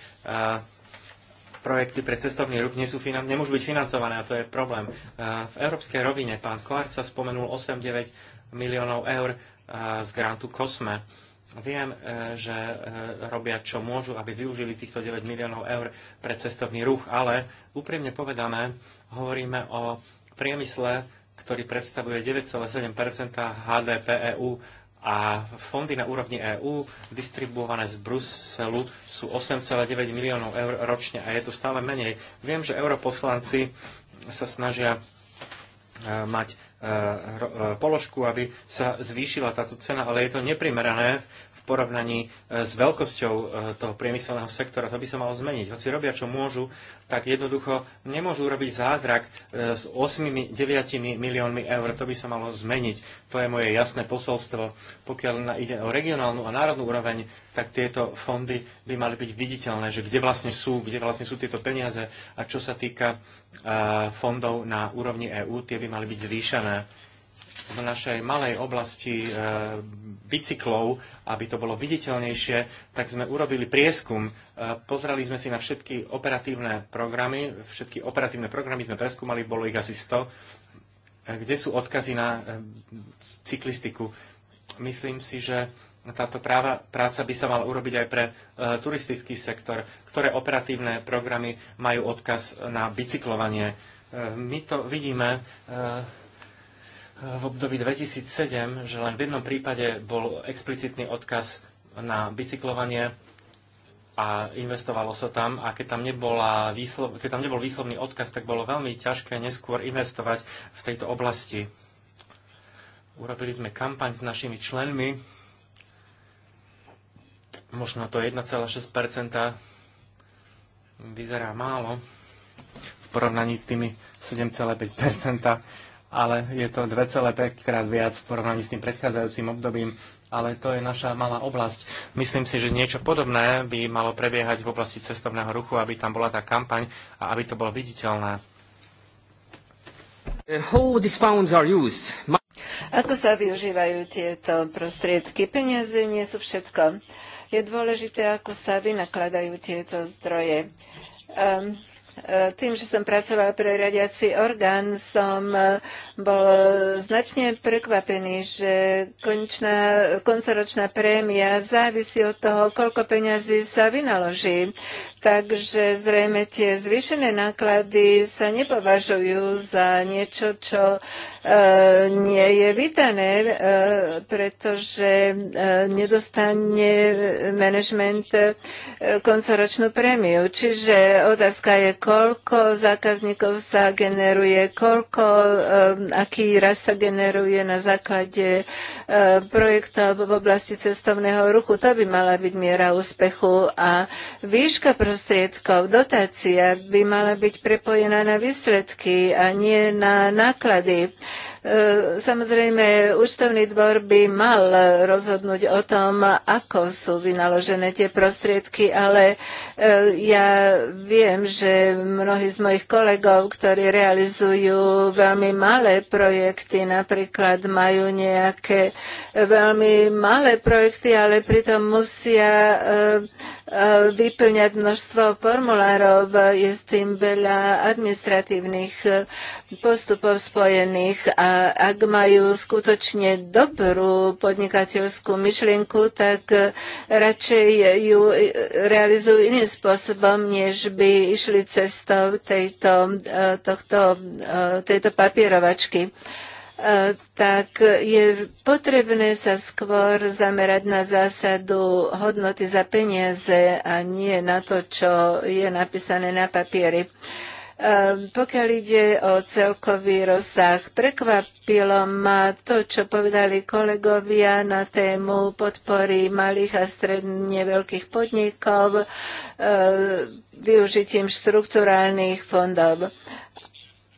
[SPEAKER 4] projekty pre cestovný ruch nie sú finan- nemôžu byť financované a to je problém. E, v európskej rovine pán sa spomenul 8-9 miliónov eur e, z grantu COSME. Viem, e, že robia čo môžu, aby využili týchto 9 miliónov eur pre cestovný ruch, ale úprimne povedané, hovoríme o priemysle, ktorý predstavuje 9,7 HDP EU a fondy na úrovni EÚ distribuované z Bruselu sú 8,9 miliónov eur ročne a je to stále menej. Viem, že europoslanci sa snažia e, mať e, e, položku, aby sa zvýšila táto cena, ale je to neprimerané porovnaní e, s veľkosťou e, toho priemyselného sektora. To by sa malo zmeniť. Hoci robia, čo môžu, tak jednoducho nemôžu robiť zázrak e, s 8-9 miliónmi eur. To by sa malo zmeniť. To je moje jasné posolstvo. Pokiaľ ide o regionálnu a národnú úroveň, tak tieto fondy by mali byť viditeľné, že kde vlastne sú, kde vlastne sú tieto peniaze a čo sa týka fondov na úrovni EÚ, tie by mali byť zvýšené v našej malej oblasti e, bicyklov, aby to bolo viditeľnejšie, tak sme urobili prieskum. E, Pozreli sme si na všetky operatívne programy. Všetky operatívne programy sme preskúmali, bolo ich asi 100. E, kde sú odkazy na cyklistiku? Myslím si, že táto práva, práca by sa mala urobiť aj pre e, turistický sektor, ktoré operatívne programy majú odkaz na bicyklovanie. E, my to vidíme e, v období 2007, že len v jednom prípade bol explicitný odkaz na bicyklovanie a investovalo sa tam a keď tam, nebola výslov, keď tam nebol výslovný odkaz, tak bolo veľmi ťažké neskôr investovať v tejto oblasti. Urobili sme kampaň s našimi členmi, možno to 1,6% vyzerá málo v porovnaní s tými 7,5%, ale je to 2,5 krát viac v porovnaní s tým predchádzajúcim obdobím, ale to je naša malá oblasť. Myslím si, že niečo podobné by malo prebiehať v oblasti cestovného ruchu, aby tam bola tá kampaň a aby to bolo viditeľné.
[SPEAKER 2] Ako sa využívajú tieto prostriedky? Peniaze nie sú všetko. Je dôležité, ako sa vynakladajú tieto zdroje. Um, tým, že som pracoval pre radiací orgán, som e, bol značne prekvapený, že končná, koncoročná prémia závisí od toho, koľko peňazí sa vynaloží. Takže zrejme tie zvýšené náklady sa nepovažujú za niečo, čo e, nie je vítané, e, pretože e, nedostane management e, koncoročnú prémiu. Čiže otázka je, koľko zákazníkov sa generuje, koľko, e, aký raz sa generuje na základe e, projektov v oblasti cestovného ruchu. To by mala byť miera úspechu a výška pro prostriedkov. Dotácia by mala byť prepojená na výsledky a nie na náklady. Ehm, samozrejme, účtovný dvor by mal rozhodnúť o tom, ako sú vynaložené tie prostriedky, ale ehm, ja viem, že mnohí z mojich kolegov, ktorí realizujú veľmi malé projekty, napríklad majú nejaké veľmi malé projekty, ale pritom musia ehm, e, vyplňať množstvo formulárov, je s tým veľa administratívnych e, postupov spojených a ak majú skutočne dobrú podnikateľskú myšlienku, tak radšej ju realizujú iným spôsobom, než by išli cestou tejto, e, tohto, e, tejto papierovačky e, tak je potrebné sa skôr zamerať na zásadu hodnoty za peniaze a nie na to, čo je napísané na papieri. Uh, Ehm, pokiaľ ide o celkový rozsah, prekvapilo ma to, čo povedali kolegovia na tému podpory malých a stredne veľkých podnikov ehm, využitím štrukturálnych fondov.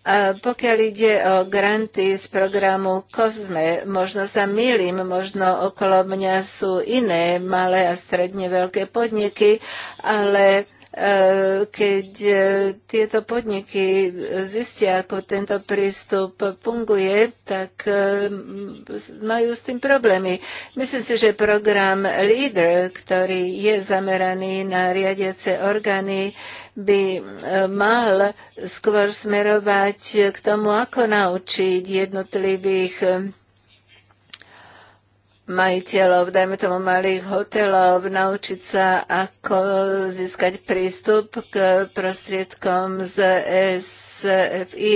[SPEAKER 2] A pokiaľ ide o granty z programu COSME, možno sa milím, možno okolo mňa sú iné malé a stredne veľké podniky, ale Eh, keď eh, tieto podniky zistia, ako tento prístup funguje, tak eh, majú s tým problémy. Myslím si, že program LEADER, ktorý je zameraný na riadiace orgány, by mal skôr smerovať k tomu, ako naučiť jednotlivých majiteľov, dajme tomu malých hotelov, naučiť sa, ako získať prístup k prostriedkom z SFI.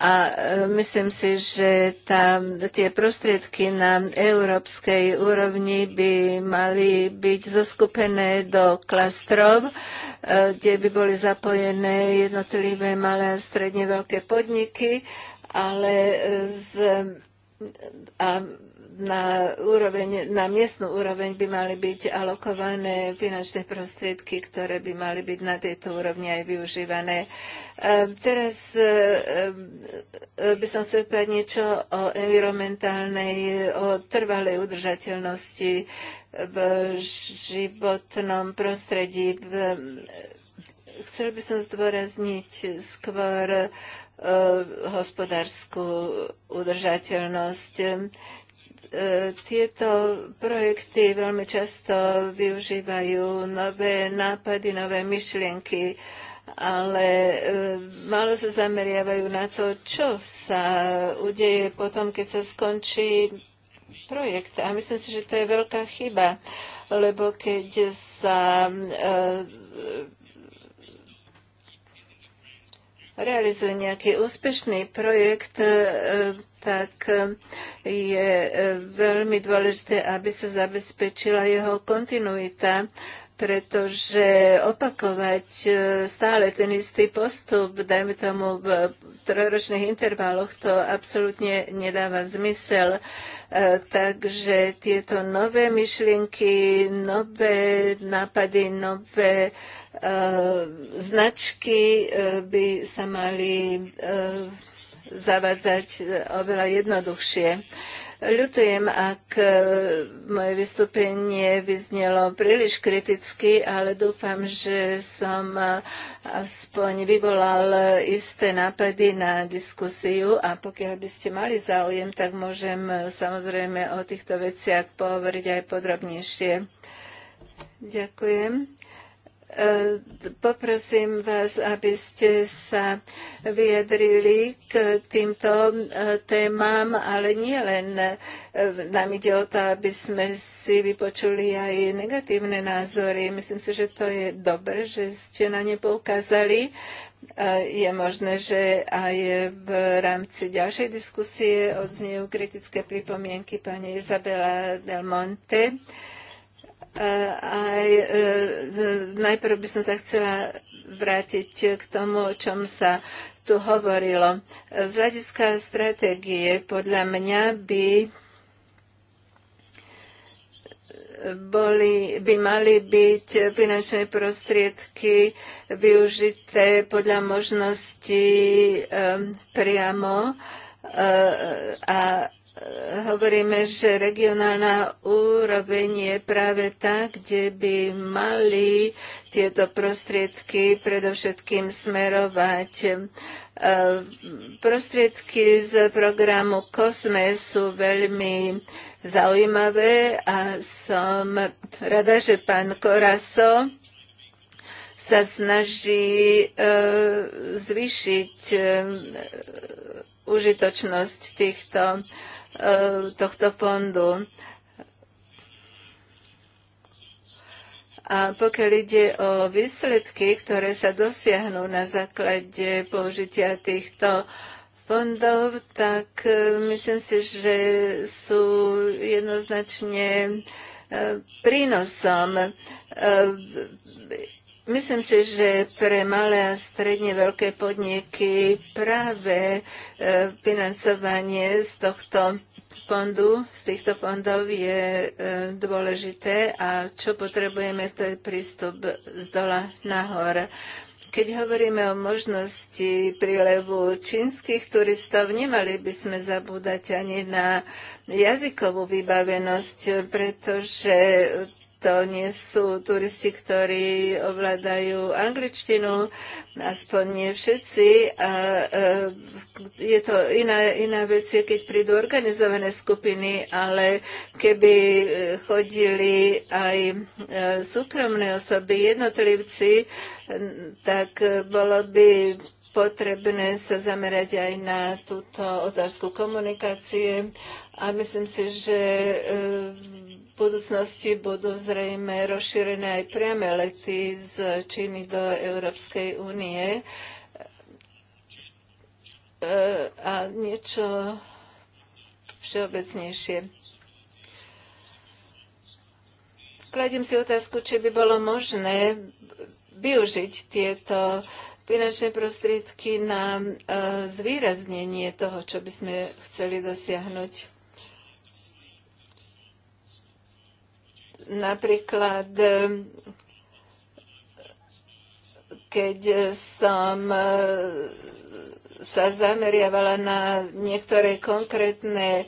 [SPEAKER 2] A e, myslím si, že tá, tie prostriedky na európskej úrovni by mali byť zoskupené do klastrov, e, kde by boli zapojené jednotlivé malé a stredne veľké podniky, ale z, a na, úroveň, na miestnú úroveň by mali byť alokované finančné prostriedky, ktoré by mali byť na tejto úrovni aj využívané. E, teraz e, e, by som chcel povedať niečo o environmentálnej, o trvalej udržateľnosti v životnom prostredí. Chcel by som zdôrazniť skôr hospodárskú udržateľnosť. E, tieto projekty veľmi často využívajú nové nápady, nové myšlienky, ale e, málo sa zameriavajú na to, čo sa udeje potom, keď sa skončí projekt. A myslím si, že to je veľká chyba, lebo keď sa e, realizuje nejaký úspešný projekt, e, tak je e, veľmi dôležité, aby sa zabezpečila jeho kontinuita pretože opakovať e, stále ten istý postup, dajme tomu v trojročných intervaloch, to absolútne nedáva zmysel. E, takže tieto nové myšlienky, nové nápady, nové e, značky by sa mali zavádzať oveľa jednoduchšie. Ľutujem, ak e, moje vystúpenie vyznelo príliš kriticky, ale dúfam, že som e, aspoň vyvolal isté nápady na diskusiu a pokiaľ by ste mali záujem, tak môžem e, samozrejme o týchto veciach pohovoriť aj podrobnejšie. Ďakujem. E, poprosím vás, aby ste sa vyjadrili k týmto e, témam, ale nie len e, nám ide o to, aby sme si vypočuli aj negatívne názory. Myslím si, že to je dobré, že ste na ne poukázali. Je možné, že aj v rámci ďalšej diskusie odznejú kritické pripomienky pani Izabela Del Monte aj e, e, najprv by som sa chcela vrátiť k tomu, o čom sa tu hovorilo. Z hľadiska stratégie podľa mňa by boli, by mali byť finančné prostriedky využité podľa možností e, priamo a hovoríme, že regionálna úroveň je práve tá, kde by mali tieto prostriedky predovšetkým smerovať. E, prostriedky z programu COSME sú veľmi zaujímavé a som rada, že pán Koraso sa snaží e, zvýšiť e, užitočnosť týchto E, tohto fondu. A pokiaľ ide o výsledky, ktoré sa dosiahnu na základe použitia týchto fondov, tak e, myslím si, že sú jednoznačne e, prínosom. Myslím si, že pre malé a stredne veľké podniky práve financovanie z tohto fondu, z týchto fondov je e, dôležité a čo potrebujeme, to je prístup z dola nahor. Keď hovoríme o možnosti prílevu čínskych turistov, nemali by sme zabúdať ani na jazykovú vybavenosť, pretože to nie sú turisti, ktorí ovládajú angličtinu, aspoň nie všetci. A e, je to iná, iná vec, je, keď prídu organizované skupiny, ale keby chodili aj e, súkromné osoby, jednotlivci, tak bolo by potrebné sa zamerať aj na túto otázku komunikácie a myslím si, že e, budúcnosti budú zrejme rozšírené aj priame lety z Číny do Európskej únie. E, a niečo všeobecnejšie. Kladím si otázku, či by bolo možné využiť tieto finančné prostriedky na e, zvýraznenie toho, čo by sme chceli dosiahnuť. Napríklad keď som eh, sa zameriavala na niektoré konkrétne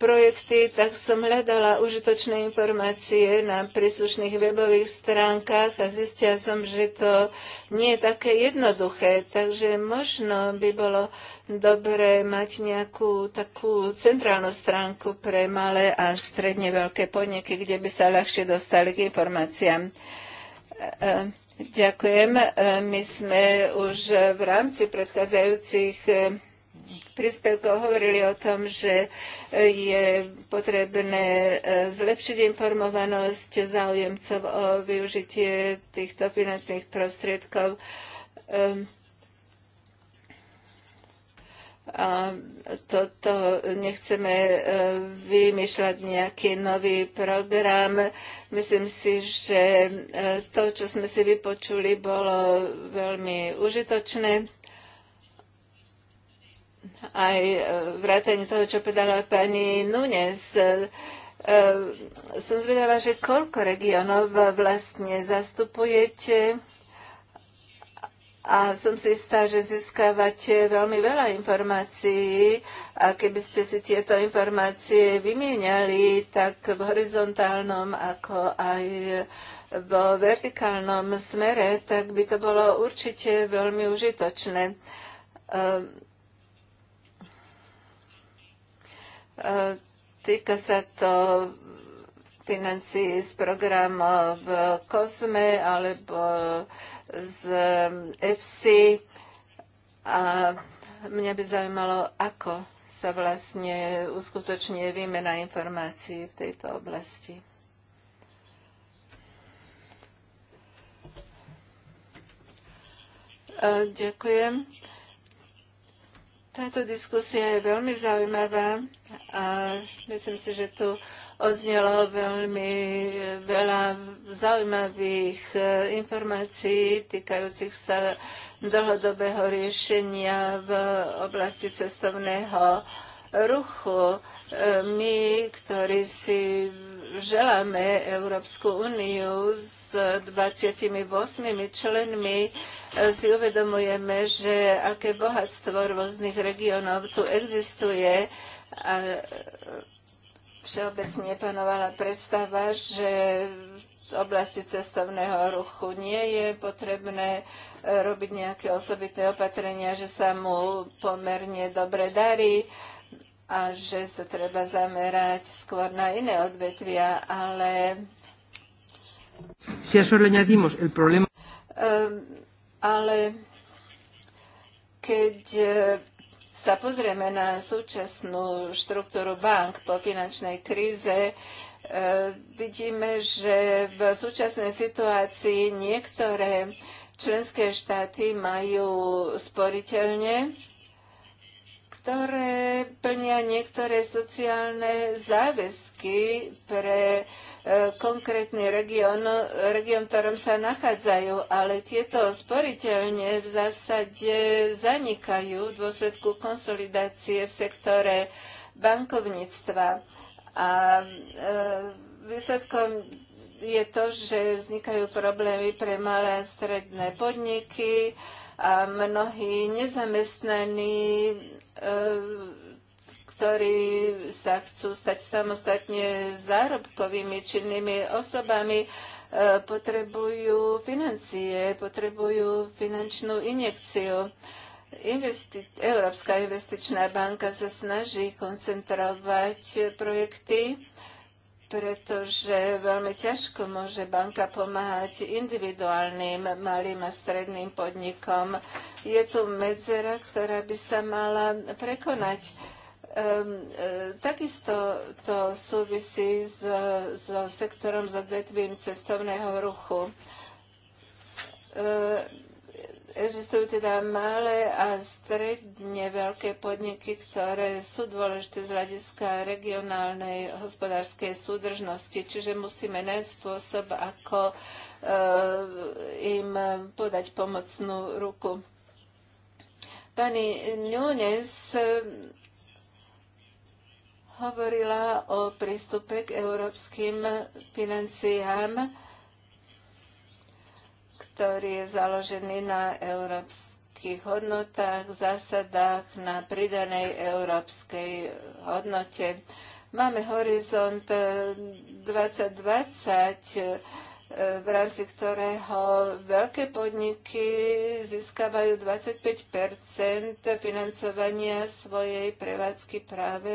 [SPEAKER 2] projekty, tak som hľadala užitočné informácie na príslušných webových stránkach a zistila som, že to nie je také jednoduché, takže možno by bolo dobre mať nejakú takú centrálnu stránku pre malé a stredne veľké podniky, kde by sa ľahšie dostali k informáciám. Ďakujem. My sme už v rámci predchádzajúcich príspevkov hovorili o tom, že e, je potrebné e, zlepšiť informovanosť záujemcov o využitie týchto finančných prostriedkov. Ehm, a toto nechceme e, vymýšľať nejaký nový program. Myslím si, že to, čo sme si vypočuli, bolo veľmi užitočné aj e, vrátanie toho, čo povedala pani Nunes. E, e, som zvedavá, že koľko regionov vlastne zastupujete a som si istá, že získavate veľmi veľa informácií a keby ste si tieto informácie vymieniali, tak v horizontálnom ako aj vo vertikálnom smere, tak by to bolo určite veľmi užitočné. E, týka sa to financí z programu v COSME alebo z EFSI a mňa by zaujímalo, ako sa vlastne uskutočne výmena informácií v tejto oblasti. E, ďakujem. Táto diskusia je veľmi zaujímavá a myslím si, že tu oznelo veľmi veľa zaujímavých e, informácií týkajúcich sa dlhodobého riešenia v oblasti cestovného ruchu. E, my, ktorí si želáme Európsku úniu s 28 členmi, e, si uvedomujeme, že aké bohatstvo rôznych regiónov tu existuje a e, všeobecne panovala predstava, že v oblasti cestovného ruchu nie je potrebné e, robiť nejaké osobitné opatrenia, že sa mu pomerne dobre darí a že sa treba zamerať skôr na iné odvetvia, ale... Si a eso le añadimos el problema... Um, ale keď sa pozrieme na súčasnú štruktúru bank po finančnej kríze, e, vidíme, že v súčasnej situácii niektoré členské štáty majú sporiteľne ktoré plnia niektoré sociálne záväzky pre e, konkrétny región, region, v ktorom sa nachádzajú, ale tieto sporiteľne v zásade zanikajú v dôsledku konsolidácie v sektore bankovníctva. A e, výsledkom je to, že vznikajú problémy pre malé a stredné podniky a mnohí nezamestnaní E, ktorí sa chcú stať samostatne zárobkovými činnými osobami, e, potrebujú financie, potrebujú finančnú injekciu. Investi- Európska investičná banka sa snaží koncentrovať projekty pretože veľmi ťažko môže banka pomáhať individuálnym malým a stredným podnikom. Je tu medzera, ktorá by sa mala prekonať. Um, takisto to súvisí s, so sektorom s odvetvím cestovného ruchu. Ehm, Existujú teda malé a stredne veľké podniky, ktoré sú dôležité z hľadiska regionálnej hospodárskej súdržnosti, čiže musíme nájsť spôsob, ako e, im podať pomocnú ruku. Pani Nunes eh, hovorila o prístupe k európskym financiám ktorý je založený na európskych hodnotách, zásadách, na pridanej európskej hodnote. Máme horizont 2020, e, e, v rámci ktorého veľké podniky získavajú 25 financovania svojej prevádzky práve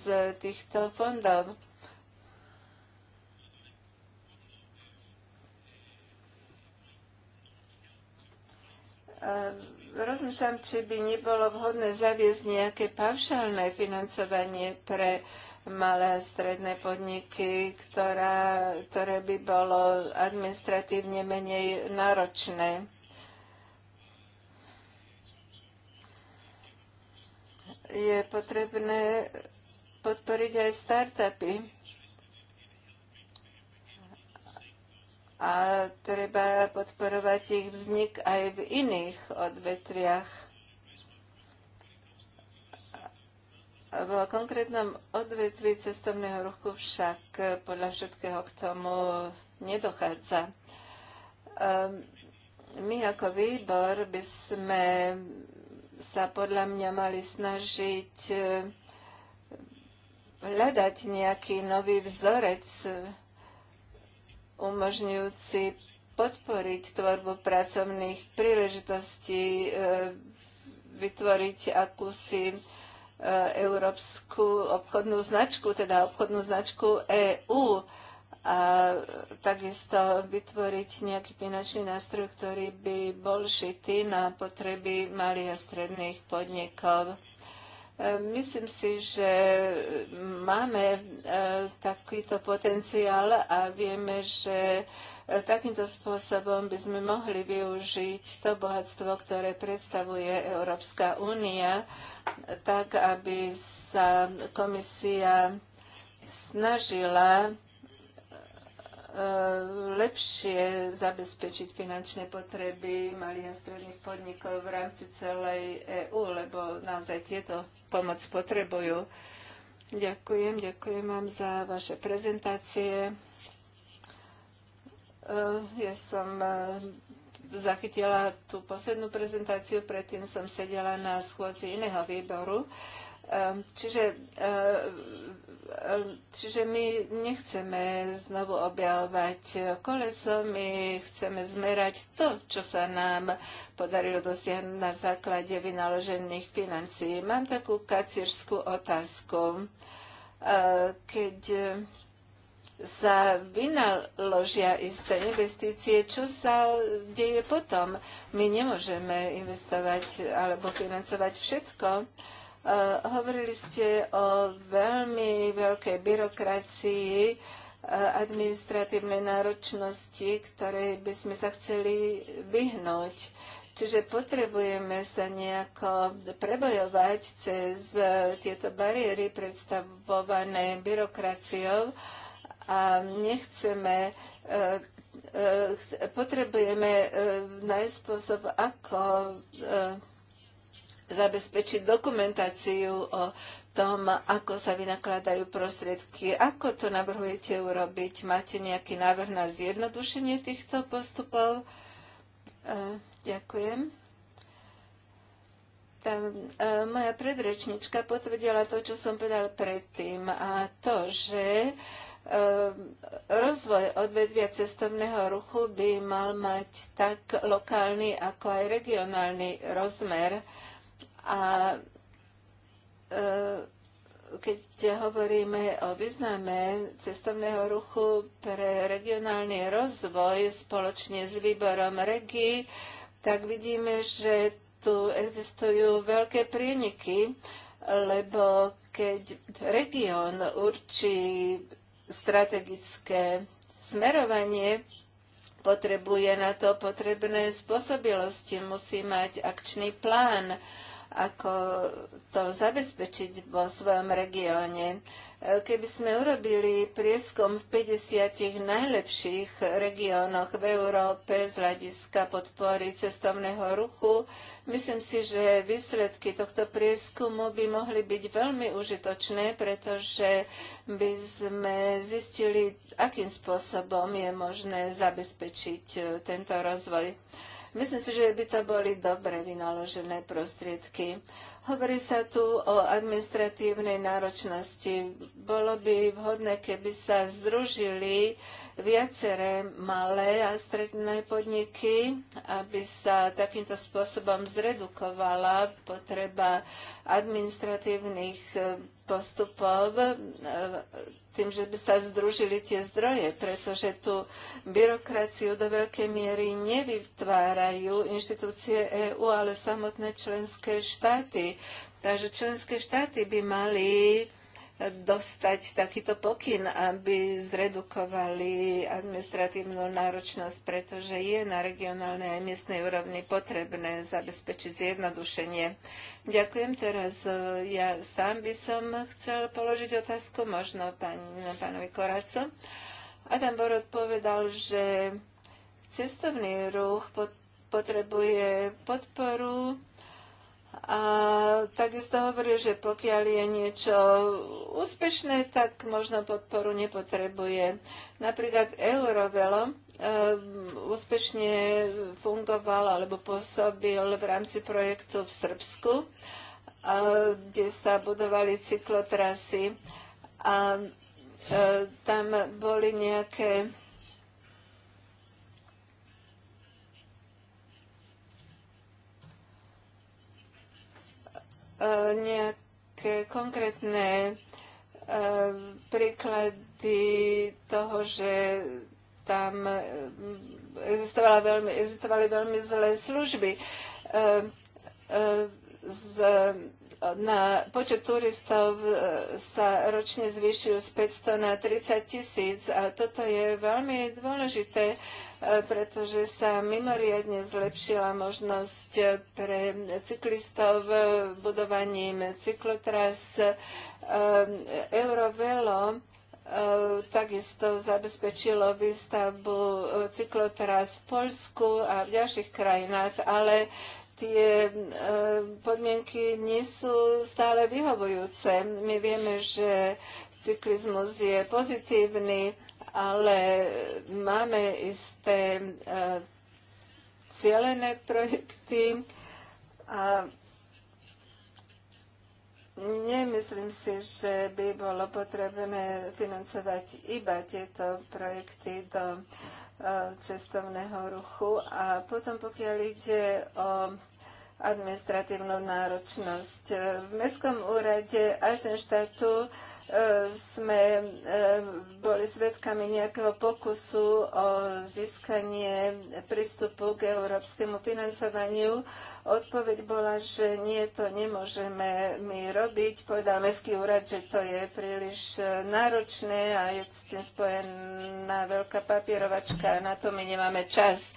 [SPEAKER 2] z týchto fondov. Ehm, rozmýšľam, či by nebolo vhodné zaviesť nejaké paušálne financovanie pre malé a stredné podniky, ktorá, ktoré by bolo administratívne menej náročné. Je potrebné podporiť aj startupy a treba podporovať ich vznik aj v iných odvetviach. V konkrétnom odvetvi cestovného ruchu však podľa všetkého k tomu nedochádza. Ehm, my ako výbor by sme sa podľa mňa mali snažiť ehm, hľadať nejaký nový vzorec umožňujúci podporiť tvorbu pracovných príležitostí, e, vytvoriť akúsi e, európsku obchodnú značku, teda obchodnú značku EÚ a takisto vytvoriť nejaký finančný nástroj, ktorý by bol šitý na potreby malých a stredných podnikov. Myslím si, že máme e, takýto potenciál a vieme, že e, takýmto spôsobom by sme mohli využiť to bohatstvo, ktoré predstavuje Európska únia, tak aby sa komisia snažila E, lepšie zabezpečiť finančné potreby malých a stredných podnikov v rámci celej EÚ, lebo naozaj tieto pomoc potrebujú. Ďakujem, ďakujem vám za vaše prezentácie. E, ja som e, zachytila tú poslednú prezentáciu, predtým som sedela na schôdzi iného výboru Ehm, čiže, ehm, ehm, čiže my nechceme znovu objavovať koleso, my chceme zmerať to, čo sa nám podarilo dosiahnuť na základe vynaložených financií. Mám takú kacierskú otázku. Keď sa vynaložia isté investície, čo sa deje potom? My nemôžeme investovať alebo financovať všetko Eh, hovorili ste o veľmi veľkej byrokracii, eh, administratívnej náročnosti, ktorej by sme sa chceli vyhnúť. Čiže potrebujeme sa nejako prebojovať cez eh, tieto bariéry predstavované byrokraciou a nechceme potrebujeme nájsť spôsob, ako zabezpečiť dokumentáciu o tom, ako sa vynakladajú prostriedky. Ako to navrhujete urobiť? Máte nejaký návrh na zjednodušenie týchto postupov? E, ďakujem. Tá, e, moja predrečnička potvrdila to, čo som povedal predtým, a to, že e, rozvoj odvedvia cestovného ruchu by mal mať tak lokálny, ako aj regionálny rozmer a e, keď hovoríme o význame cestovného ruchu pre regionálny rozvoj spoločne s výborom REGI, tak vidíme, že tu existujú veľké prieniky, lebo keď región určí strategické smerovanie, potrebuje na to potrebné spôsobilosti, musí mať akčný plán, ako to zabezpečiť vo svojom regióne. E, keby sme urobili prieskum v 50 najlepších regiónoch v Európe z hľadiska podpory cestovného ruchu, myslím si, že výsledky tohto prieskumu by mohli byť veľmi užitočné, pretože by sme zistili, akým spôsobom je možné zabezpečiť e, tento rozvoj. Myslím si, že by to boli dobre vynaložené prostriedky. Hovorí sa tu o administratívnej náročnosti. Bolo by vhodné, keby sa združili viaceré malé a stredné podniky, aby sa takýmto spôsobom zredukovala potreba administratívnych e, postupov e, tým, že by sa združili tie zdroje, pretože tú byrokraciu do veľkej miery nevytvárajú inštitúcie EÚ, ale samotné členské štáty. Takže členské štáty by mali dostať takýto pokyn, aby zredukovali administratívnu náročnosť, pretože je na regionálnej aj miestnej úrovni potrebné zabezpečiť zjednodušenie. Ďakujem teraz. E, ja sám by som chcel položiť otázku, možno pánovi Koraco. Adam Borod povedal, že cestovný ruch potrebuje podporu a takisto hovoril, že pokiaľ je niečo úspešné, tak možno podporu nepotrebuje. Napríklad Eurovelo e, úspešne fungoval alebo pôsobil v rámci projektu v Srbsku, e, kde sa budovali cyklotrasy a e, tam boli nejaké Eh, nejaké konkrétne eh, príklady toho, že tam eh, existovala veľmi, existovali veľmi zlé služby. Z, na počet turistov sa ročne zvýšil z 500 na 30 tisíc a toto je veľmi dôležité pretože sa mimoriadne zlepšila možnosť pre cyklistov budovaním cyklotras. Ehm, Eurovelo ehm, takisto zabezpečilo výstavbu cyklotras v Polsku a v ďalších krajinách, ale tie ehm, podmienky nie sú stále vyhovujúce. My vieme, že cyklizmus je pozitívny ale máme isté e, cielené projekty a Nemyslím si, že by bolo potrebné financovať iba tieto projekty do e, cestovného ruchu. A potom, pokiaľ ide o administratívnu náročnosť. V Mestskom úrade Eisenstadtu e, sme e, boli svedkami nejakého pokusu o získanie prístupu k európskemu financovaniu. Odpoveď bola, že nie, to nemôžeme my robiť. Povedal Mestský úrad, že to je príliš náročné a je s tým spojená veľká papierovačka a na to my nemáme čas.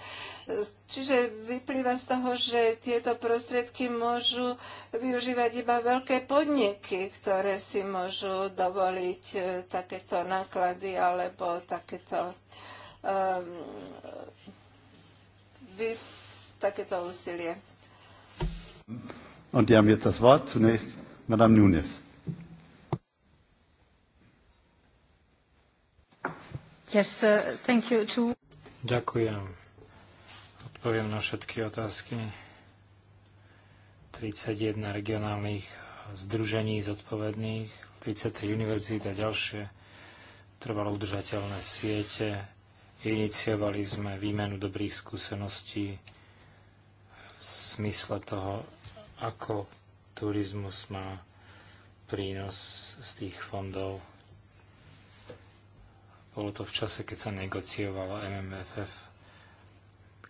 [SPEAKER 2] Čiže vyplýva z toho, že tieto prostriedky môžu využívať iba veľké podniky, ktoré si môžu dovoliť e, takéto náklady alebo takéto, um, vys, takéto úsilie.
[SPEAKER 1] Und die haben jetzt das Wort. Zunächst Madame Nunes.
[SPEAKER 2] Yes, uh, thank you too.
[SPEAKER 3] Ďakujem odpoviem na všetky otázky. 31 regionálnych združení zodpovedných, 33 univerzít a ďalšie trvalo udržateľné siete. Iniciovali sme výmenu dobrých skúseností v smysle toho, ako turizmus má prínos z tých fondov. Bolo to v čase, keď sa negociovalo MMFF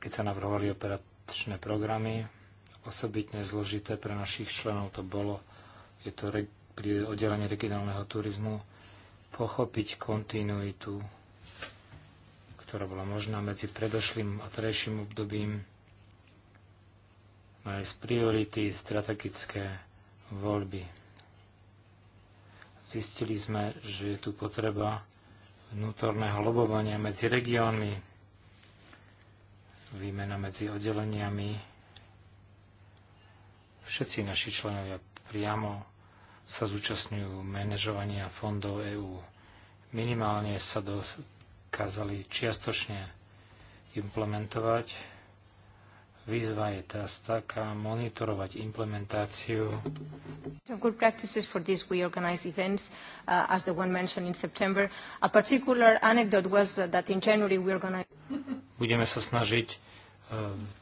[SPEAKER 3] keď sa navrhovali operačné programy. Osobitne zložité pre našich členov to bolo, je to re, pri oddelení regionálneho turizmu, pochopiť kontinuitu, ktorá bola možná medzi predošlým a terajším obdobím, nájsť no priority, strategické voľby. Zistili sme, že je tu potreba vnútorného lobovania medzi regiónmi, výmena medzi oddeleniami. Všetci naši členovia priamo sa zúčastňujú manažovania fondov EÚ. Minimálne sa dokázali čiastočne implementovať. Výzva je teraz taká monitorovať implementáciu.
[SPEAKER 2] Good practices for this we organize events uh, as the one mentioned in September. A particular anecdote was uh, that in January we organized
[SPEAKER 3] Budeme sa snažiť e,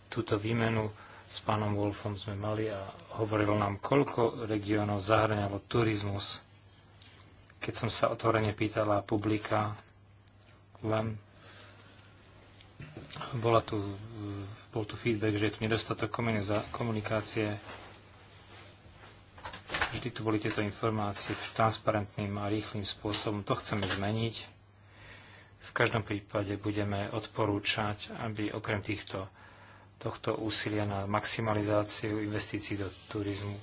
[SPEAKER 3] túto výmenu s pánom Wolfom sme mali a hovoril nám, koľko regiónov zahrňalo turizmus. Keď som sa otvorene pýtala publika, len bola tu, e, bol tu feedback, že je tu nedostatok komunikácie. Vždy tu boli tieto informácie v transparentným a rýchlým spôsobom. To chceme zmeniť v každom prípade budeme odporúčať, aby okrem týchto, tohto úsilia na maximalizáciu investícií do turizmu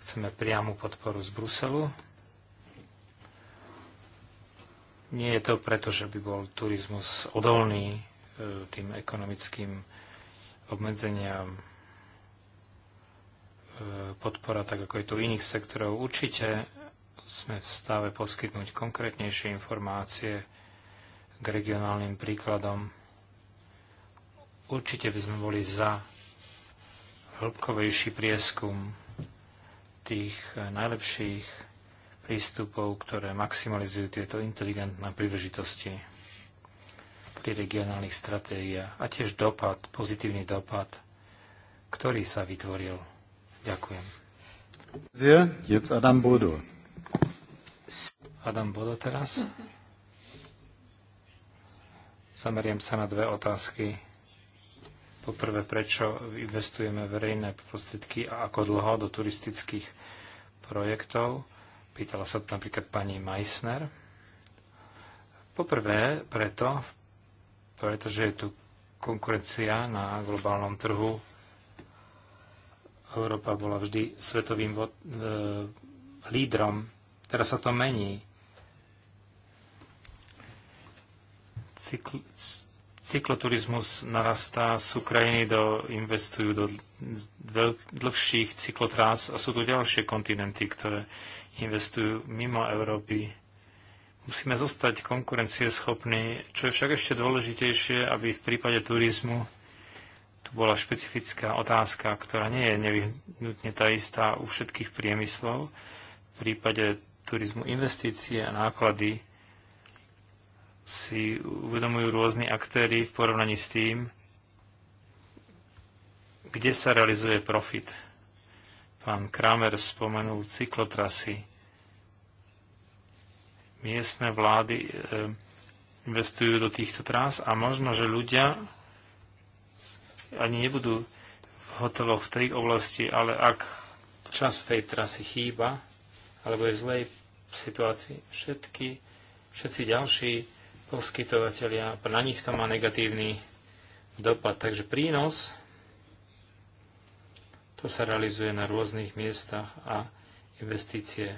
[SPEAKER 3] chceme priamu podporu z Bruselu. Nie je to preto, že by bol turizmus odolný e, tým ekonomickým obmedzeniam e, podpora, tak ako je to iných sektorov. Určite sme v stave poskytnúť konkrétnejšie informácie k regionálnym príkladom. Určite by sme boli za hĺbkovejší prieskum tých eh, najlepších prístupov, ktoré maximalizujú tieto inteligentné príležitosti pri regionálnych stratégiách a tiež dopad, pozitívny dopad, ktorý sa vytvoril. Ďakujem. Jetzt Adam Bodo. Adam Bodo teraz. Mhm. Zameriam sa na dve otázky. Poprvé, prečo investujeme verejné prostriedky a ako dlho do turistických projektov. Pýtala sa to napríklad pani Meissner. Poprvé, preto, pretože je tu konkurencia na globálnom trhu. Európa bola vždy svetovým e, lídrom. Teraz sa to mení Cykl, cykloturizmus narastá, sú krajiny, do, investujú do dlhších cyklotrás a sú tu ďalšie kontinenty, ktoré investujú mimo Európy. Musíme zostať konkurencieschopní, čo je však ešte dôležitejšie, aby v prípade turizmu tu bola špecifická otázka, ktorá nie je nevyhnutne tá istá u všetkých priemyslov. V prípade turizmu investície a náklady si uvedomujú rôzni aktéry v porovnaní s tým, kde sa realizuje profit. Pán Kramer spomenul cyklotrasy. Miestne vlády e, investujú do týchto trás a možno, že ľudia ani nebudú v hoteloch v tej oblasti, ale ak čas tej trasy chýba, alebo je v zlej situácii, všetky, všetci ďalší poskytovateľia, na nich to má negatívny dopad. Takže prínos, to sa realizuje na rôznych miestach a investície.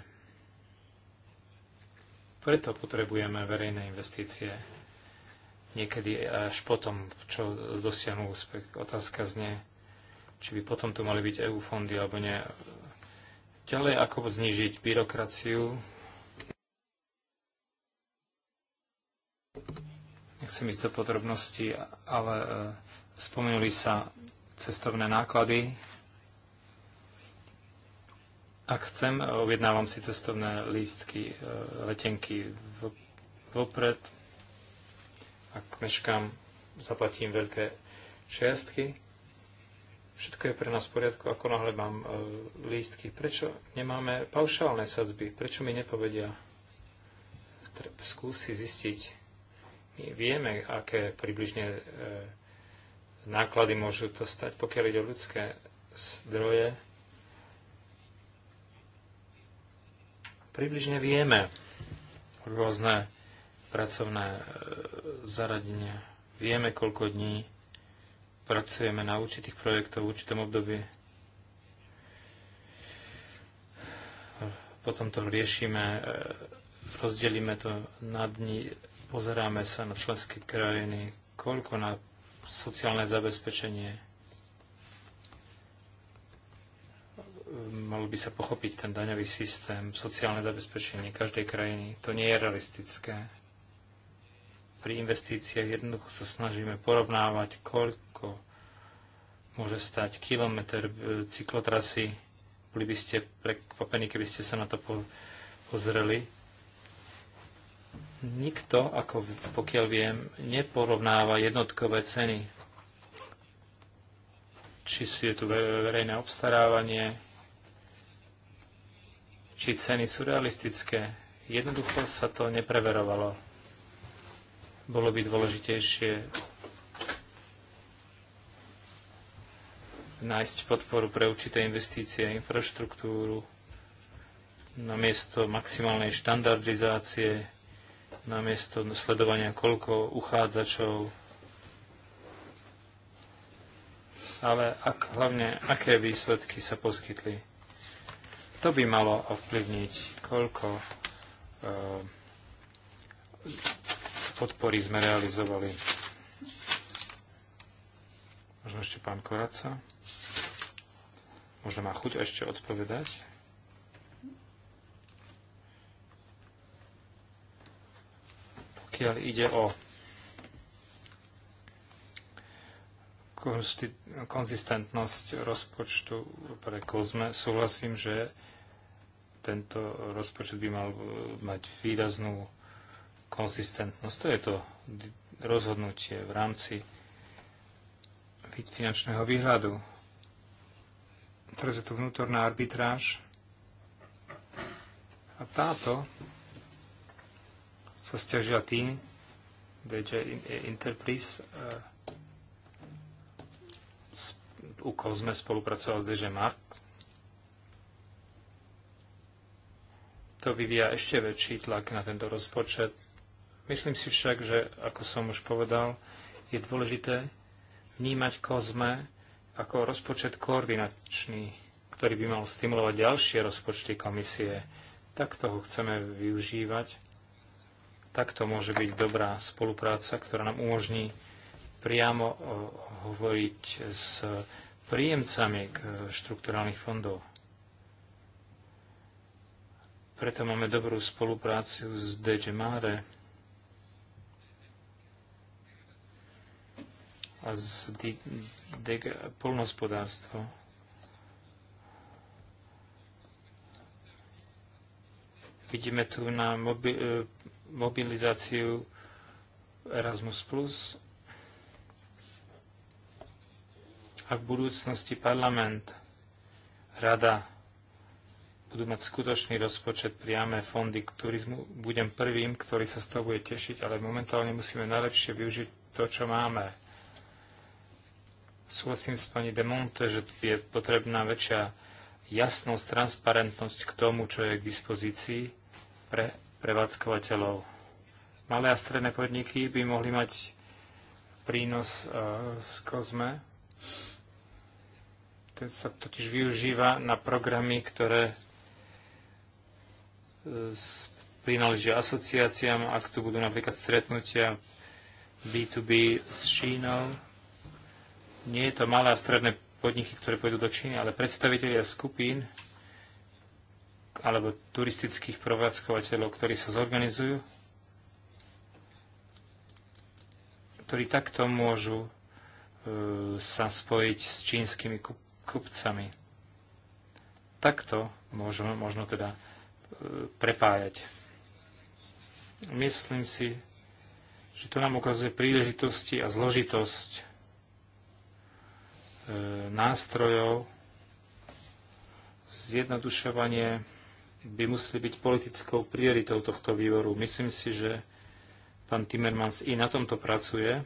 [SPEAKER 3] Preto potrebujeme verejné investície. Niekedy až potom, čo dosiahnu úspech. Otázka znie, či by potom tu mali byť EU fondy alebo nie. Ďalej, ako znižiť byrokraciu, nechcem ísť do podrobností, ale e, spomenuli sa cestovné náklady. Ak chcem, e, objednávam si cestovné lístky, e, letenky vopred. Ak meškám, zaplatím veľké čiastky. Všetko je pre nás v poriadku, ako náhle mám lístky. Prečo nemáme paušálne sadzby? Prečo mi nepovedia? Skúsi zistiť Vieme, aké približne e, náklady môžu to stať, pokiaľ ide o ľudské zdroje. Približne vieme rôzne pracovné e, zaradenia. Vieme, koľko dní pracujeme na určitých projektoch v určitom období. Potom to riešime, e, rozdelíme to na dni Pozeráme sa na členské krajiny, koľko na sociálne zabezpečenie mal by sa pochopiť ten daňový systém, sociálne zabezpečenie každej krajiny. To nie je realistické. Pri investíciách jednoducho sa snažíme porovnávať, koľko môže stať kilometr e, cyklotrasy. Boli by ste prekvapení, keby ste sa na to pozreli nikto, ako pokiaľ viem, neporovnáva jednotkové ceny. Či sú je tu verejné obstarávanie, či ceny sú realistické. Jednoducho sa to nepreverovalo. Bolo by dôležitejšie nájsť podporu pre určité investície a infraštruktúru namiesto maximálnej štandardizácie namiesto sledovania, koľko uchádzačov, ale ak, hlavne, aké výsledky sa poskytli. To by malo ovplyvniť, koľko e, podpory sme realizovali. Možno ešte pán Koraca. Možno má chuť ešte odpovedať. pokiaľ ide o konzistentnosť rozpočtu pre kozme, súhlasím, že tento rozpočet by mal mať výraznú konzistentnosť. To je to rozhodnutie v rámci finančného výhľadu. Teraz je tu vnútorná arbitráž a táto sa stiažila tým, BJ e, Interprise u Kozme spolupracoval s DJ Mark. To vyvíja ešte väčší tlak na tento rozpočet. Myslím si však, že, ako som už povedal, je dôležité vnímať Kozme ako rozpočet koordinačný, ktorý by mal stimulovať ďalšie rozpočty komisie. Tak toho chceme využívať Takto môže byť dobrá spolupráca, ktorá nám umožní priamo hovoriť s príjemcami e, štrukturálnych fondov. Preto máme dobrú spoluprácu s DG Mare a s DG Polnospodárstvo. Vidíme tu na mobil, e, mobilizáciu Erasmus+, A v budúcnosti parlament, rada budú mať skutočný rozpočet priame fondy k turizmu, budem prvým, ktorý sa z toho bude tešiť, ale momentálne musíme najlepšie využiť to, čo máme. Súhlasím s pani Demonte, že je potrebná väčšia jasnosť, transparentnosť k tomu, čo je k dispozícii pre prevádzkovateľov. Malé a stredné podniky by mohli mať prínos e, z kozme. Ten sa totiž využíva na programy, ktoré e, prináležia asociáciám, ak tu budú napríklad stretnutia B2B s Čínou. Nie je to malé a stredné podniky, ktoré pôjdu do Číny, ale predstavitelia skupín alebo turistických prevádzkovateľov, ktorí sa zorganizujú, ktorí takto môžu e, sa spojiť s čínskymi kup- kupcami. Takto môžeme možno teda e, prepájať. Myslím si, že to nám ukazuje príležitosti a zložitosť e, nástrojov, zjednodušovanie by museli byť politickou prioritou tohto výboru. Myslím si, že pán Timmermans i na tomto pracuje.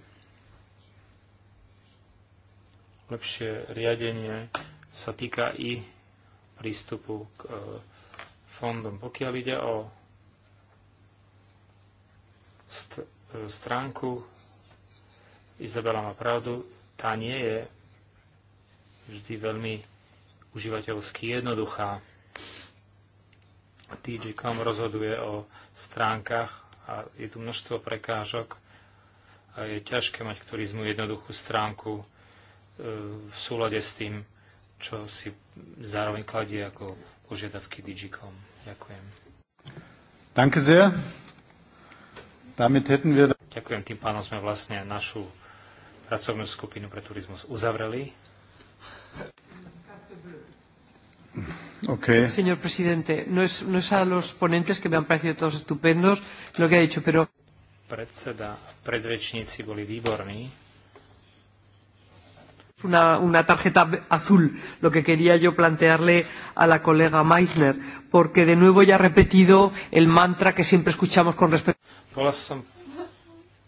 [SPEAKER 3] Lepšie riadenie sa týka i prístupu k e, fondom. Pokiaľ ide o st- e, stránku, Izabela má pravdu, tá nie je vždy veľmi užívateľsky jednoduchá. DG.com rozhoduje o stránkach a je tu množstvo prekážok a je ťažké mať k turizmu jednoduchú stránku e, v súlade s tým, čo si zároveň kladie ako požiadavky Digicom. Ďakujem.
[SPEAKER 1] Danke sehr. Damit hätten wir...
[SPEAKER 3] Ďakujem, tým pánom sme vlastne našu pracovnú skupinu pre turizmus uzavreli.
[SPEAKER 1] Okay. Señor presidente,
[SPEAKER 4] no es, no es a los ponentes que me han parecido todos estupendos lo que ha dicho, pero...
[SPEAKER 3] Predseda, predrečníci boli výborní.
[SPEAKER 4] Una, una tarjeta azul, lo que quería yo plantearle a la colega Meissner, porque de nuevo ya ha repetido el mantra que siempre escuchamos con respecto...
[SPEAKER 3] Bola som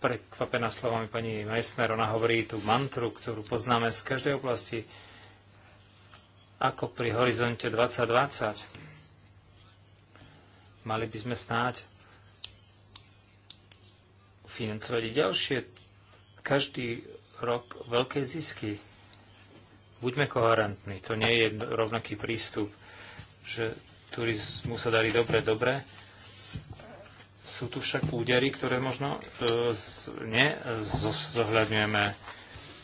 [SPEAKER 3] prekvapená slovami pani Meissner, ona hovorí tú mantru, ktorú poznáme z každej oblasti ako pri horizonte 2020. Mali by sme snáď financovať ďalšie každý rok veľké zisky. Buďme koherentní, to nie je rovnaký prístup, že turizmu sa darí dobre, dobre. Sú tu však údery, ktoré možno e, nezohľadňujeme.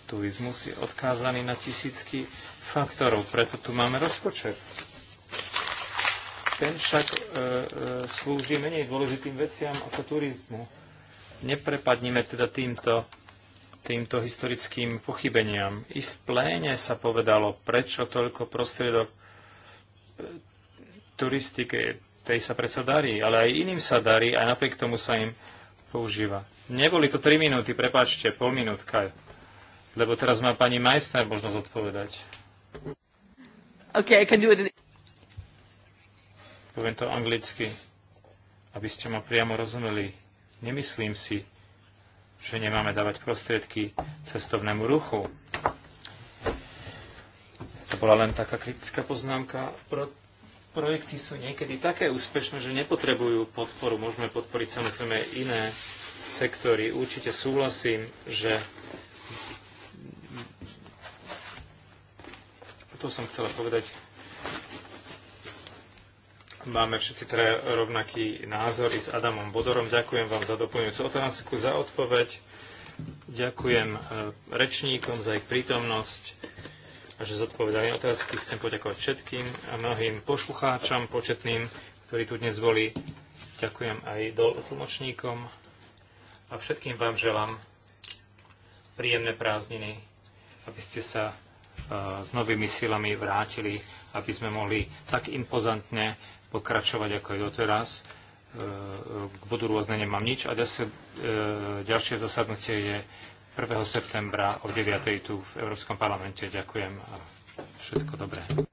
[SPEAKER 3] Turizmus je odkázaný na tisícky faktorov, preto tu máme rozpočet. Ten však e, e, slúži menej dôležitým veciam ako turizmu. Neprepadnime teda týmto, týmto historickým pochybeniam. I v pléne sa povedalo, prečo toľko prostriedok e, turistike, tej sa predsa darí, ale aj iným sa darí a napriek tomu sa im používa. Neboli to 3 minúty, prepáčte, pol minútka, lebo teraz má pani Majstner možnosť odpovedať.
[SPEAKER 2] Okay, I can do it.
[SPEAKER 3] Poviem to anglicky, aby ste ma priamo rozumeli. Nemyslím si, že nemáme dávať prostriedky cestovnému ruchu. To bola len taká kritická poznámka. Pro, projekty sú niekedy také úspešné, že nepotrebujú podporu. Môžeme podporiť samozrejme iné sektory. Určite súhlasím, že to som chcela povedať. Máme všetci teda rovnaký názor i s Adamom Bodorom. Ďakujem vám za doplňujúcu otázku, za odpoveď. Ďakujem e, rečníkom za ich prítomnosť a že zodpovedali otázky. Chcem poďakovať všetkým a mnohým poslucháčom početným, ktorí tu dnes boli. Ďakujem aj tlmočníkom a všetkým vám želám príjemné prázdniny, aby ste sa s novými silami vrátili, aby sme mohli tak impozantne pokračovať, ako je doteraz. E, k Budú rôzne, nemám nič. A e, ďalšie zasadnutie je 1. septembra o 9. tu v Európskom parlamente. Ďakujem a všetko dobré.